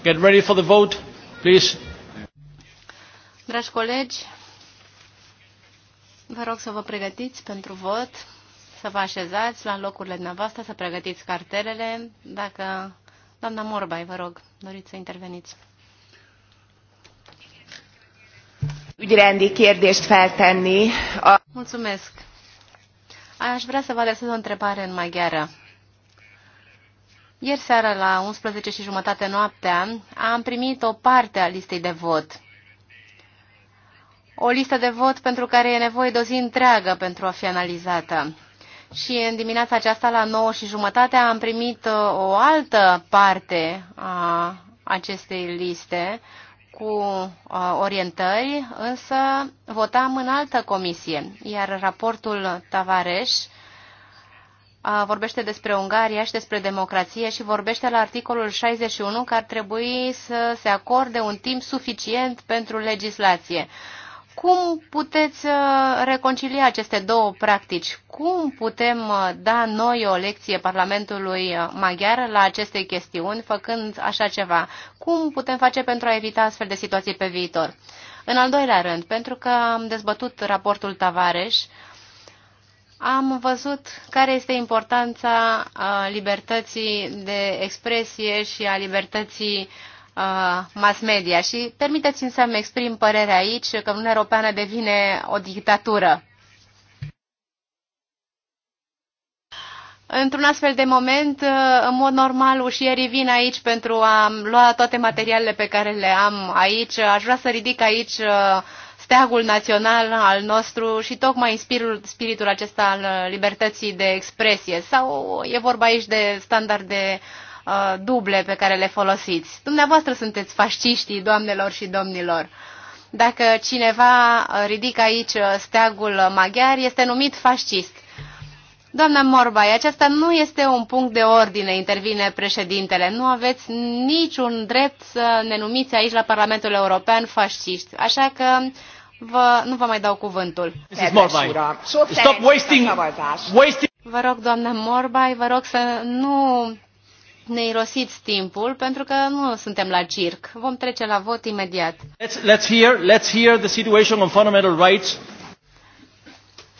Get ready for the vote, please. Dragi colegi, vă rog să vă pregătiți pentru vot, să vă așezați la locurile dumneavoastră, să pregătiți cartelele. Dacă, doamna Morbai, vă rog, doriți să interveniți. Ügyrendi kérdést feltenni. Mulțumesc. Aș vrea să vă adresez o întrebare în maghiară. Ieri seara la 11 și jumătate noaptea am primit o parte a listei de vot. O listă de vot pentru care e nevoie de o zi întreagă pentru a fi analizată. Și în dimineața aceasta la 9 și jumătate am primit uh, o altă parte a acestei liste cu uh, orientări, însă votam în altă comisie, iar raportul Tavares vorbește despre Ungaria și despre democrație și vorbește la articolul 61 că ar trebui să se acorde un timp suficient pentru legislație. Cum puteți uh, reconcilia aceste două practici? Cum putem uh, da noi o lecție Parlamentului uh, maghiar la aceste chestiuni, făcând așa ceva? Cum putem face pentru a evita astfel de situații pe viitor? În al doilea rând, pentru că am dezbătut raportul Tavares, am văzut care este importanța libertății de expresie și a libertății mass media. Și permiteți-mi să-mi exprim părerea aici că Uniunea Europeană devine o dictatură. Într-un astfel de moment, în mod normal, ușierii vin aici pentru a lua toate materialele pe care le am aici. Aș vrea să ridic aici uh, steagul național al nostru și tocmai spiritul, spiritul acesta al uh, libertății de expresie? Sau uh, e vorba aici de standarde uh, duble pe care le folosiți? Dumneavoastră sunteți fasciștii, doamnelor și domnilor. Dacă cineva uh, ridică aici steagul maghiar, este numit fascist. Doamna Morbai, acesta nu este un punct de ordine, intervine președintele. Nu aveți niciun drept să ne numiți aici la Parlamentul European fasciști. Așa că Vă, nu vă mai dau cuvântul. Stop wasting, wasting. Vă rog, doamna Morbai, vă rog să nu ne irosiți timpul, pentru că nu suntem la circ. Vom trece la vot imediat. Let's, let's, hear, let's hear the situation on fundamental rights.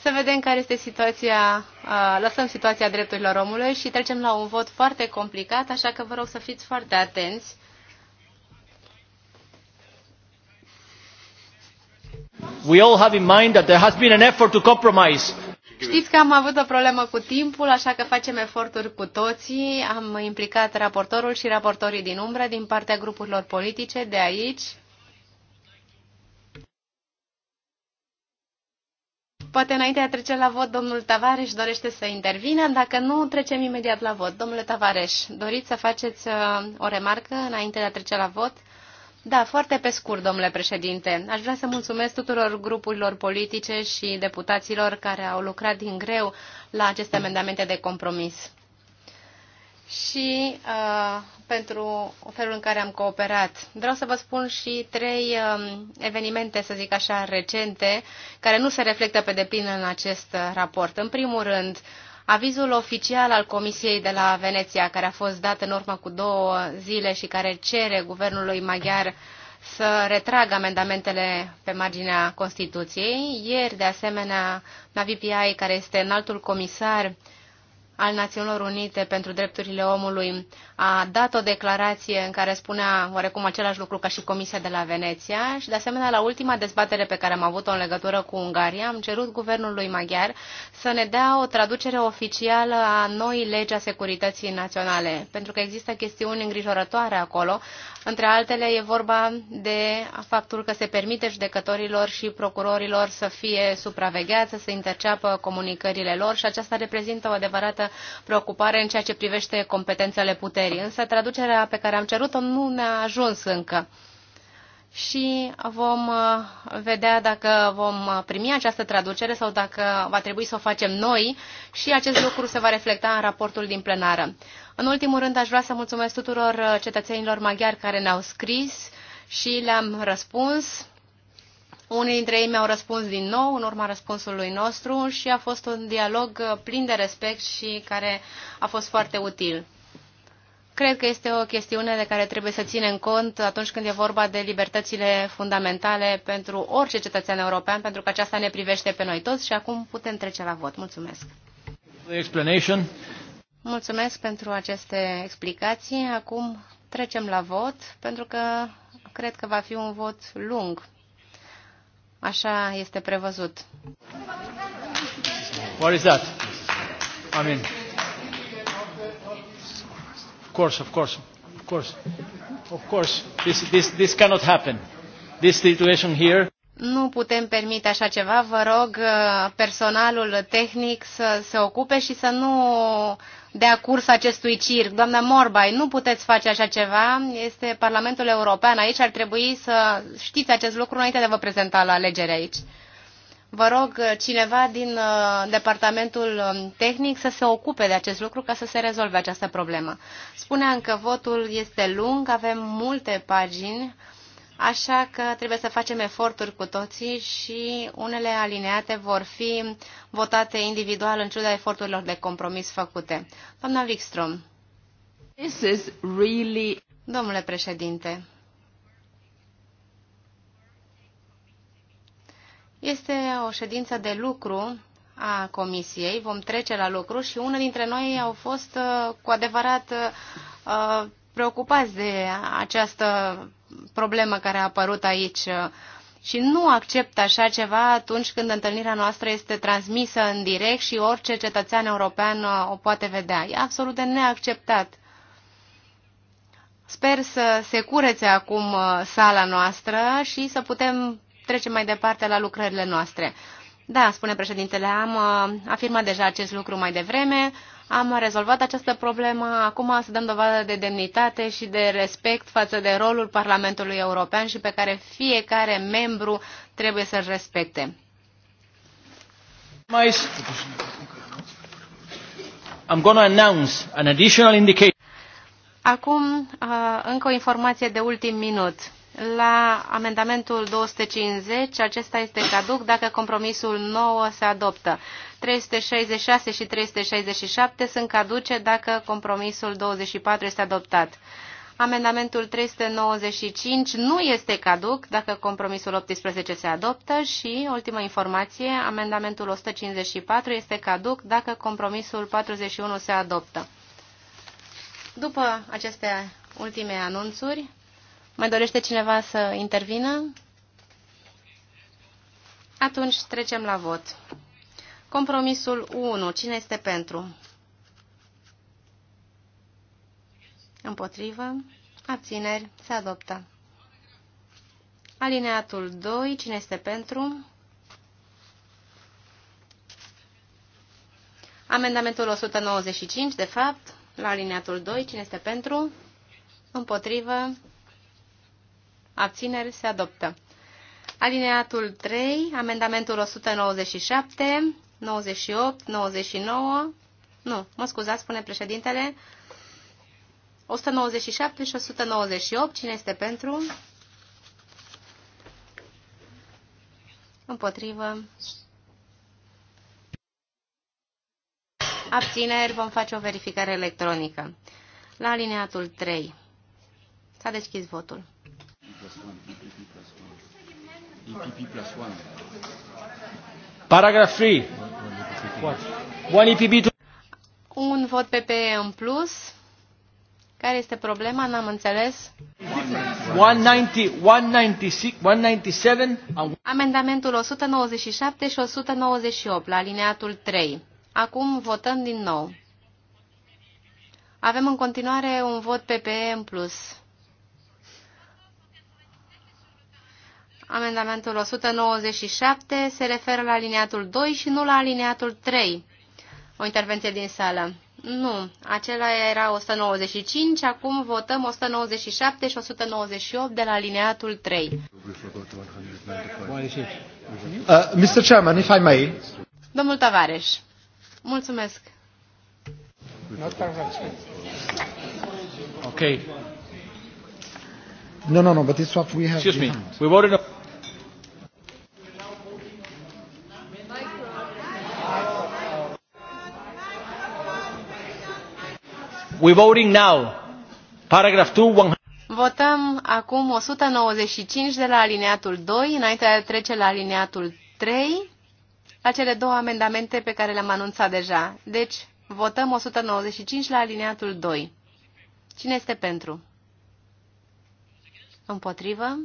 Să vedem care este situația, uh, lăsăm situația drepturilor omului și trecem la un vot foarte complicat, așa că vă rog să fiți foarte atenți We all have in mind that there has been an effort to compromise. Știți că am avut o problemă cu timpul, așa că facem eforturi cu toții. Am implicat raportorul și raportorii din umbră din partea grupurilor politice de aici. Poate înainte de a trece la vot, domnul Tavares dorește să intervină. Dacă nu, trecem imediat la vot. Domnule Tavares, doriți să faceți uh, o remarcă înainte de a trece la vot? Da, foarte pe scurt, domnule președinte. Aș vrea să mulțumesc tuturor grupurilor politice și deputaților care au lucrat din greu la aceste amendamente de compromis și uh, pentru felul în care am cooperat. Vreau să vă spun și trei uh, evenimente, să zic așa, recente, care nu se reflectă pe deplin în acest uh, raport. În primul rând, uh, Avizul oficial al Comisiei de la Veneția, care a fost dat în urmă cu două zile și care cere guvernului maghiar să retragă amendamentele pe marginea Constituției. Ieri, de asemenea, Navi Piai, care este înaltul comisar al Națiunilor Unite pentru Drepturile Omului a dat o declarație în care spunea oarecum același lucru ca și Comisia de la Veneția și, de asemenea, la ultima dezbatere pe care am avut-o în legătură cu Ungaria, am cerut guvernului maghiar să ne dea o traducere oficială a noii legi a securității naționale, pentru că există chestiuni îngrijorătoare acolo. Între altele, e vorba de faptul că se permite judecătorilor și procurorilor să fie supravegheați, să se interceapă comunicările lor și aceasta reprezintă o adevărată preocupare în ceea ce privește competențele puterii, însă traducerea pe care am cerut-o nu ne-a ajuns încă. Și vom uh, vedea dacă vom uh, primi această traducere sau dacă va trebui să o facem noi și acest lucru se va reflecta în raportul din plenară. În ultimul rând, aș vrea să mulțumesc tuturor uh, cetățenilor maghiari care ne-au scris și le-am răspuns unii dintre ei mi-au răspuns din nou în urma răspunsului nostru și a fost un dialog uh, plin de respect și care a fost foarte util. Cred că este o chestiune de care trebuie să ținem cont atunci când e vorba de libertățile fundamentale pentru orice cetățean european, pentru că aceasta ne privește pe noi toți și acum putem trece la vot. Mulțumesc! Mulțumesc pentru aceste explicații. Acum trecem la vot, pentru că cred că va fi un vot lung Așa este prevăzut. What is that? I mean, of course, of course, of course, of course, this, this, this cannot happen. This situation here nu putem permite așa ceva. Vă rog uh, personalul tehnic să se ocupe și să nu de a curs acestui circ. Doamna Morbai, nu puteți face așa ceva. Este Parlamentul European aici. Ar trebui să știți acest lucru înainte de a vă prezenta la alegere aici. Vă rog uh, cineva din uh, departamentul um, tehnic să se ocupe de acest lucru ca să se rezolve această problemă. Spuneam că votul este lung, avem multe pagini. Așa că trebuie să facem eforturi cu toții și unele alineate vor fi votate individual în ciuda eforturilor de compromis făcute. Doamna Wikström. This is really... Domnule președinte, este o ședință de lucru a comisiei, vom trece la lucru și unul dintre noi au fost uh, cu adevărat uh, uh, preocupați de această problemă care a apărut aici și nu accept așa ceva atunci când întâlnirea noastră este transmisă în direct și orice cetățean european uh, o poate vedea. E absolut de neacceptat. Sper să se curețe acum uh, sala noastră și să putem trece mai departe la lucrările noastre. Da, spune președintele, am uh, afirmat deja acest lucru mai devreme. Am rezolvat această problemă, acum să dăm dovadă de demnitate și de respect față de rolul Parlamentului European și pe care fiecare membru trebuie să-l respecte. I'm going to announce an additional indication. Acum, uh, încă o informație de ultim minut. La amendamentul 250, acesta este caduc dacă compromisul nou se adoptă. 366 și 367 sunt caduce dacă compromisul 24 este adoptat. Amendamentul 395 nu este caduc dacă compromisul 18 se adoptă și, ultima informație, amendamentul 154 este caduc dacă compromisul 41 se adoptă. După aceste ultime anunțuri, mai dorește cineva să intervină? Atunci trecem la vot. Compromisul 1. Cine este pentru? Împotrivă. Abțineri. Se adoptă. Alineatul 2. Cine este pentru? Amendamentul 195, de fapt, la alineatul 2. Cine este pentru? Împotrivă. Abțineri. Se adoptă. Alineatul 3, amendamentul 197, 98, 99, nu, mă scuzați, spune președintele, 197 și 198, cine este pentru? Împotrivă. Abțineri, vom face o verificare electronică. La alineatul 3. S-a deschis votul. Paragraf 3. Un vot PPE în plus. Care este problema? N-am înțeles. 190, 196, 197. Amendamentul 197 și 198 la alineatul 3. Acum votăm din nou. Avem în continuare un vot PPE în plus. Amendamentul 197 se referă la alineatul 2 și nu la alineatul 3. O intervenție din sală. Nu, acela era 195, acum votăm 197 și 198 de la alineatul 3. Uh, Mr. Chairman, if I may. Domnul Tavares, mulțumesc. Ok. No, no, no, but this what we have. Excuse me. We voted We're voting now. Paragraph 2, 100. Votăm acum 195 de la alineatul 2, înainte de a trece la alineatul 3, la cele două amendamente pe care le-am anunțat deja. Deci, votăm 195 la alineatul 2. Cine este pentru? Împotrivă?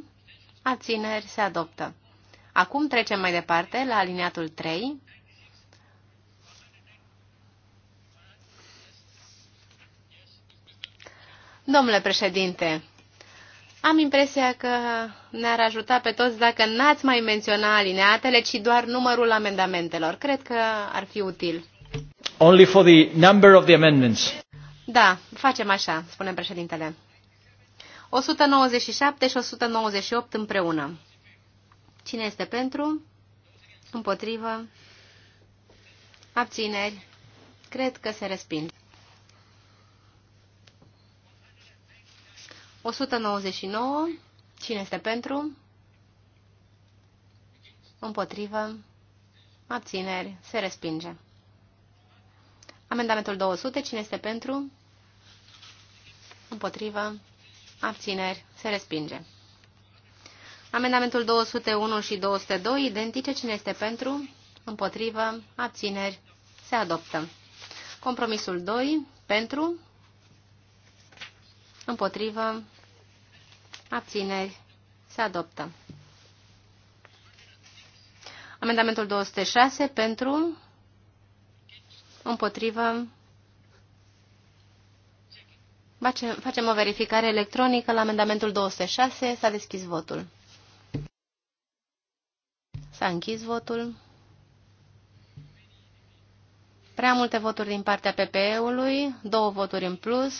Abțineri se adoptă. Acum trecem mai departe la alineatul 3. Domnule președinte, am impresia că ne-ar ajuta pe toți dacă n-ați mai menționa alineatele, ci doar numărul amendamentelor. Cred că ar fi util. Only for the number of the amendments. Da, facem așa, spune președintele. 197 și 198 împreună. Cine este pentru? Împotrivă? Abțineri? Cred că se respinge? 199. Cine este pentru? Împotrivă. Abțineri. Se respinge. Amendamentul 200. Cine este pentru? Împotrivă. Abțineri. Se respinge. Amendamentul 201 și 202. Identice. Cine este pentru? Împotrivă. Abțineri. Se adoptă. Compromisul 2. Pentru împotrivă, abțineri, se adoptă. Amendamentul 206 pentru, împotrivă, facem o verificare electronică la amendamentul 206, s-a deschis votul. S-a închis votul. Prea multe voturi din partea PPE-ului, două voturi în plus.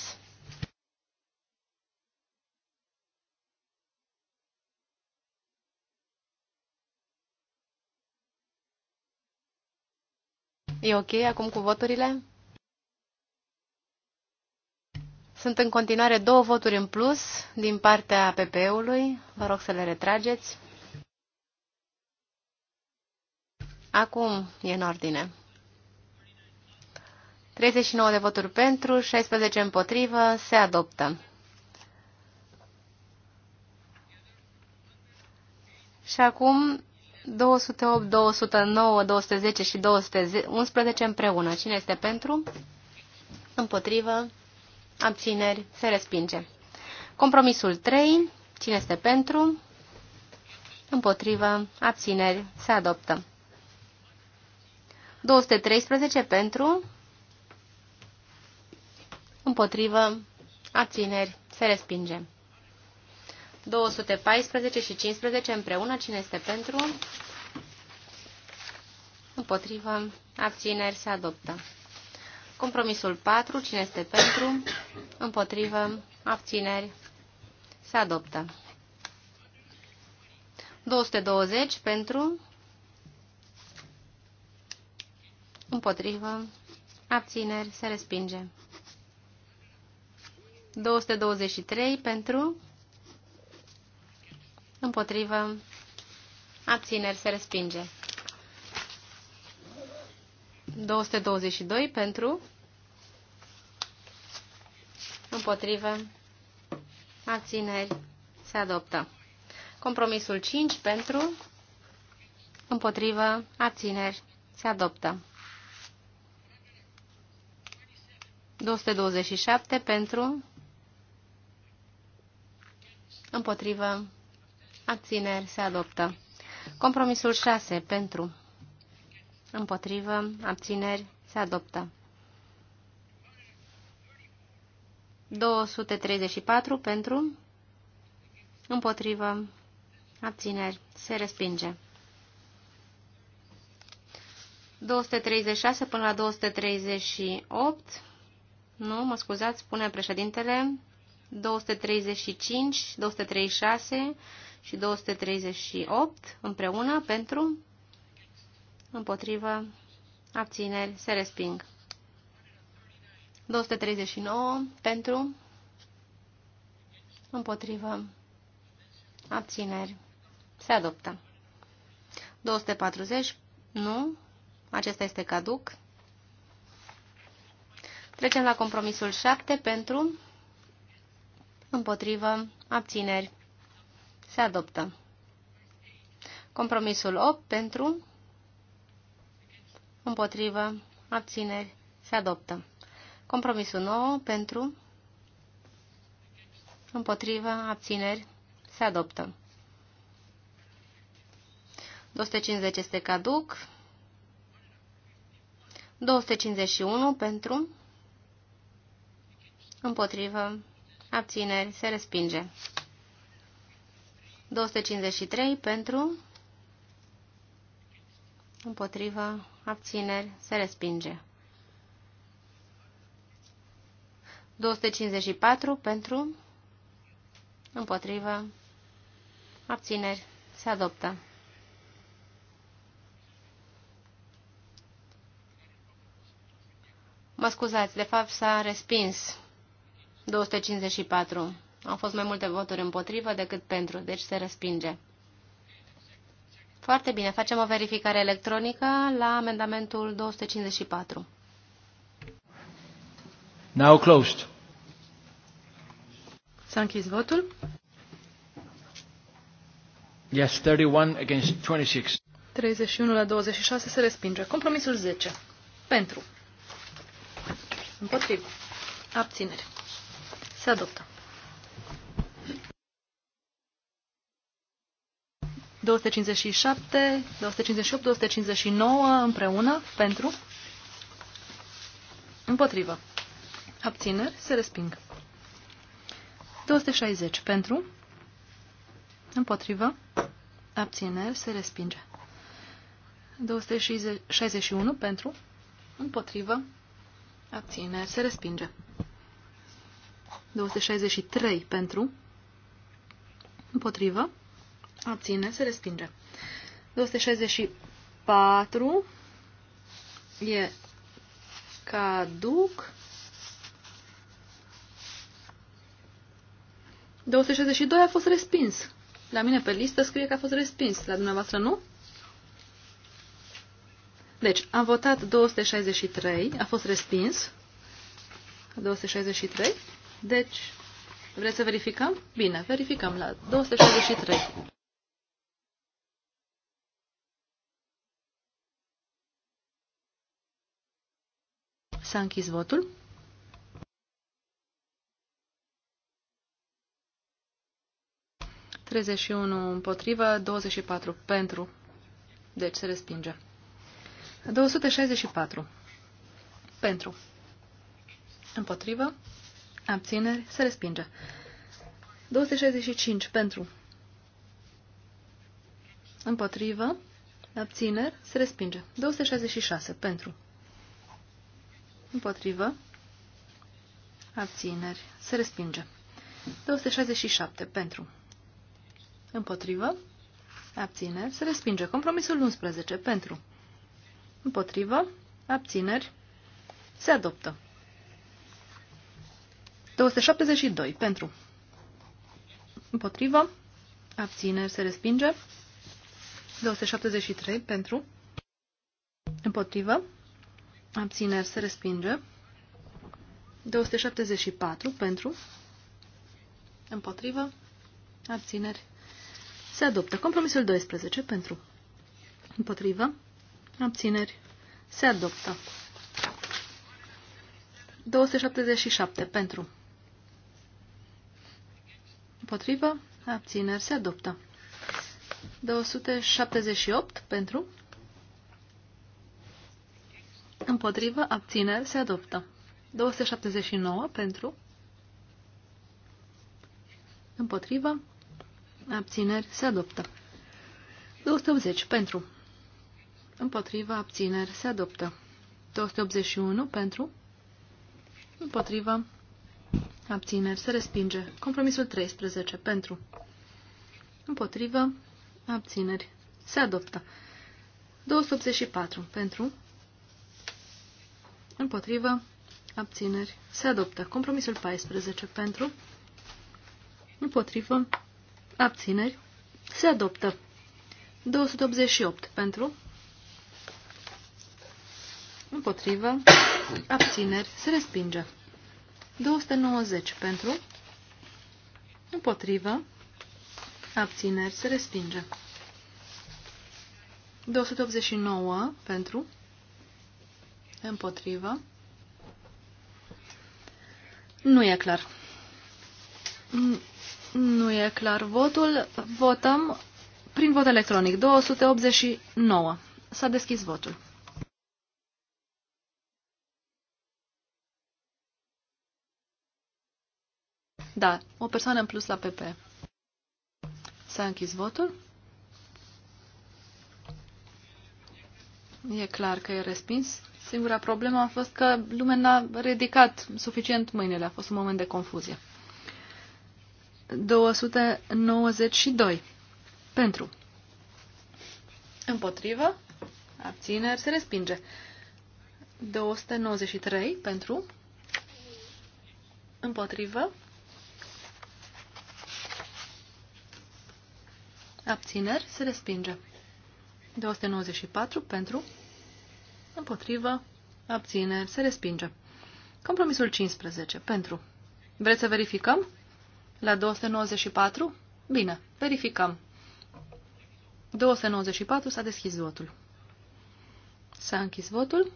E ok acum cu voturile? Sunt în continuare două voturi în plus din partea PP-ului. Vă rog să le retrageți. Acum e în ordine. 39 de voturi pentru, 16 împotrivă, se adoptă. Și acum 208, 209, 210 și 211 împreună. Cine este pentru? Împotrivă. Abțineri. Se respinge. Compromisul 3. Cine este pentru? Împotrivă. Abțineri. Se adoptă. 213 pentru. Împotrivă. Abțineri. Se respinge. 214 și 15 împreună. Cine este pentru? Împotrivă. Abțineri se adoptă. Compromisul 4. Cine este pentru? Împotrivă. Abțineri se adoptă. 220 pentru. Împotrivă. Abțineri se respinge. 223 pentru împotrivă, abțineri, se respinge. 222 pentru, împotrivă, abțineri, se adoptă. Compromisul 5 pentru, împotrivă, abțineri, se adoptă. 227 pentru, împotrivă, abțineri, se adoptă. Compromisul 6 pentru, împotrivă, abțineri, se adoptă. 234 pentru, împotrivă, abțineri, se respinge. 236 până la 238, nu, mă scuzați, spune președintele, 235, 236, și 238 împreună pentru, împotrivă, abțineri, se resping. 239 pentru, împotrivă, abțineri, se adoptă. 240, nu, acesta este caduc. Trecem la compromisul 7 pentru, împotrivă, abțineri, se adoptă. Compromisul 8 pentru, împotrivă, abțineri, se adoptă. Compromisul 9 pentru, împotrivă, abțineri, se adoptă. 250 este caduc. 251 pentru, împotrivă, abțineri, se respinge. 253 pentru, împotriva, abțineri, se respinge. 254 pentru, împotriva, abțineri, se adoptă. Mă scuzați, de fapt s-a respins 254. Au fost mai multe voturi împotrivă decât pentru, deci se respinge. Foarte bine, facem o verificare electronică la amendamentul 254. Now closed. S-a închis votul. Yes, 31 against 26. 31 la 26 se respinge. Compromisul 10. Pentru. Împotrivă. Abțineri. Se adoptă. 257, 258, 259 împreună pentru, împotrivă, abțineri, se resping. 260 pentru, împotrivă, abțineri, se respinge. 261 pentru, împotrivă, abțineri, se respinge. 263 pentru, împotrivă, abține, se respinge. 264 e caduc. 262 a fost respins. La mine pe listă scrie că a fost respins. La dumneavoastră nu? Deci, am votat 263, a fost respins. 263. Deci, vreți să verificăm? Bine, verificăm la 263. S-a închis votul. Treizeci și unu împotrivă, 24 pentru. Deci se respinge. 264 pentru. Împotrivă. Abțineri. Se respinge. 265 pentru. Împotrivă. Abțineri. Se respinge. 266 pentru. Împotrivă. Abțineri. Se respinge. 267. Pentru. Împotrivă. Abțineri. Se respinge. Compromisul 11. Pentru. Împotrivă. Abțineri. Se adoptă. 272. Pentru. Împotrivă. Abțineri. Se respinge. 273. Pentru. Împotrivă abțineri se respinge. 274 pentru, împotrivă, abțineri se adoptă. Compromisul 12 pentru, împotrivă, abțineri se adoptă. 277 pentru, împotrivă, abțineri se adoptă. 278 pentru, împotrivă, abțineri, se adoptă. 279 pentru, împotrivă, abțineri, se adoptă. 280 pentru, împotrivă, abțineri, se adoptă. 281 pentru, împotrivă, abțineri, se respinge. Compromisul 13 pentru, împotrivă, abțineri, se adoptă. 284 pentru, Împotrivă. Abțineri. Se adoptă. Compromisul 14 pentru. Împotrivă. Abțineri. Se adoptă. 288 pentru. Împotrivă. Abțineri. Se respinge. 290 pentru. Împotrivă. Abțineri. Se respinge. 289 pentru. Împotrivă. Nu e clar. Nu e clar votul. Votăm prin vot electronic. 289. S-a deschis votul. Da, o persoană în plus la PP. S-a închis votul. E clar că e respins. Singura problemă a fost că lumea n-a ridicat suficient mâinile. A fost un moment de confuzie. 292. Pentru. Împotrivă. Abțineri. Se respinge. 293. Pentru. Împotrivă. Abțineri. Se respinge. 294. Pentru. Împotrivă. abține, Se respinge. Compromisul 15. Pentru. Vreți să verificăm? La 294? Bine, verificăm. 294 s-a deschis votul. S-a închis votul.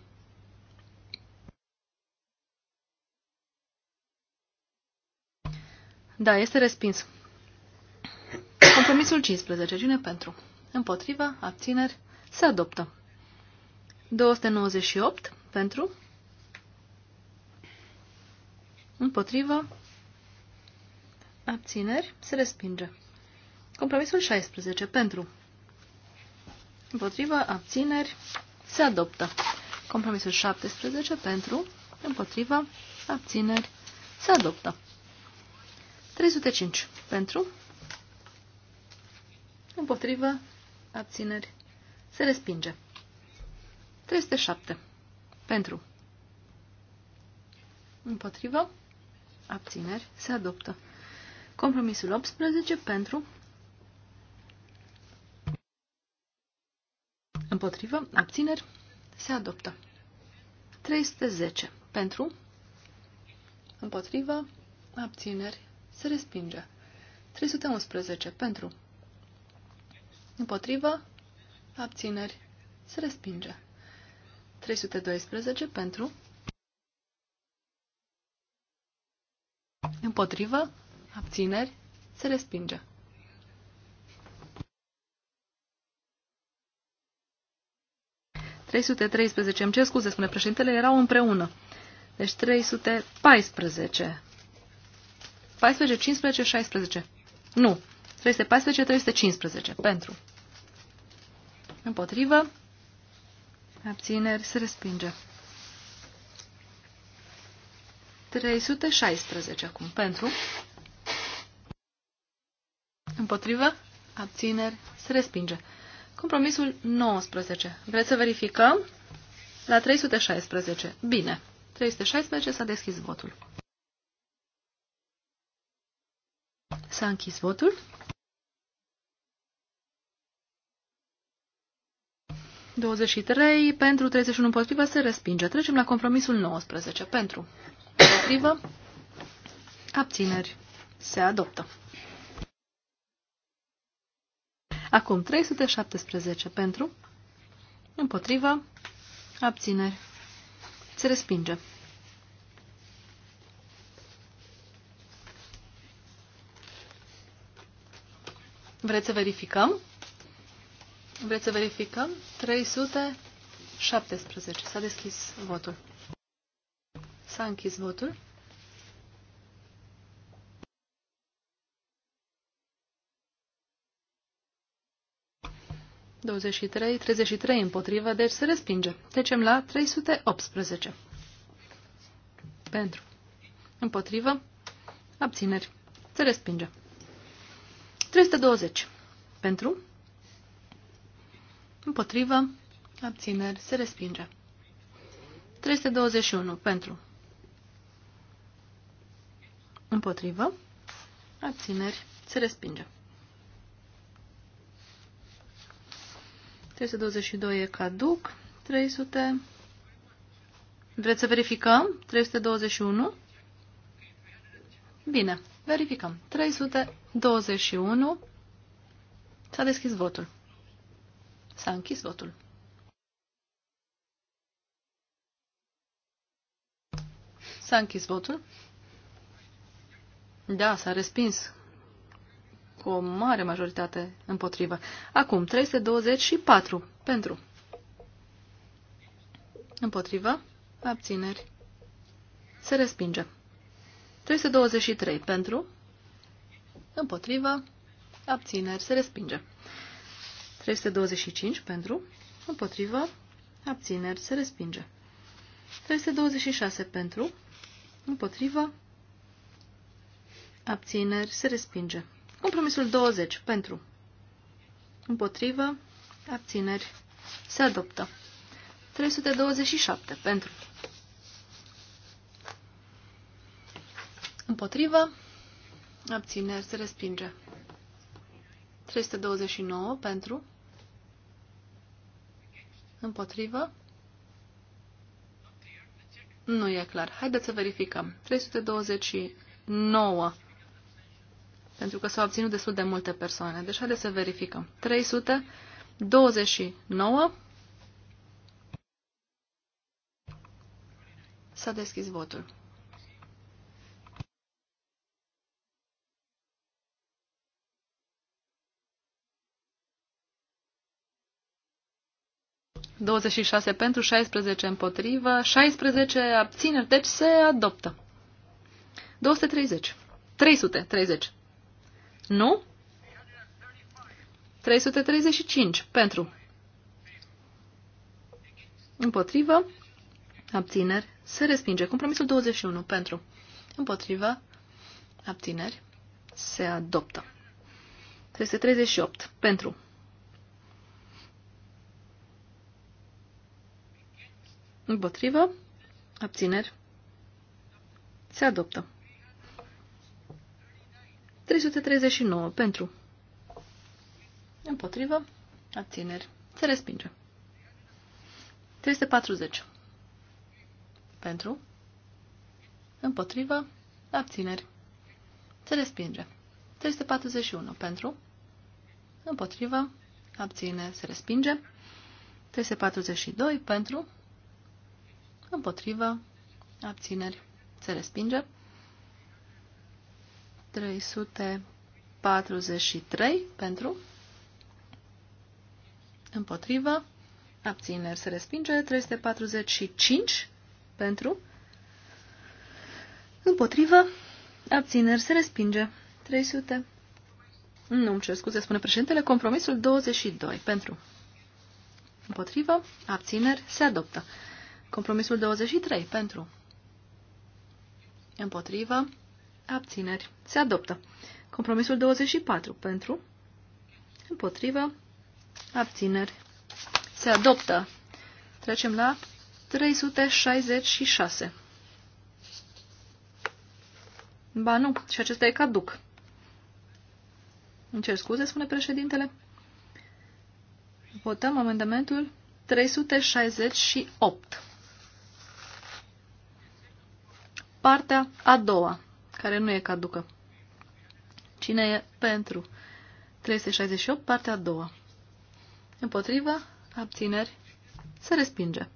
Da, este respins. Compromisul 15. Cine pentru? Împotriva, abțineri, se adoptă. 298 pentru, împotrivă, abțineri, se respinge. Compromisul 16 pentru, împotrivă, abțineri, se adoptă. Compromisul 17 pentru, împotrivă, abțineri, se adoptă. 305 pentru, împotrivă, abțineri, se respinge. 307. Pentru. Împotrivă. Abțineri. Se adoptă. Compromisul 18. Pentru. Împotrivă. Abțineri. Se adoptă. 310. Pentru. Împotrivă. Abțineri. Se respinge. 311. Pentru. Împotrivă. Abțineri. Se respinge. 312 pentru. Împotrivă. Abțineri. Se respinge. ...313, îmi cer scuze, spune președintele, erau împreună. Deci 314. 14, 15, 16. Nu. 314, 315. Pentru. Împotrivă abțineri, se respinge. 316 acum, pentru, împotrivă, abțineri, se respinge. Compromisul 19. Vreți să verificăm? La 316. Bine. 316 s-a deschis votul. S-a închis votul. 23 pentru, 31 împotrivă, se respinge. Trecem la compromisul 19. Pentru, împotrivă, abțineri, se adoptă. Acum 317 pentru, împotrivă, abțineri, se respinge. Vreți să verificăm? Vreți să verificăm? 317. S-a deschis votul. S-a închis votul. Douăzeci trei, treizeci trei împotrivă, deci se respinge. Trecem la 318. Pentru. Împotrivă. Abțineri. Se respinge. 320. Pentru. Împotrivă. Abțineri. Se respinge. 321. Pentru. Împotrivă. Abțineri. Se respinge. 322 e caduc. 300. Vreți să verificăm? 321. Bine. Verificăm. 321. S-a deschis votul. S-a închis votul. S-a închis votul. Da, s-a respins cu o mare majoritate împotrivă. Acum, 324 pentru. Împotrivă, abțineri. Se respinge. 323 pentru. Împotrivă, abțineri. Se respinge. 325 pentru, împotrivă, abțineri, se respinge. 326 pentru, împotrivă, abțineri, se respinge. Compromisul 20 pentru, împotrivă, abțineri, se adoptă. 327 pentru, împotrivă, abțineri, se respinge. 329 pentru, Împotrivă? Nu e clar. Haideți să verificăm. 329. Pentru că s-au obținut destul de multe persoane. Deci haideți să verificăm. 329. S-a deschis votul. 26 pentru, 16 împotrivă, 16 abțineri, deci se adoptă. 230. 330. Nu? 335 pentru. Împotrivă. Abțineri. Se respinge. Compromisul 21 pentru. Împotrivă. Abțineri. Se adoptă. 338 pentru. Împotrivă. Abțineri. Se adoptă. 339. Pentru. Împotrivă. Abțineri. Se respinge. 340. Pentru. Împotrivă. Abțineri. Se respinge. 341. Pentru. Împotrivă. Abține. Se respinge. 342. Pentru împotrivă, abțineri, se respinge. 343 pentru, împotrivă, abțineri, se respinge. 345 pentru, împotrivă, abțineri, se respinge. 300. Nu, îmi cer scuze, spune președintele, compromisul 22 pentru. Împotrivă, abțineri, se adoptă. Compromisul 23 pentru. Împotrivă. Abțineri. Se adoptă. Compromisul 24 pentru. Împotrivă. Abțineri. Se adoptă. Trecem la 366. Ba nu, și acesta e caduc. Îmi cer scuze, spune președintele. Votăm amendamentul 368. Partea a doua, care nu e caducă. Cine e pentru? 368, partea a doua. Împotrivă, abțineri, se respinge.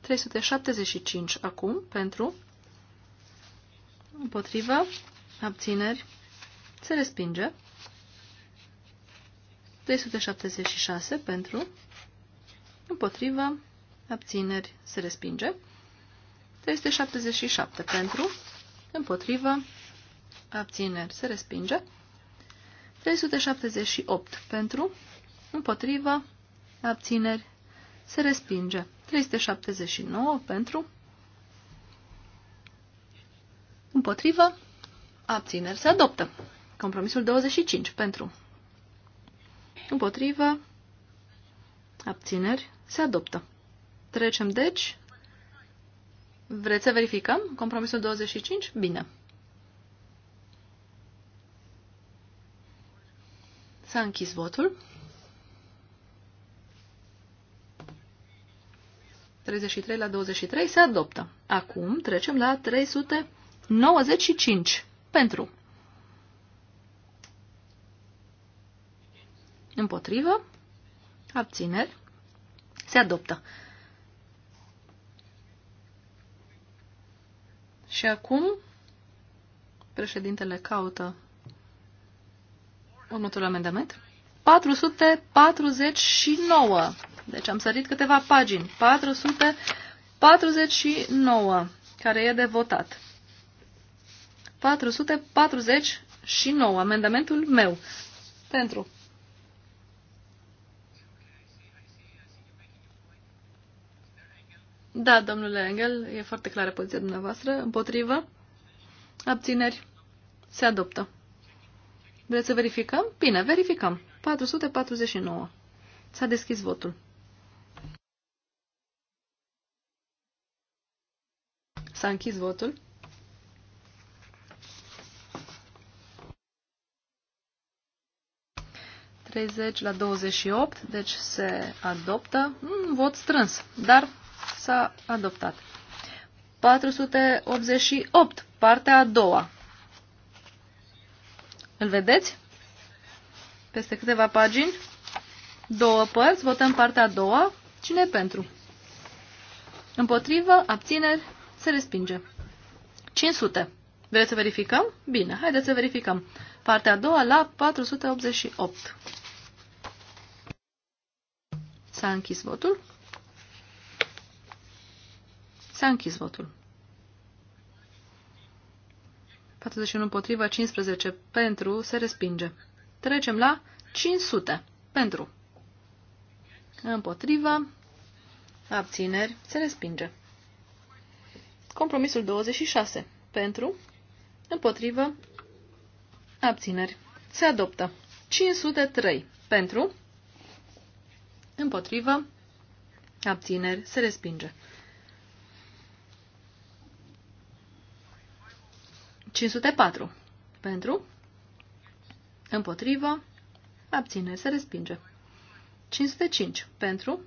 375 acum, pentru, împotrivă, abțineri, se respinge. 376 pentru, împotrivă, abțineri, se respinge. 377 pentru, împotrivă, abțineri, se respinge. 378 pentru, împotrivă, abțineri, se respinge. 379 pentru, împotrivă, abțineri, se adoptă. Compromisul 25 pentru, împotrivă, abțineri, se adoptă. Trecem, deci, Vreți să verificăm? Compromisul 25? Bine. S-a închis votul. 33 la 23 se adoptă. Acum trecem la 395 pentru. Împotrivă. Abțineri. Se adoptă. Și acum președintele caută următorul amendament. 449. Deci am sărit câteva pagini. 449, care e de votat. 449, amendamentul meu. Pentru. Da, domnule Engel, e foarte clară poziția dumneavoastră. Împotrivă? Abțineri? Se adoptă. Vreți să verificăm? Bine, verificăm. 449. S-a deschis votul. S-a închis votul. la 28, deci se adoptă. Un vot strâns, dar s-a adoptat. 488, partea a doua. Îl vedeți? Peste câteva pagini, două părți, votăm partea a doua. Cine pentru? Împotrivă, abțineri, se respinge. 500. Vreți să verificăm? Bine, haideți să verificăm. Partea a doua la 488. S-a închis votul. S-a închis votul. 41 împotriva, 15 pentru, se respinge. Trecem la 500 pentru. Împotriva, abțineri, se respinge. Compromisul 26 pentru, împotrivă, abțineri, se adoptă. 503 pentru, împotrivă, abțineri, se respinge. 504. Pentru, împotrivă, abțineri, se respinge. 505. Pentru,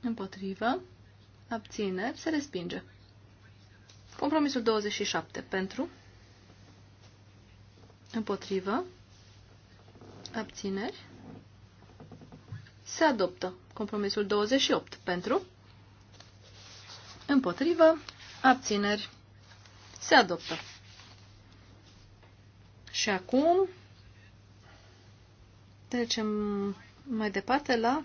împotrivă, abțineri, se respinge. Compromisul 27. Pentru, împotrivă, abțineri, se adoptă. Compromisul 28. Pentru, împotrivă, abțineri, se adoptă. Și acum trecem mai departe la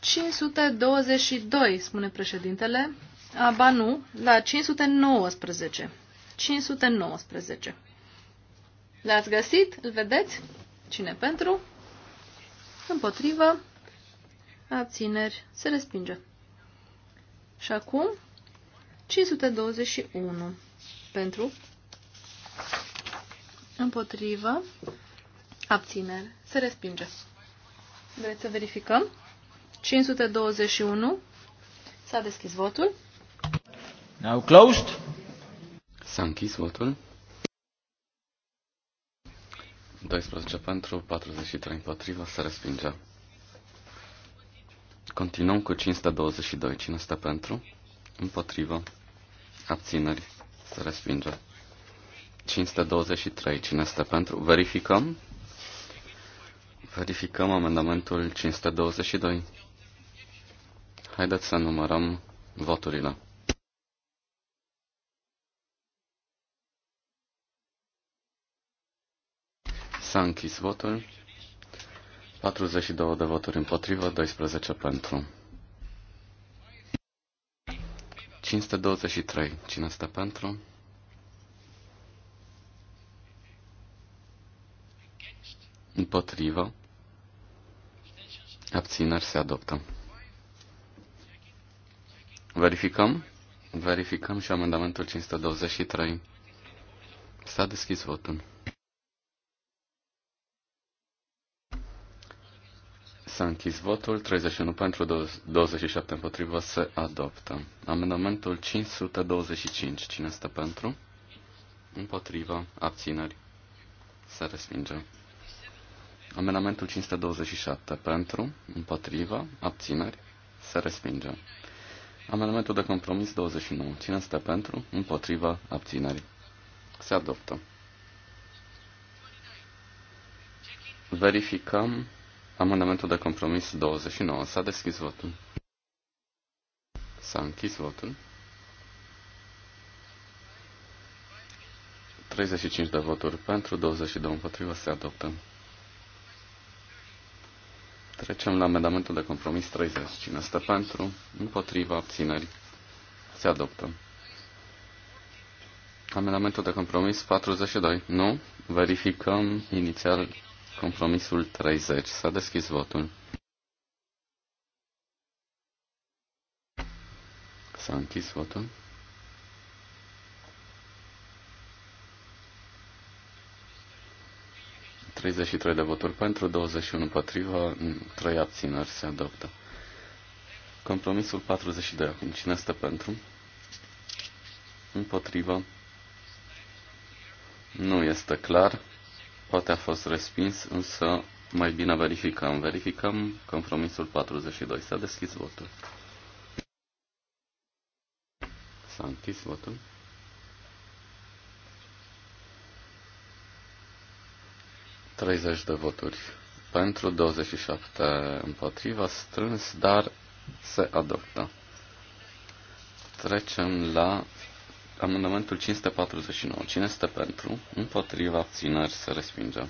522, spune președintele. a nu, la 519. 519. L-ați găsit? Îl vedeți? Cine pentru? Împotrivă. Abțineri. Se respinge. Și acum 521 pentru, împotrivă, abținere, se respinge. Vreți să verificăm? 521, s-a deschis votul. Now closed. S-a închis votul. 12 pentru, 43 împotriva, se respinge. Continuăm cu 522. Cine stă pentru? împotrivă, abțineri, se respinge. 523, cine este pentru? Verificăm. Verificăm amendamentul 522. Haideți să numărăm voturile. S-a închis votul. 42 de voturi împotrivă, 12 pentru. 523. Cine stă pentru? Împotrivă. Abțineri se adoptă. Verificăm? Verificăm și amendamentul 523. S-a deschis votul. S-a închis votul, 31 pentru, 27 împotrivă, se adoptă. Amendamentul 525, cine stă pentru? Împotrivă, abțineri, se respinge. Amendamentul 527, pentru, împotrivă, abțineri, se respinge. Amendamentul de compromis 29, cine stă pentru? Împotrivă, abțineri, se adoptă. Verificăm Amendamentul de compromis 29. S-a deschis votul. S-a închis votul. 35 de voturi pentru, 22 împotrivă se adoptă. Trecem la amendamentul de compromis 30. Cine stă pentru, împotriva, abțineri, se adoptă. Amendamentul de compromis 42. Nu. Verificăm inițial Compromisul 30. S-a deschis votul. S-a închis votul. și trei de voturi pentru, 21 împotriva, 3 abțineri se adoptă. Compromisul 42. Acum cine este pentru? Împotriva. Nu este clar. Poate a fost respins, însă mai bine verificăm. Verificăm compromisul 42. S-a deschis votul. S-a închis votul. Treizeci de voturi pentru, 27 împotriva, strâns, dar se adoptă. Trecem la Amendamentul 549. Cine este pentru? Împotriva abținări să respingem.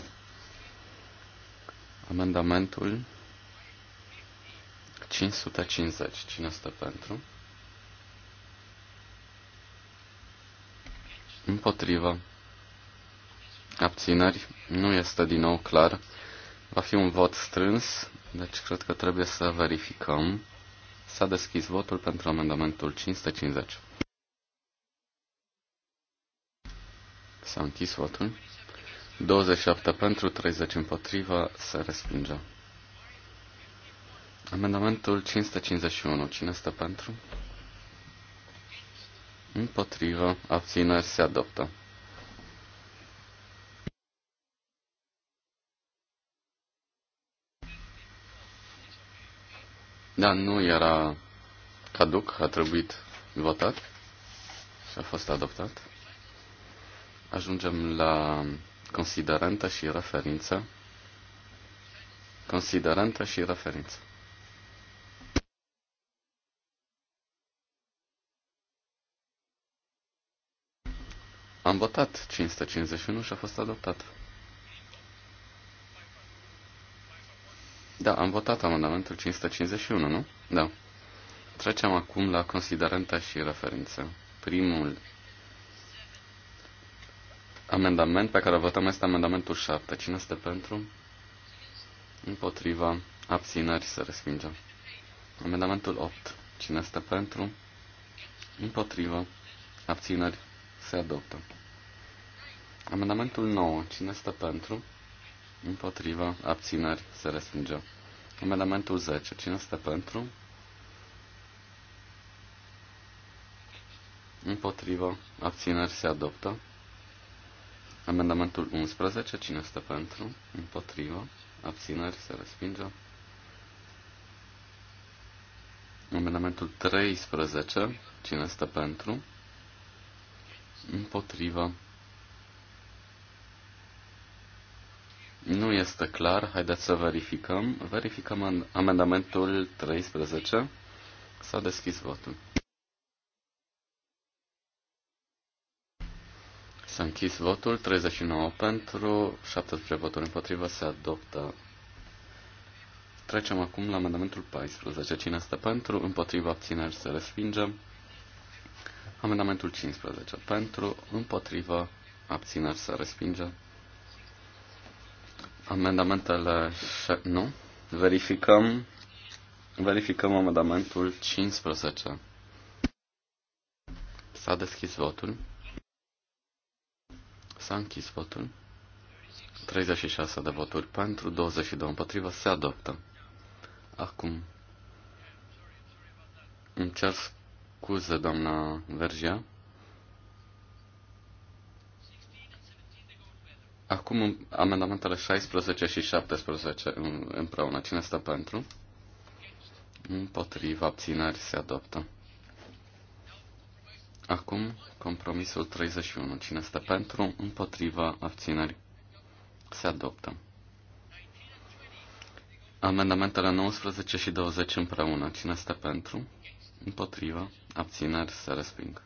Amendamentul 550. Cine este pentru? Împotriva abținări. nu este din nou clar. Va fi un vot strâns, deci cred că trebuie să verificăm. S-a deschis votul pentru amendamentul 550. S-a închis votul. 27 pentru, 30 împotriva, se respinge. Amendamentul 551. Cine este pentru? Împotrivă. Abțineri se adoptă. Da, nu era caduc, a trebuit votat și a fost adoptat. Ajungem la considerentă și referință. Considerentă și referință. Am votat 551 și a fost adoptat. Da, am votat amendamentul 551, nu? Da. Trecem acum la considerente și referință. Primul amendament pe care votăm este amendamentul 7. Cine este pentru? Împotriva. Abțineri să respingem. Amendamentul 8. Cine este pentru? Împotriva. Abțineri se adoptă. Amendamentul 9. Cine este pentru? Împotriva. Abțineri se respinge. Amendamentul 10. Cine este pentru? Împotriva. Abțineri se adoptă. Amendamentul 11, cine stă pentru? Împotrivă. Abțineri se respinge. Amendamentul 13, cine stă pentru? Împotrivă. Nu este clar, haideți să verificăm. Verificăm amendamentul 13. S-a deschis votul. S-a închis votul, 39 pentru, 17 voturi împotrivă, se adoptă. Trecem acum la amendamentul 14. Cine este pentru? Împotriva abțineri se respinge. Amendamentul 15. Pentru, împotriva abțineri se respinge. Amendamentele... Nu. Verificăm. Verificăm amendamentul 15. S-a deschis votul. S-a închis votul. 36 de voturi pentru, 22 împotriva, se adoptă. Acum, îmi cer scuze, doamna Vergea. Acum amendamentele 16 și 17 împreună. Cine stă pentru? Împotriva abțineri se adoptă. Acum, compromisul 31. Cine stă pentru, împotriva, abțineri, se adoptă. Amendamentele 19 și 20 împreună. Cine stă pentru, împotriva, abțineri, se resping.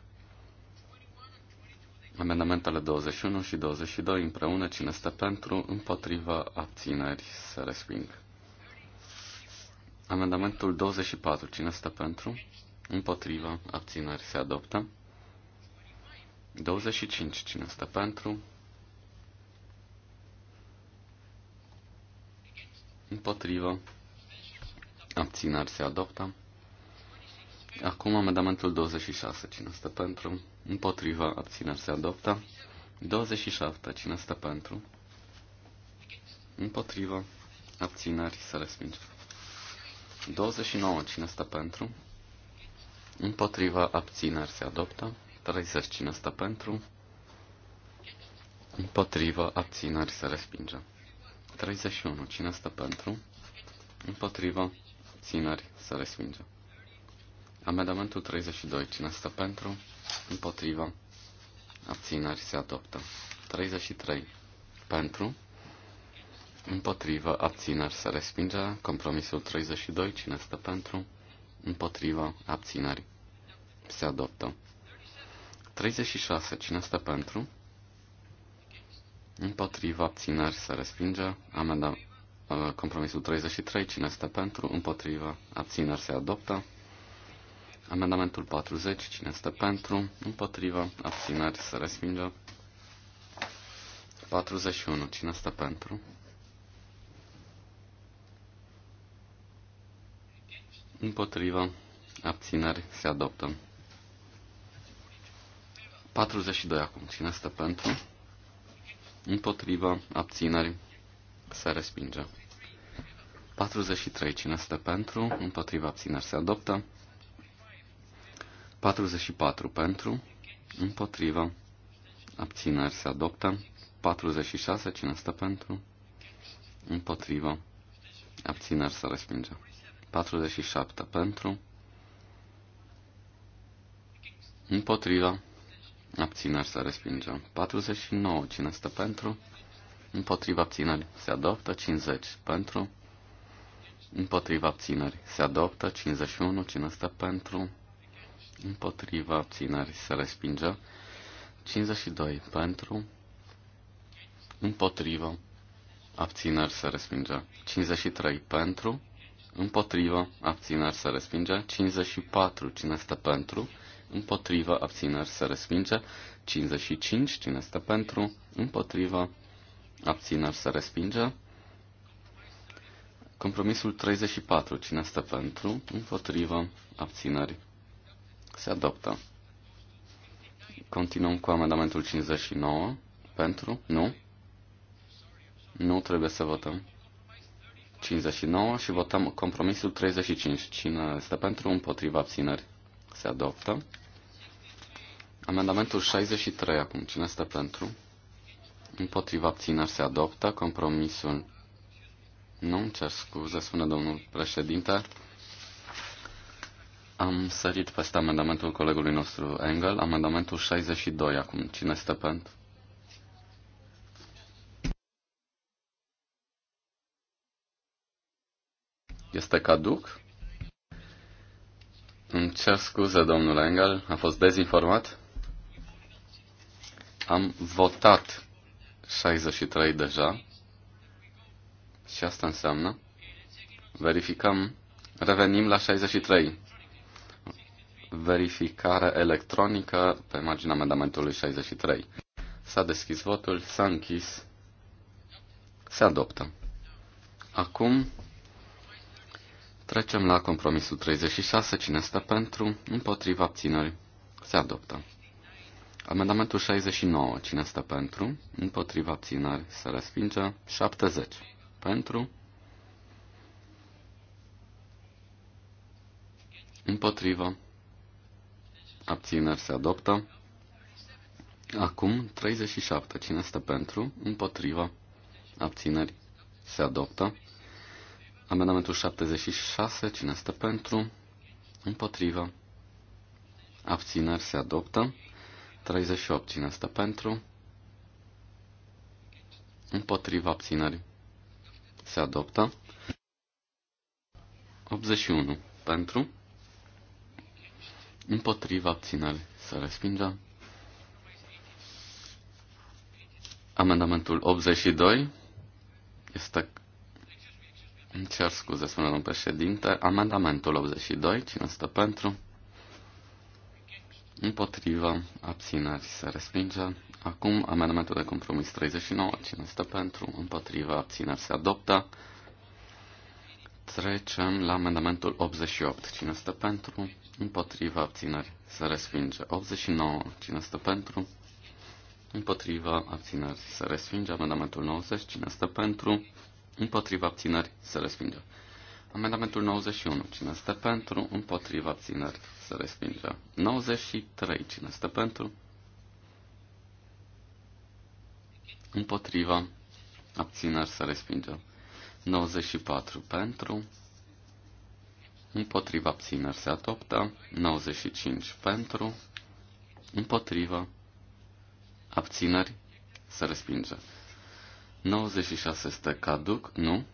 Amendamentele 21 și 22 împreună. Cine stă pentru, împotriva, abțineri, se resping. Amendamentul 24. Cine stă pentru? Împotriva. Abțineri se adoptă. 25. Cine stă pentru? Împotrivă. Abțineri se adoptă. Acum amendamentul 26. Cine stă pentru? Împotriva. Abțineri se adoptă. 27. Cine stă pentru? Împotriva. Abțineri se respinge. 29. Cine stă pentru? Împotriva. Abțineri se adoptă. 30. Cine stă pentru? Împotrivă, abțineri, se respinge. 31. Cine stă pentru? Împotrivă, abțineri, se respinge. Amendamentul 32. Cine stă pentru? Împotrivă, abțineri, se adoptă. 33. Pentru? Împotrivă, abțineri, se respinge. Compromisul 32. Cine stă pentru? Împotrivă, abțineri, se adoptă. 36. Cine stă pentru? Împotriva abțineri se respinge. Amenda, uh, compromisul 33. Cine stă pentru? Împotriva abțineri se adoptă. Amendamentul 40. Cine stă pentru? Împotriva abțineri se respinge. 41. Cine stă pentru? Împotriva abțineri se adoptă. 42 acum. Cine stă pentru? Împotriva abțineri se respinge. 43. Cine stă pentru? Împotriva abțineri se adoptă. 44 pentru, împotriva, abțineri se adoptă, 46 cine stă pentru, împotriva, abțineri se respinge, 47 pentru, împotriva, Abțineri se respinge. 49. Cine este pentru? Împotriva abțineri se adoptă. 50. Pentru? Împotriva abțineri se adoptă. 51. Cine este pentru? Împotriva abțineri se respinge. 52. Pentru? Împotriva abțineri se respinge. 53. Pentru? Împotriva abțineri se respinge. 54. Cine stă pentru? împotrivă, abțineri se respinge, 55, cine este pentru, împotrivă, abțineri se respinge, compromisul 34, cine este pentru, împotrivă, abțineri se adoptă. Continuăm cu amendamentul 59, pentru, nu, nu trebuie să votăm. 59 și votăm compromisul 35. Cine este pentru, împotriva, abțineri se adoptă. Amendamentul 63 acum. Cine este pentru? Împotriva abțineri se adoptă. Compromisul. Nu, cer scuze, spune domnul președinte. Am sărit peste amendamentul colegului nostru Engel, amendamentul 62 acum. Cine este pentru? Este caduc? Îmi cer scuze, domnul Engel, a fost dezinformat? Am votat 63 deja și asta înseamnă verificăm, revenim la 63. Verificare electronică pe marginea amendamentului 63. S-a deschis votul, s-a închis, se adoptă. Acum trecem la compromisul 36. Cine stă pentru? Împotriva abținării. Se adoptă. Amendamentul 69. Cine stă pentru? Împotriva abținări se respinge. 70. Pentru? Împotriva. abținări se adoptă. Acum 37. Cine stă pentru? Împotriva. abținări se adoptă. Amendamentul 76. Cine stă pentru? Împotriva. abținări se adoptă. 38. Cine stă pentru? Împotriva abținerii. Se adoptă. 81. Pentru? Împotriva abținerii. Se respinge. Amendamentul 82 este... Îmi cer scuze, spune domnul președinte. Amendamentul 82, cine stă pentru? Împotrivă, abțineri, se respinge. Acum, amendamentul de compromis 39, cine stă pentru, împotrivă, abțineri, se adoptă. Trecem la amendamentul 88, cine stă pentru, împotrivă, abțineri, se respinge. 89, cine stă pentru, împotrivă, abțineri, se respinge. Amendamentul 90, cine stă pentru, împotrivă, abțineri, se respinge. Amendamentul 91. Cine este pentru? Împotriva abțineri. Se respinge. 93. Cine este pentru? Împotriva. Abțineri se respinge. 94 pentru. Împotriva abțineri se adoptă. 95 pentru. Împotriva. Abțineri se respinge. 96 este caduc. Nu.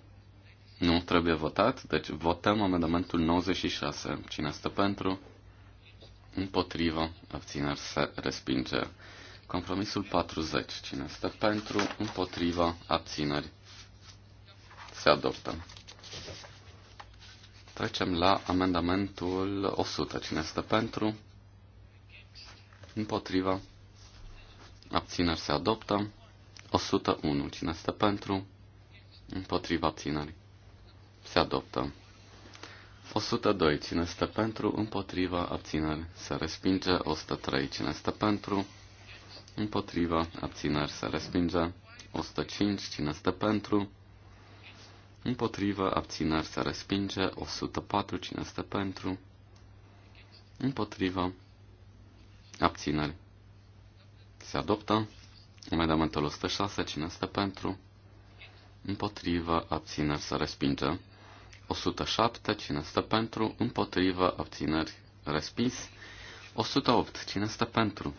Nu trebuie votat, deci votăm amendamentul 96. Cine stă pentru? Împotrivă, abțineri se respinge. Compromisul 40. Cine stă pentru? Împotrivă, abțineri se adoptă. Trecem la amendamentul 100. Cine stă pentru? Împotriva. Abțineri se adoptă. 101. Cine stă pentru? Împotriva abținării se adoptă. 102. Cine stă pentru, împotriva, abțineri, se respinge. 103. Cine stă pentru, împotriva, abțineri, se respinge. 105. Cine stă pentru, împotriva, abțineri, se respinge. 104. Cine stă pentru, împotriva, abțineri, se adoptă. Amendamentul 106. Cine stă pentru, împotriva, abțineri, se respinge. 107. Cine stă pentru? Împotrivă. Abțineri. Respins. 108. Cine stă pentru?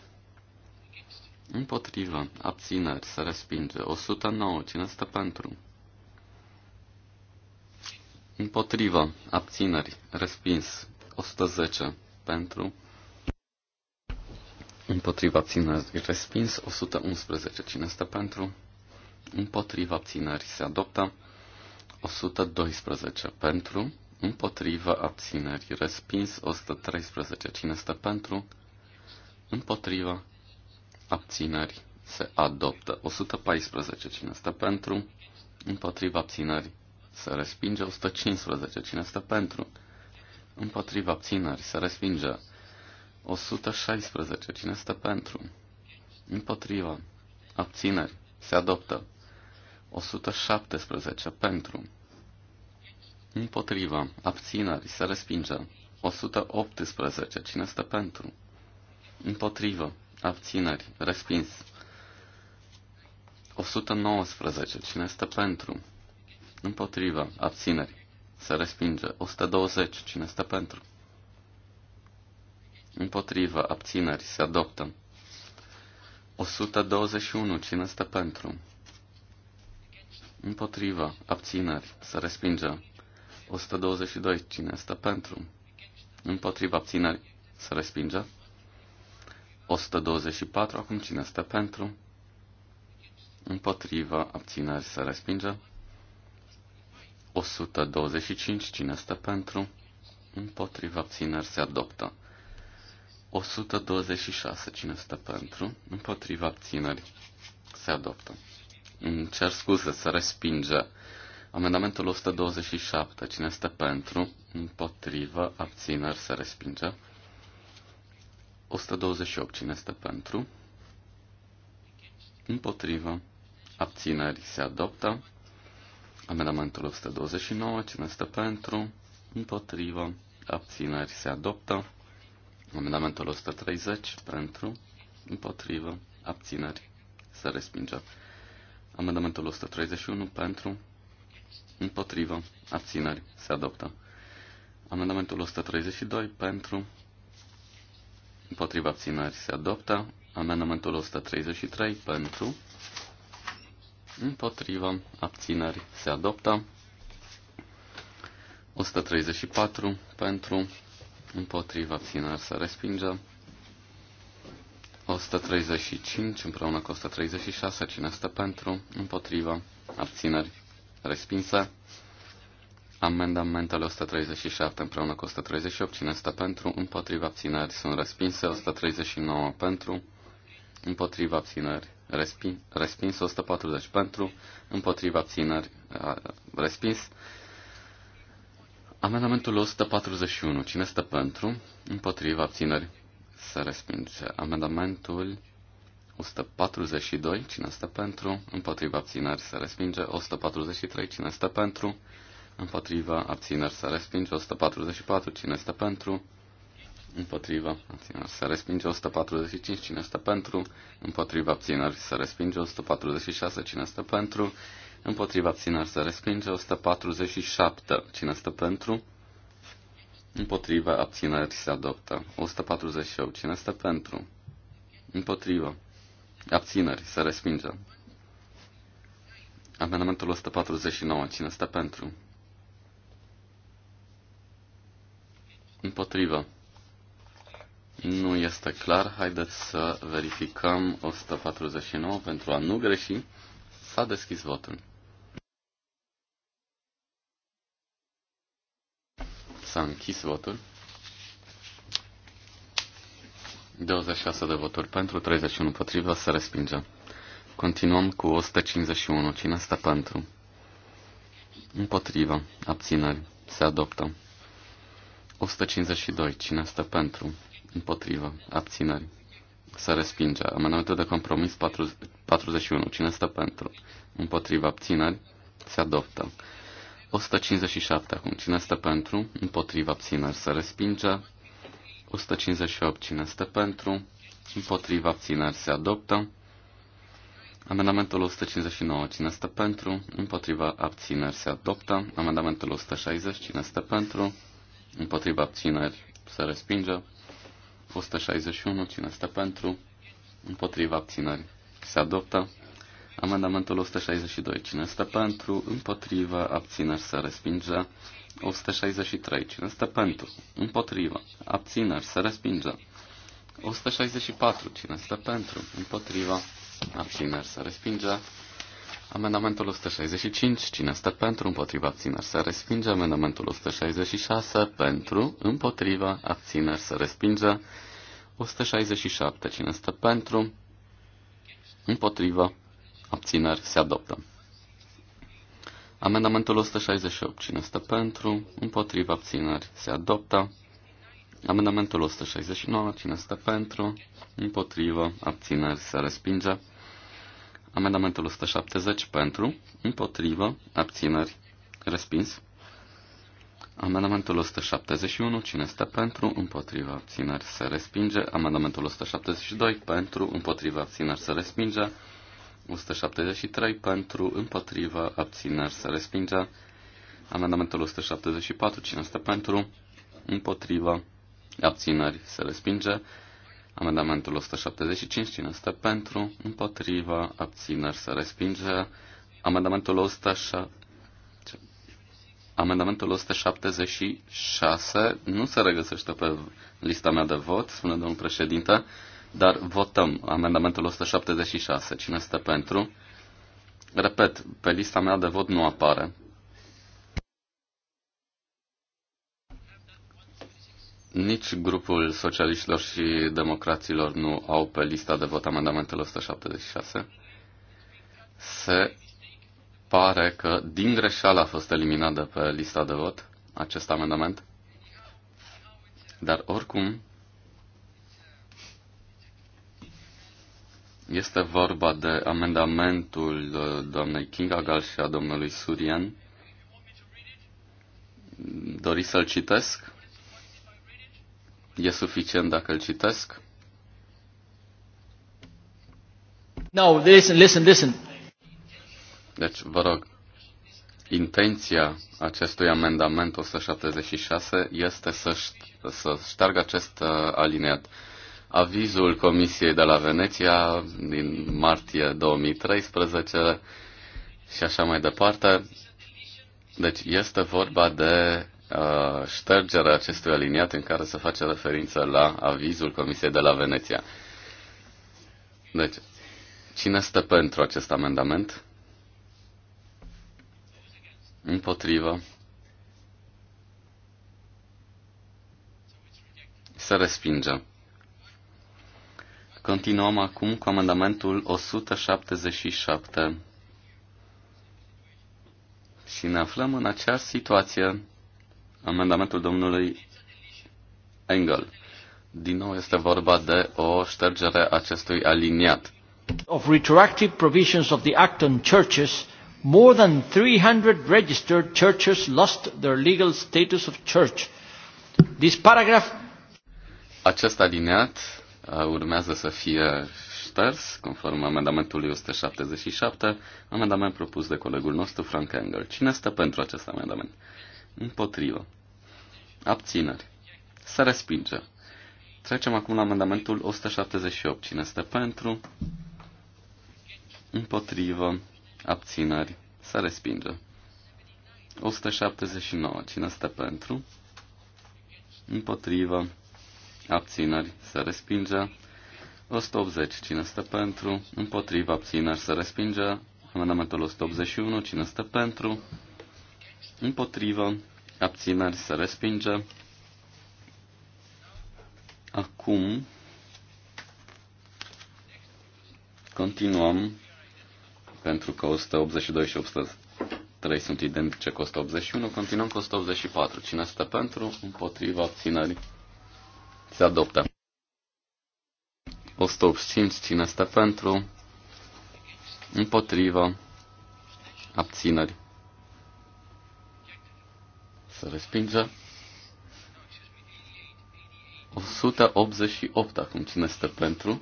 Împotrivă. Abțineri. Se respinge. 109. Cine stă pentru? Împotrivă. Abțineri. Respins. 110. Pentru. împotrivă, abțineri, respins, 111. Cine este pentru? împotrivă, abțineri, se adoptă. 112 pentru, împotriva abțineri, respins 113. Cine este pentru? Împotriva abțineri se adoptă. 114. Cine este pentru? Împotriva abțineri se respinge 115. Cine este pentru? Împotriva abțineri se respinge 116. Cine este pentru? Împotriva abțineri se adoptă 117 pentru. Împotriva. Abțineri. Se respinge. 118. Cine este pentru? Împotrivă. Abțineri. Respins. 119. Cine este pentru? Împotriva. Abțineri. Se respinge. 120. Cine este pentru? Împotriva. Abțineri. Se adoptă. 121. Cine este pentru? Împotrivă, Abțineri. Se respinge. 122. Cine stă pentru? Împotrivă, Abțineri. Se respinge. 124. Acum cine stă pentru? Împotrivă, Abțineri. Se respinge. 125. Cine stă pentru? Împotrivă, Abțineri. Se adoptă. 126. Cine stă pentru? Împotrivă, Abțineri. Se adoptă îmi cer scuze, să respinge. Amendamentul 127. Cine este pentru? Împotrivă. Abțineri. să respinge. 128. Cine este pentru? Împotrivă. Abțineri. Se adoptă. Amendamentul 129. Cine este pentru? Împotrivă. Abțineri. Se adoptă. Amendamentul 130. Pentru. Împotrivă. Abțineri. Se respinge. Amendamentul 131 pentru, împotrivă, abțineri, se adoptă. Amendamentul 132 pentru, împotrivă, abțineri, se adoptă. Amendamentul 133 pentru, împotrivă, abțineri, se adoptă. 134 pentru, împotrivă, abțineri, se respinge. 135 împreună cu 136, cine stă pentru, împotriva, abțineri, respinse. Amendamentele 137 împreună cu 138, cine stă pentru, împotriva, abțineri, sunt respinse. 139 pentru, împotriva, abțineri, respin, respins. 140 pentru, împotriva, abțineri, respins. Amendamentul 141, cine stă pentru, împotriva, abțineri, să respinge. Amendamentul 142, cine este pentru, împotriva abțineri să respinge, 143, cine este pentru, împotriva abțineri să respinge, 144, cine este pentru, împotriva abțineri să respinge, 145, cine este pentru, împotriva abțineri să respinge, 146, cine este pentru, împotriva abțineri să respinge, 147, cine este pentru, Împotriva abțineri se adoptă. 148. Cine este pentru? Împotriva. Abțineri se respinge. Amendamentul 149. Cine este pentru? Împotriva. Nu este clar. Haideți să verificăm 149 pentru a nu greși. S-a deschis votul. S-a închis votul. 26 de voturi pentru, 31 împotriva, se respinge. Continuăm cu 151. Cine stă pentru? Împotriva. Abțineri. Se adoptă. 152. Cine stă pentru? Împotriva. Abțineri. Se respinge. Amendamentul de compromis 41. Cine stă pentru? Împotriva. Abțineri. Se adoptă. 157 acum. Cine este pentru? Împotriva abțineri se respinge. 158. Cine este pentru? Împotriva abțineri se adoptă. Amendamentul 159. Cine este pentru? Împotriva abțineri se adoptă. Amendamentul 160. Cine este pentru? Împotriva abțineri se respinge. 161. Cine este pentru? Împotriva abțineri se adoptă. Amendamentul 162. Cine stă pentru? Împotriva. Abțineri se respinge. 163. Cine stă pentru? Împotriva. Abțineri se respinge. 164. Cine stă pentru? Împotriva. Abțineri se respinge. Amendamentul 165. Cine stă pentru? Împotriva. Abțineri se respinge. Amendamentul 166. Pentru? Împotriva. Abțineri se respinge. 167. Cine stă pentru? Împotriva abțineri, se adoptă. Amendamentul 168. Cine stă pentru? Împotriva abțineri. Se adoptă. Amendamentul 169. Cine stă pentru? Împotriva abțineri. Se respinge. Amendamentul 170. Pentru? Împotriva abțineri. Respins. Amendamentul 171. Cine stă pentru? Împotriva abțineri. Se respinge. Amendamentul 172. Pentru? Împotriva abțineri. Se respinge. 173 pentru, împotriva, abțineri, se respinge. Amendamentul 174, cine este pentru, împotriva, abțineri, se respinge. Amendamentul 175, cine este pentru, împotriva, abțineri, se respinge. Amendamentul 107. Amendamentul 176 nu se regăsește pe lista mea de vot, spune domnul președinte. Dar votăm amendamentul 176. Cine este pentru? Repet, pe lista mea de vot nu apare. Nici grupul socialiștilor și democraților nu au pe lista de vot amendamentul 176. Se pare că din greșeală a fost eliminat de pe lista de vot acest amendament. Dar oricum, Este vorba de amendamentul uh, doamnei Kinga Gal și a domnului Surian. Doriți să-l citesc? E suficient dacă îl citesc? No, listen, listen, listen. Deci, vă rog, intenția acestui amendament 176 este să, ș- să șteargă acest uh, aliniat. Avizul Comisiei de la Veneția din martie 2013 și așa mai departe. Deci este vorba de uh, ștergerea acestui aliniat în care se face referință la avizul Comisiei de la Veneția. Deci, cine stă pentru acest amendament? Împotrivă. Să respingem. Continuăm acum cu amendamentul 177. Și ne aflăm în acea situație. Amendamentul domnului Engel. Din nou este vorba de o ștergere acestui aliniat. Of retroactive provisions of the Act on Churches, more than 300 registered churches lost their legal status of church. This paragraph Acest aliniat Uh, urmează să fie șters, conform amendamentului 177, amendament propus de colegul nostru, Frank Engel. Cine stă pentru acest amendament? Împotrivă. Abțineri. Se respinge. Trecem acum la amendamentul 178. Cine stă pentru? Împotrivă. Abțineri. Se respinge. 179. Cine stă pentru? Împotrivă abțineri, se respinge. 180, cine stă pentru, împotriva, abțineri, se respinge. Amendamentul 181, cine stă pentru, împotriva, abțineri, se respinge. Acum continuăm pentru că 182 și 103 sunt identice cu 181. Continuăm cu 184. Cine stă pentru? Împotriva abținerii. Se adoptă. 185. ține este pentru? Împotrivă. Abțineri. Să respinge. 188 acum. ține este pentru?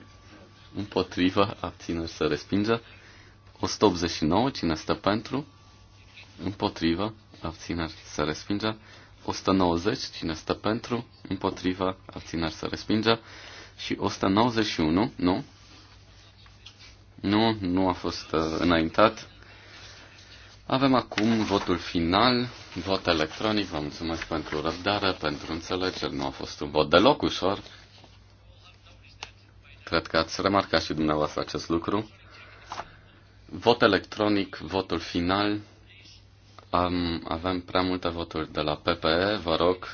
Împotrivă. Abțineri. să respinge. 189. ține este pentru? Împotrivă. Abțineri. să respinge. 190, cine stă pentru, împotriva, abțineri să respingă Și 191, nu? Nu, nu a fost uh, înaintat. Avem acum votul final, vot electronic. Vă mulțumesc pentru răbdare, pentru înțelegere. Nu a fost un vot deloc ușor. Cred că ați remarcat și dumneavoastră acest lucru. Vot electronic, votul final. Am, avem prea multe voturi de la PPE, vă rog.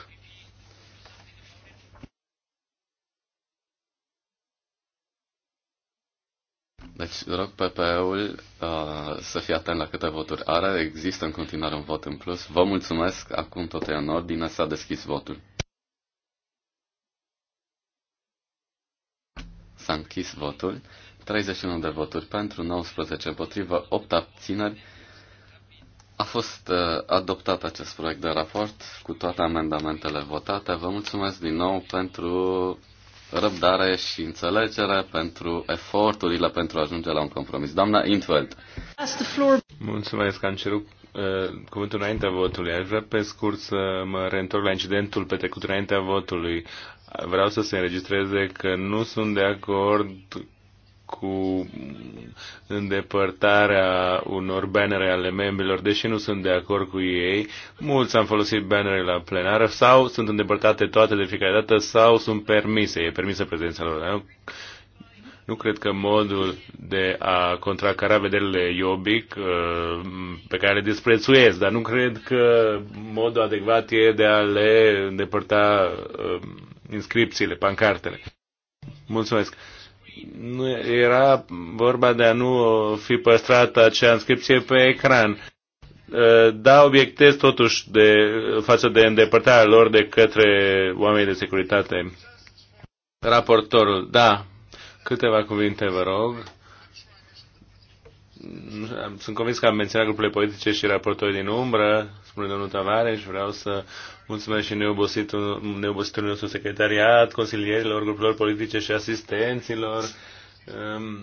Deci rog PPE-ul uh, să fie atent la câte voturi are. Există în continuare un vot în plus. Vă mulțumesc. Acum tot e în ordine. S-a deschis votul. S-a închis votul. 31 de voturi pentru, 19 împotrivă, 8 abțineri. A fost uh, adoptat acest proiect de raport cu toate amendamentele votate. Vă mulțumesc din nou pentru răbdare și înțelegere, pentru eforturile pentru a ajunge la un compromis. Doamna Intveld. Mulțumesc că am cerut uh, cuvântul înaintea votului. Aș vrea pe scurt să mă reîntorc la incidentul petrecut înaintea votului. Vreau să se înregistreze că nu sunt de acord cu îndepărtarea unor bannere ale membrilor, deși nu sunt de acord cu ei. Mulți am folosit bannere la plenară sau sunt îndepărtate toate de fiecare dată sau sunt permise, e permisă prezența lor. Nu, nu cred că modul de a contracara vederile Iobic, uh, pe care le disprețuiesc, dar nu cred că modul adecvat e de a le îndepărta uh, inscripțiile, pancartele. Mulțumesc nu era vorba de a nu fi păstrată acea înscripție pe ecran. Eh, da, obiectez totuși de, față de îndepărtarea lor de către oamenii de securitate. Raportorul, da, câteva cuvinte vă rog sunt convins că am menționat grupurile politice și raportorii din umbră, spune domnul Tavare și vreau să mulțumesc și neobositul, neobositului nostru secretariat, consilierilor, grupurilor politice și asistenților um,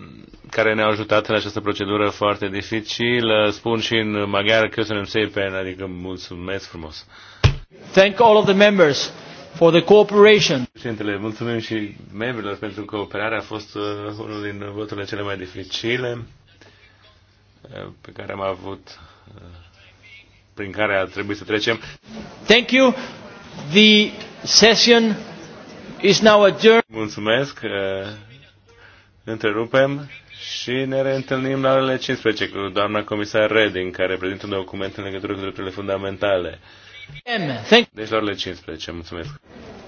care ne-au ajutat în această procedură foarte dificilă. Spun și în maghiară că să szépen, adică mulțumesc frumos. Thank all of the members for the cooperation. Președintele, mulțumim și membrilor pentru cooperare. A fost uh, unul din voturile cele mai dificile pe care am avut, prin care a trebuit să trecem. Thank you. The session is now adjourned. Mulțumesc. Întrerupem și ne reîntâlnim la orele 15 cu doamna comisar Reding, care prezintă un document în legătură cu drepturile fundamentale. Deci la orele 15. Mulțumesc.